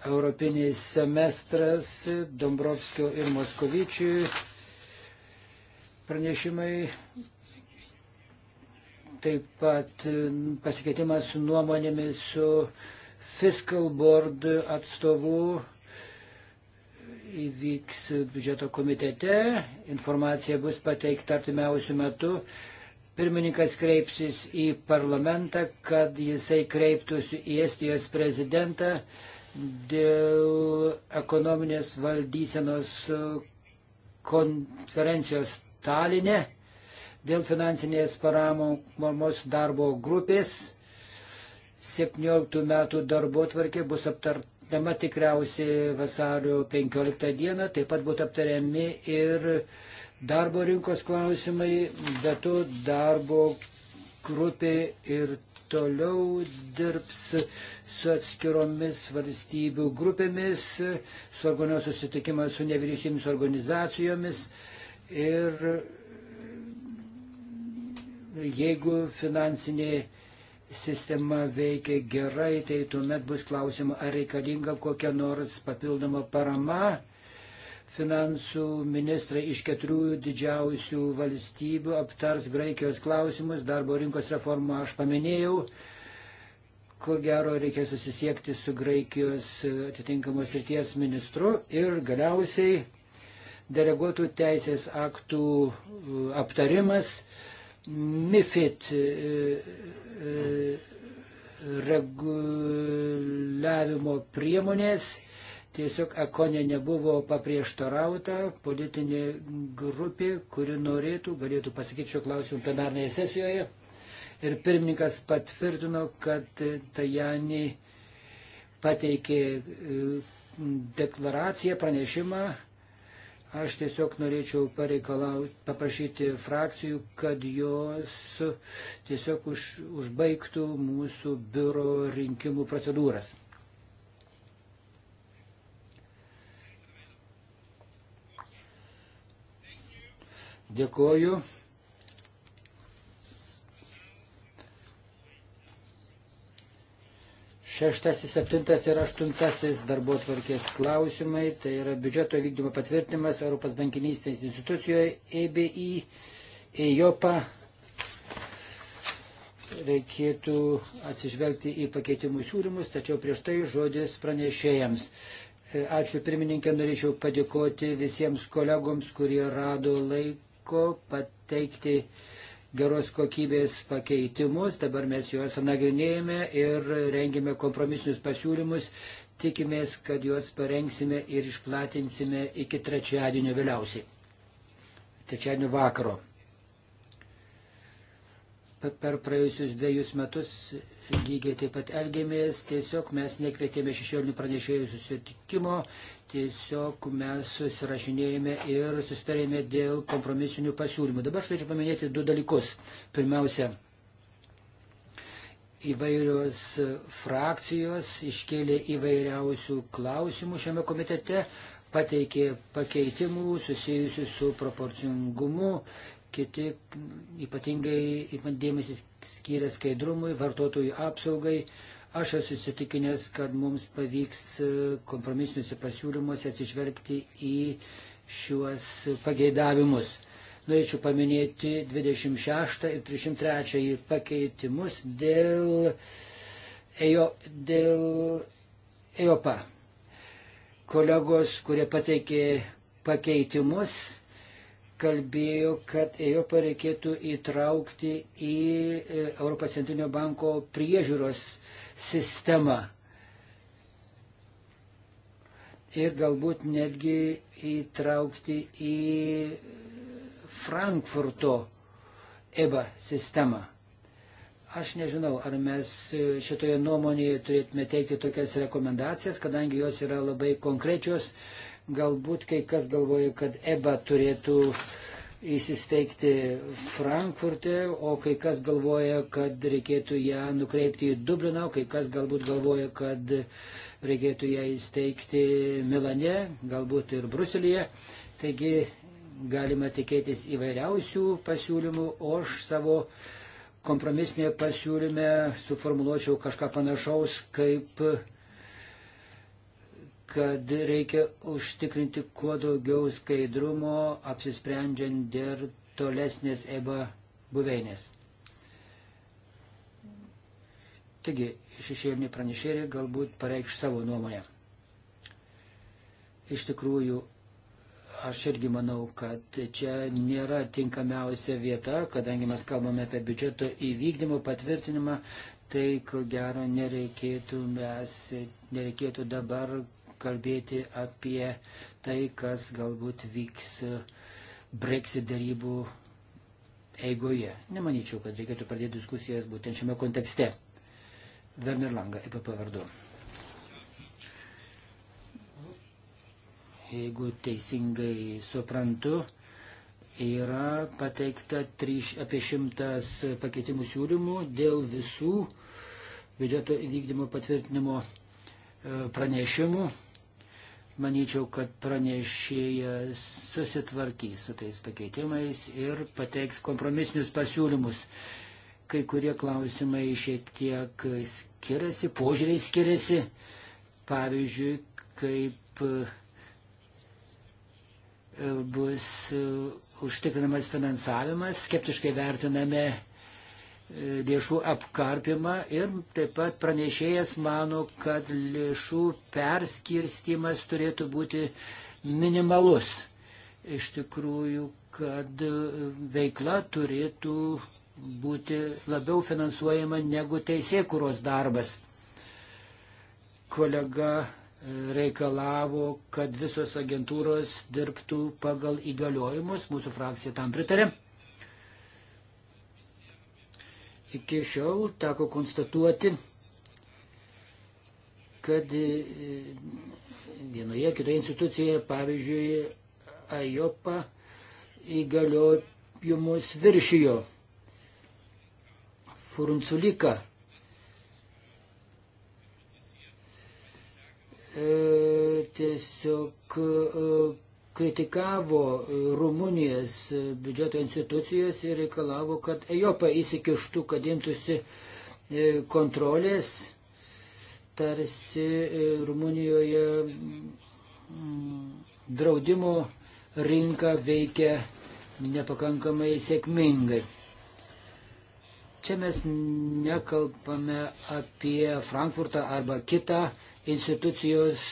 Europinis semestras Dombrovskio ir Moskovičiui pranešimai, taip pat mm, pasikeitimas su nuomonėmis su Fiscal Board atstovu įvyks biudžeto komitete, informacija bus pateikta artimiausių metų. Pirmininkas kreipsis į parlamentą, kad jisai kreiptųsi į Estijos prezidentą dėl ekonominės valdysenos konferencijos Taline, dėl finansinės paramos darbo grupės. 17 metų darbo tvarkė bus aptartama tikriausiai vasario 15 dieną, taip pat būtų aptariami ir darbo rinkos klausimai, bet to darbo grupė ir toliau dirbs su atskiromis valstybių grupėmis, suorganizuos susitikimą su nevyriausybėmis organizacijomis ir jeigu finansinė sistema veikia gerai, tai tuomet bus klausima, ar reikalinga kokia nors papildoma parama finansų ministrai iš keturių didžiausių valstybių aptars Graikijos klausimus, darbo rinkos reformą aš paminėjau. Ko gero reikia susisiekti su Graikijos atitinkamos ryties ministru ir galiausiai deleguotų teisės aktų uh, aptarimas MIFID uh, uh, reguliavimo priemonės Tiesiog Ekonė nebuvo paprieštarauta, politinė grupė, kuri norėtų, galėtų pasakyti šio klausimu plenarnėje sesijoje. Ir pirmininkas patvirtino, kad Tajani pateikė e, deklaraciją, pranešimą. Aš tiesiog norėčiau paprašyti frakcijų, kad jos tiesiog už, užbaigtų mūsų biuro rinkimų procedūras. Dėkoju. Šeštasis, septintas ir aštuntasis darbo tvarkės klausimai, tai yra biudžeto vykdymo patvirtinimas Europos bankinystės institucijoje, EBI, EJOPA. Reikėtų atsižvelgti į pakeitimų siūlymus, tačiau prieš tai žodis pranešėjams. Ačiū pirmininkė, norėčiau padėkoti visiems kolegoms, kurie rado laiko teko pateikti geros kokybės pakeitimus, dabar mes juos nagrinėjame ir rengėme kompromisinius pasiūlymus, tikimės, kad juos parengsime ir išplatinsime iki trečiadienio vėliausiai, trečiadienio vakaro. Per praėjusius dviejus metus lygiai taip pat elgėmės, tiesiog mes nekvietėme šešiolinių pranešėjų susitikimo, tiesiog mes susirašinėjame ir susitarėme dėl kompromisinių pasiūlymų. Dabar aš norėčiau paminėti du dalykus. Pirmiausia, įvairios frakcijos iškėlė įvairiausių klausimų šiame komitete, pateikė pakeitimų susijusių su proporcingumu, kiti ypatingai dėmesį skyrė skaidrumui, vartotojų apsaugai, Aš esu įsitikinęs, kad mums pavyks e, kompromisiniuose pasiūlymuose atsižvelgti į šiuos pageidavimus. Norėčiau paminėti 26 ir 303 pakeitimus dėl, EO, dėl EOPA. Kolegos, kurie pateikė pakeitimus, kalbėjo, kad EOPA reikėtų įtraukti į e, Europos centrinio banko priežiūros sistemą. Ir galbūt netgi įtraukti į Frankfurto EBA sistemą. Aš nežinau, ar mes šitoje nuomonėje turėtume teikti tokias rekomendacijas, kadangi jos yra labai konkrečios. Galbūt kai kas galvoja, kad EBA turėtų uh, įsisteigti Frankfurte, o kai kas galvoja, kad reikėtų ją nukreipti į Dubliną, o kai kas galbūt galvoja, kad reikėtų ją įsteigti Milane, galbūt ir Bruselėje. Taigi galima tikėtis įvairiausių pasiūlymų, o aš savo kompromisinėje pasiūlyme suformuluočiau kažką panašaus kaip kad reikia užtikrinti kuo daugiau skaidrumo, apsisprendžiant dėl tolesnės EBA buveinės. Taigi, šešėlinį pranešėlį galbūt pareikš savo nuomonę. Iš tikrųjų, aš irgi manau, kad čia nėra tinkamiausia vieta, kadangi mes kalbame apie biudžeto įvykdymo patvirtinimą, tai ko gero nereikėtų mes, nereikėtų dabar kalbėti apie tai, kas galbūt vyks Brexit darybų eigoje. Nemanyčiau, kad reikėtų pradėti diskusijas būtent šiame kontekste. Werner Langa, EPP vardu. Jeigu teisingai suprantu, yra pateikta triš, apie šimtas pakeitimų siūlymų dėl visų biudžeto įvykdymo patvirtinimo e, pranešimų. Manyčiau, kad pranešėjas susitvarkys su tais pakeitimais ir pateiks kompromisinius pasiūlymus. Kai kurie klausimai šiek tiek skiriasi, požiūriai skiriasi. Pavyzdžiui, kaip e, bus e, užtikrinamas finansavimas, skeptiškai vertiname lėšų apkarpimą ir taip pat pranešėjas mano, kad lėšų perskirstimas turėtų būti minimalus. Iš tikrųjų, kad veikla turėtų būti labiau finansuojama negu teisėkuros darbas. Kolega e, reikalavo, kad visos agentūros dirbtų pagal įgaliojimus. Mūsų frakcija tam pritarė. Iki šiol teko konstatuoti, kad e, vienoje kitoje institucijoje, pavyzdžiui, AJOPA įgaliojimus viršijo Furunculika. E, tiesiog e, kritikavo e, Rumunijos e, biudžeto institucijos ir reikalavo, kad EJOPA įsikištų, kad imtųsi e, kontrolės, tarsi Rumunijoje mm, draudimo rinka veikia nepakankamai sėkmingai. Čia mes nekalbame apie Frankfurtą arba kitą institucijos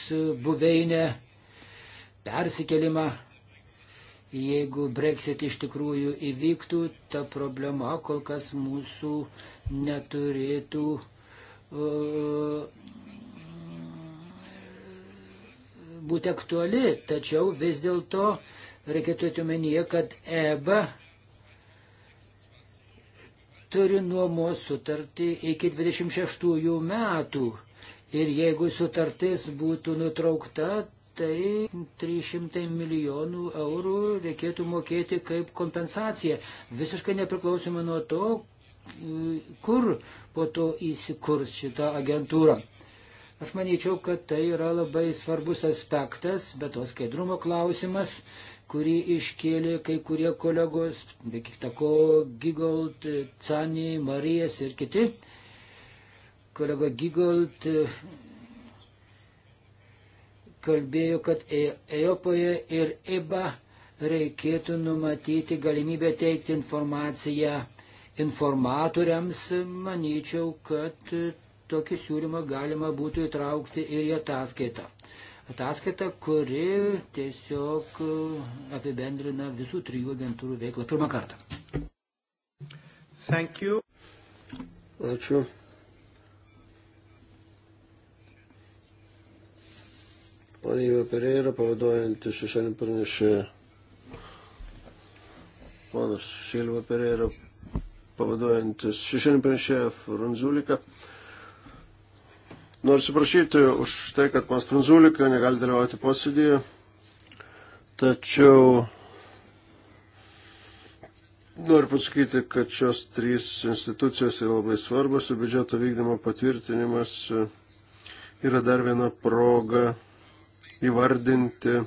buveinę persikelimą. Jeigu Brexit iš tikrųjų įvyktų, ta problema kol kas mūsų neturėtų uh, būti aktuali, tačiau vis dėlto reikėtų atimenyje, kad EBA turi nuomos sutartį iki 26 metų. Ir jeigu sutartis būtų nutraukta, tai 300 milijonų eurų reikėtų mokėti kaip kompensaciją, visiškai nepriklausomai nuo to, kur po to įsikurs šita agentūra. Aš manyčiau, kad tai yra labai svarbus aspektas, bet to skaidrumo klausimas, kurį iškėlė kai kurie kolegos, be kitako Gigold, Cani, Marijas ir kiti. Kolega Gigold kalbėjo, kad Europoje ir EBA reikėtų numatyti galimybę teikti informaciją informatoriams. Manyčiau, kad tokį siūlymą galima būtų įtraukti ir į ataskaitą. Ataskaita, kuri tiesiog e, apibendrina visų trijų agentūrų veiklą pirmą kartą. Thank you. Ačiū. Pane Ivo Pereira, pavaduojantį šešėlį pranešėją. Ponas Silva Pereira, pavaduojantis šešėlį pranešėją Franzulika. Noriu suprašyti už tai, kad pas Franzulika negali dalyvauti posėdėje, tačiau noriu pasakyti, kad šios trys institucijos yra labai svarbios ir biudžeto vykdymo patvirtinimas yra dar viena proga įvardinti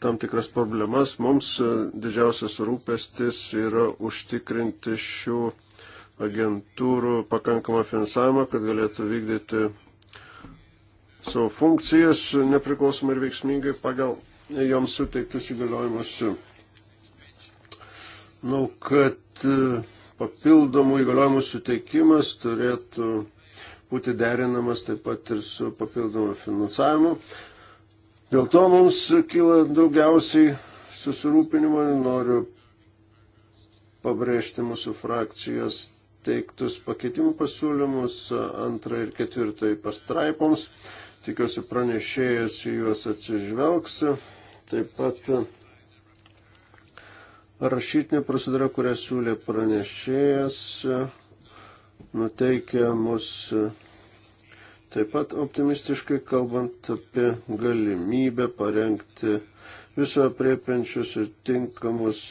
tam tikras problemas. Mums e, didžiausias rūpestis yra užtikrinti šių agentūrų pakankamą finansavimą, kad galėtų vykdyti savo funkcijas nepriklausomai ir veiksmingai pagal joms suteiktus įgaliojimus. Manau, kad e, papildomų įgaliojimų suteikimas turėtų būti derinamas taip pat ir su papildomu finansavimu. Dėl to mums kyla daugiausiai susirūpinimo ir noriu pabrėžti mūsų frakcijos teiktus pakeitimų pasiūlymus antrą ir ketvirtąjį pastraipoms. Tikiuosi pranešėjas į juos atsižvelgs. Taip pat rašytinė procedūra, kurią siūlė pranešėjas, nuteikia mus Taip pat optimistiškai kalbant apie galimybę parengti viso apriepiančius ir tinkamus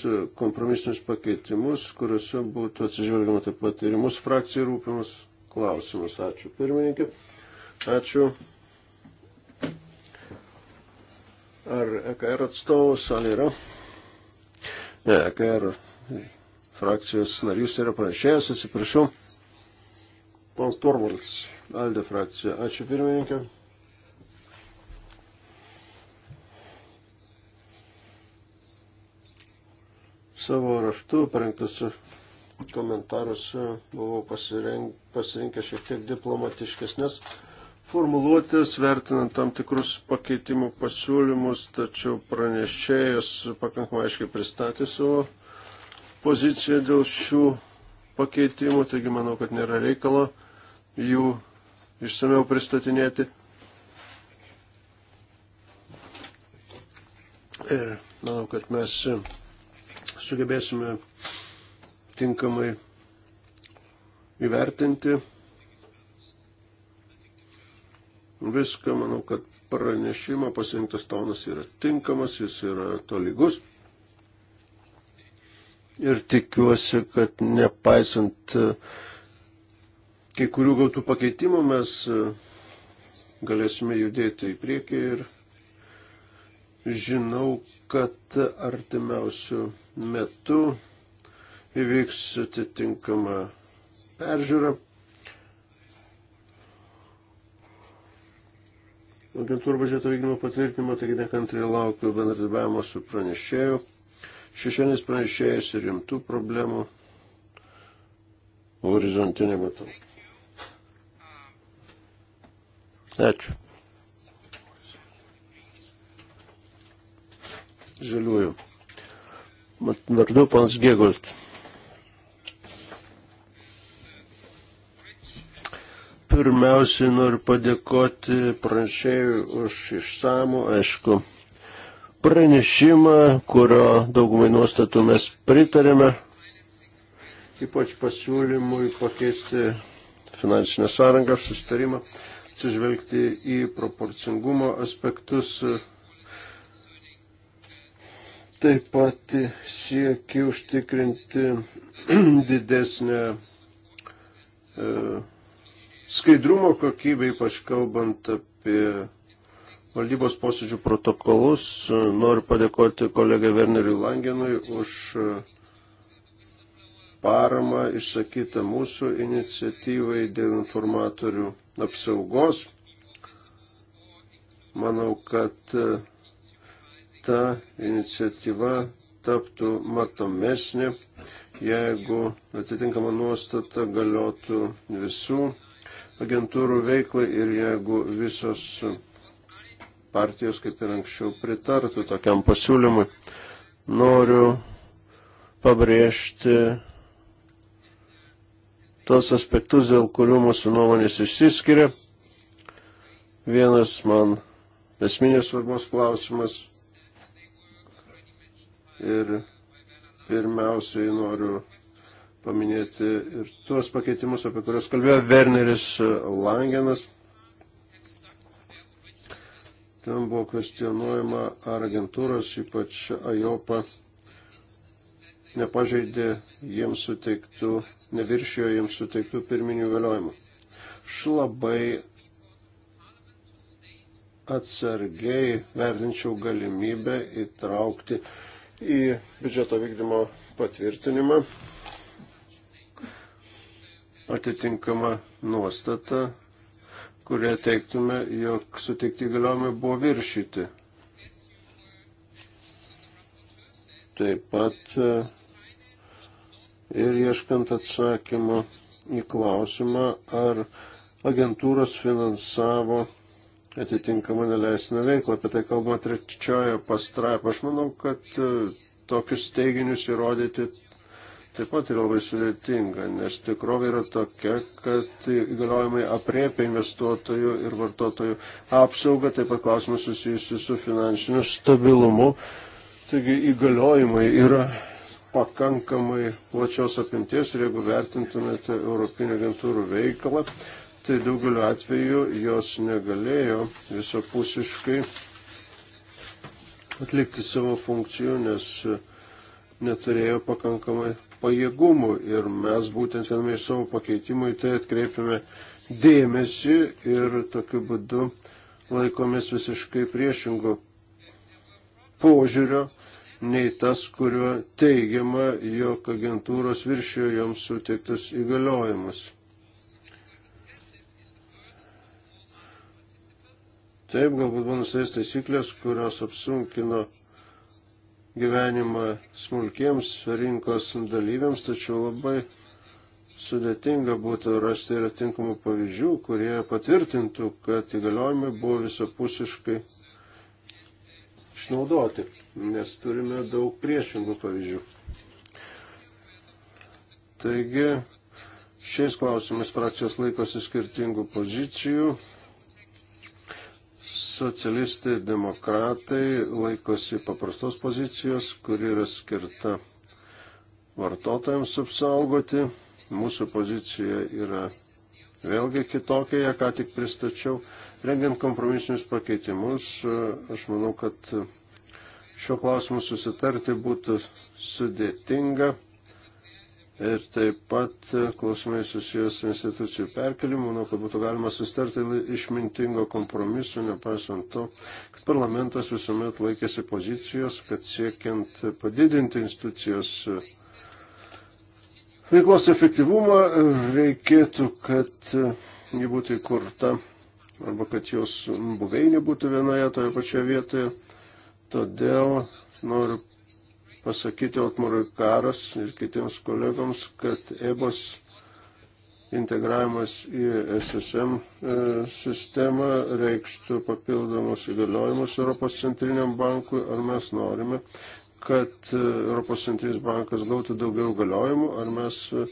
kompromisinius pakeitimus, kuriuose būtų atsižvelgiama taip pat ir mūsų frakcijai rūpimus klausimus. Ačiū pirmininkė. Ačiū. Ar EKR atstovas salė yra? Ne, EKR frakcijos narys yra pranešėjas, atsiprašau. Pons Torvalds. Alde frakcija. Ačiū pirmininkė. Savo raštu parengtose komentaruose buvau pasirinkęs šiek tiek diplomatiškesnės formuluotės, vertinant tam tikrus pakeitimų pasiūlymus, tačiau pranešėjas pakankamai aiškiai pristatė savo poziciją dėl šių pakeitimų, taigi manau, kad nėra reikalo jų išsameu pristatinėti. Ir manau, kad mes sugebėsime tinkamai įvertinti viską. Manau, kad pranešimo pasirinktas tonas yra tinkamas, jis yra tolygus. Ir tikiuosi, kad nepaisant uh, kai kurių gautų pakeitimų mes e, galėsime judėti į priekį ir žinau, kad artimiausių metų įvyks atitinkama peržiūra. Agentūrų biudžeto vykdymo patvirtinimo, taigi nekantriai laukiu bendradarbiavimo su pranešėju, šešienis pranešėjais ir rimtų problemų horizonte nematau. Ačiū. Žaliųjų. Vardu pans Gėgult. Pirmiausiai noriu padėkoti pranešėjui už išsamų, aišku, pranešimą, kurio daugumai nuostatų mes pritarėme, ypač pasiūlymui pakeisti finansinę sąrangą, sustarimą atsižvelgti į proporcingumo aspektus. Taip pat sieki užtikrinti didesnę e, skaidrumo kokybę, ypač kalbant apie valdybos posėdžių protokolus. Noriu padėkoti kolegai Werneriui Langenui už uh, paramą išsakytą mūsų iniciatyvai dėl informatorių apsaugos. Manau, kad e, ta iniciatyva taptų matomesnė, jeigu atitinkama nuostata galiotų visų agentūrų veiklai ir jeigu visos partijos kaip ir anksčiau pritartų tokiam pasiūlymui. Noriu pabrėžti tos aspektus, dėl kurių mūsų nuomonės išsiskiria. Vienas man esminės svarbos klausimas ir pirmiausiai noriu paminėti ir tuos pakeitimus, apie kuriuos kalbėjo Werneris Langenas. Ten buvo kvestionuojama, ar agentūros, ypač AJOPA, nepažeidė jiems suteiktų, neviršijo jiems suteiktų pirminių galiojimų. Aš labai atsargiai vertinčiau galimybę įtraukti į biudžeto vykdymo patvirtinimą atitinkamą nuostatą, kurie teiktume, jog suteikti įgaliojimai buvo viršyti. Taip pat ir ieškant atsakymą į klausimą, ar agentūros finansavo atitinkamą neleistiną veiklą. Apie tai kalbama trečiojo pastraipą. Aš manau, kad e, tokius teiginius įrodyti taip pat yra labai sudėtinga, nes tikrovė yra tokia, kad įgaliojimai apriepia investuotojų ir vartotojų apsaugą, taip pat klausimas susijusi su finansiniu stabilumu. Taigi įgaliojimai yra pakankamai plačios apimties ir jeigu vertintumėte Europinio agentūrų veiklą, tai daugeliu atveju jos negalėjo visapusiškai atlikti savo funkcijų, nes neturėjo pakankamai pajėgumų ir mes būtent viename iš savo pakeitimų į tai atkreipiame dėmesį ir tokiu būdu laikomės visiškai priešingo požiūrio nei tas, kuriuo teigiama, jog agentūros viršijo joms suteiktus įgaliojimus. Taip, galbūt buvo nusės taisyklės, kurios apsunkino gyvenimą smulkiems rinkos dalyviams, tačiau labai sudėtinga būtų rasti ir atinkamų pavyzdžių, kurie patvirtintų, kad įgaliojimai buvo visapusiškai išnaudoti, nes turime daug priešingų pavyzdžių. Taigi, šiais klausimais frakcijos laikosi skirtingų pozicijų. Socialistai ir demokratai laikosi paprastos pozicijos, kuri yra skirta vartotojams apsaugoti. Mūsų pozicija yra vėlgi kitokia, ją ką tik pristačiau. Rengiant kompromisinius pakeitimus, e, aš manau, kad šiuo klausimu susitarti būtų sudėtinga. Ir taip pat e, klausimai susijęs su institucijų perkelimu, manau, kad būtų galima sustarti išmintingo kompromiso, nepaisant to, kad parlamentas visuomet laikėsi pozicijos, kad siekiant padidinti institucijos e, veiklos efektyvumą reikėtų, kad e, ji būtų įkurta arba kad jos buveinė būtų vienoje toje pačioje vietoje. Todėl noriu pasakyti Otmarui Karas ir kitiems kolegoms, kad EBOS integravimas į SSM e, sistemą reikštų papildomus įgaliojimus Europos centriniam bankui, ar mes norime, kad e, Europos centrinis bankas gautų daugiau galiojimų, ar mes e,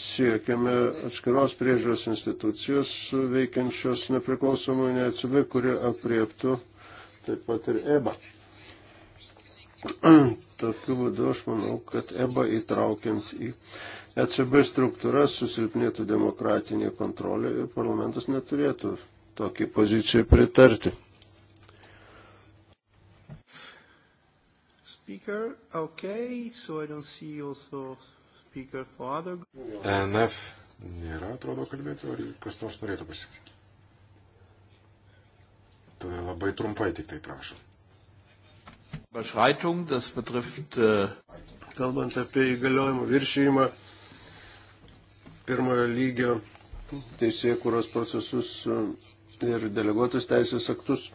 siekiame atskiros priežiūros institucijos veikiančios nepriklausomai neatsibai, kuri apriektų taip pat ir EBA. Tokiu būdu aš manau, kad EBA įtraukiant į ECB struktūras susilpnėtų demokratinė kontrolė ir parlamentas neturėtų tokiai pozicijai pritarti. speaker. Okay, so I don't see also speaker for other. NF nėra, atrodo, kalbėti, ar kas nors norėtų pasakyti. Tada labai trumpai tik tai prašom. Überschreitung, das betrifft. Äh, Kalbant apie įgaliojimų viršijimą pirmojo lygio teisėkūros procesus äh, ir deleguotus teisės aktus,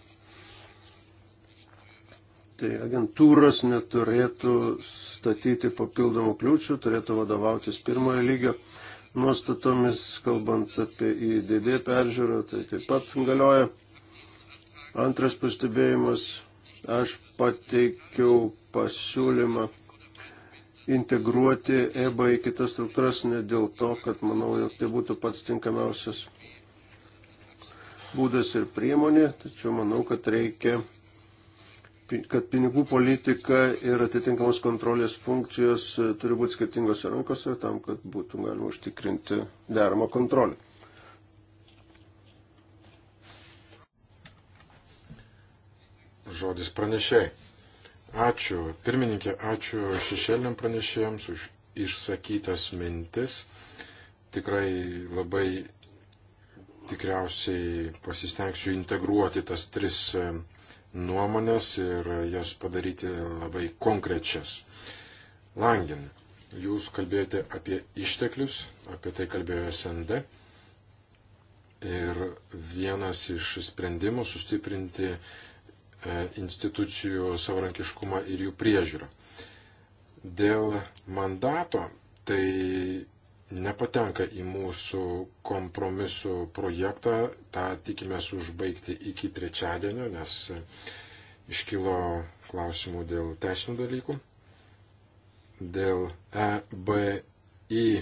Tai agentūros neturėtų statyti papildomų kliūčių, turėtų vadovautis pirmojo lygio nuostatomis, kalbant apie IDD peržiūrą, tai taip pat galioja. Antras pastebėjimas, aš pateikiau pasiūlymą integruoti EBA į kitas struktūras ne dėl to, kad manau, jog tai būtų pats tinkamiausias būdas ir priemonė, tačiau manau, kad reikia kad pinigų politika ir atitinkamos kontrolės funkcijos e, turi būti skirtingose rankose tam, kad būtų galima užtikrinti deramą kontrolę. Žodis pranešiai. Ačiū pirmininkė, ačiū šešėliniam pranešėjams už išsakytas mintis. Tikrai labai tikriausiai pasistengsiu integruoti tas tris e, nuomonės ir jas padaryti labai konkrečias. Langin, jūs kalbėjote apie išteklius, apie tai kalbėjo SND. Ir vienas iš sprendimų sustiprinti e, institucijų savarankiškumą ir jų priežiūrą. Dėl mandato, tai nepatenka į mūsų kompromisų projektą. Ta tikimės užbaigti iki trečiadienio, nes iškilo klausimų dėl teisinių dalykų. Dėl EBI e,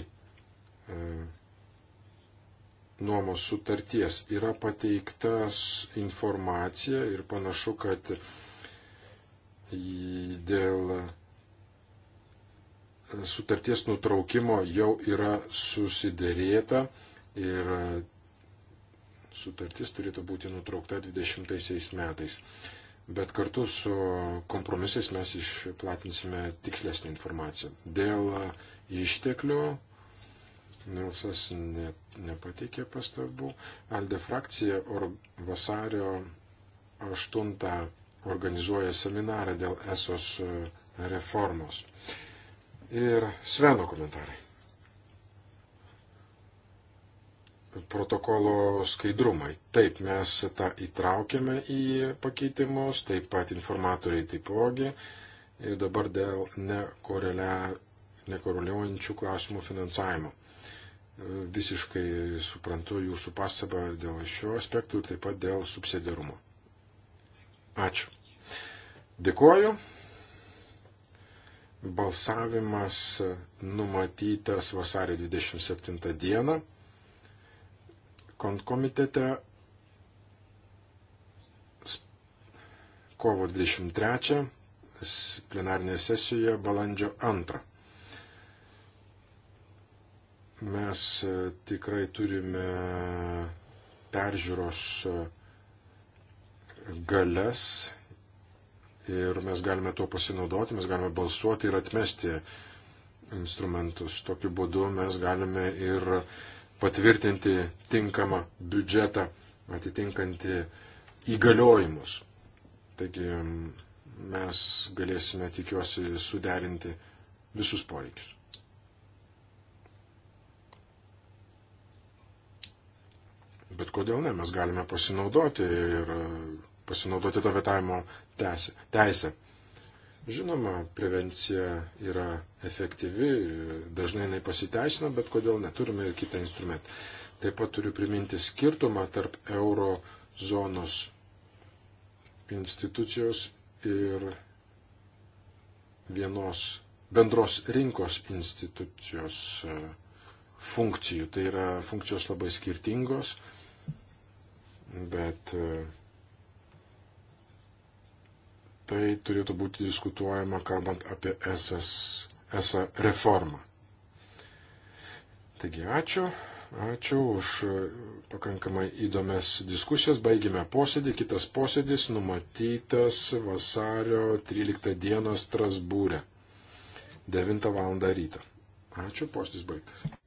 nuomos sutarties yra pateiktas informacija ir panašu, kad dėl sutarties nutraukimo jau yra susidėrėta ir sutartis turėtų būti nutraukta 20 metais. Bet kartu su kompromisais mes išplatinsime tikslesnį informaciją. Dėl išteklių Nilsas ne, nepateikė pastabų. Alde frakcija or, vasario 8 organizuoja seminarą dėl esos reformos. Uh, ir Sveno komentarai. Protokolo skaidrumai. Taip, mes tą įtraukėme į pakeitimus, taip pat informatoriai taipogi. Ir dabar dėl nekorelia, nekoreliuojančių klausimų finansavimo. Visiškai suprantu jūsų pastabą dėl šio aspektų ir taip pat dėl subsidiarumo. Ačiū. Dėkuoju. Balsavimas numatytas vasario 27 dieną. Kontkomitete kovo 23, plenarinėje sesijoje balandžio 2. Mes e, tikrai turime peržiūros e, galės ir mes galime tuo pasinaudoti, mes galime balsuoti ir atmesti instrumentus. Tokiu būdu mes galime ir patvirtinti tinkamą biudžetą atitinkantį įgaliojimus. Taigi mes galėsime, tikiuosi, suderinti visus poreikius. Bet kodėl ne, mes galime pasinaudoti ir pasinaudoti to vetavimo teisę. Žinoma, prevencija yra efektyvi, dažnai jinai pasiteisina, bet kodėl neturime ir kitą instrumentą. Taip pat turiu priminti skirtumą tarp euro zonos institucijos ir vienos bendros rinkos institucijos e, funkcijų. Tai yra funkcijos labai skirtingos, bet e, tai turėtų būti diskutuojama, kalbant apie SS, ESA reformą. Taigi ačiū, ačiū už pakankamai įdomias diskusijas. Baigime posėdį. Kitas posėdis numatytas vasario 13 dieną Strasbūrė. 9 val. ryto. Ačiū, postis baigtas.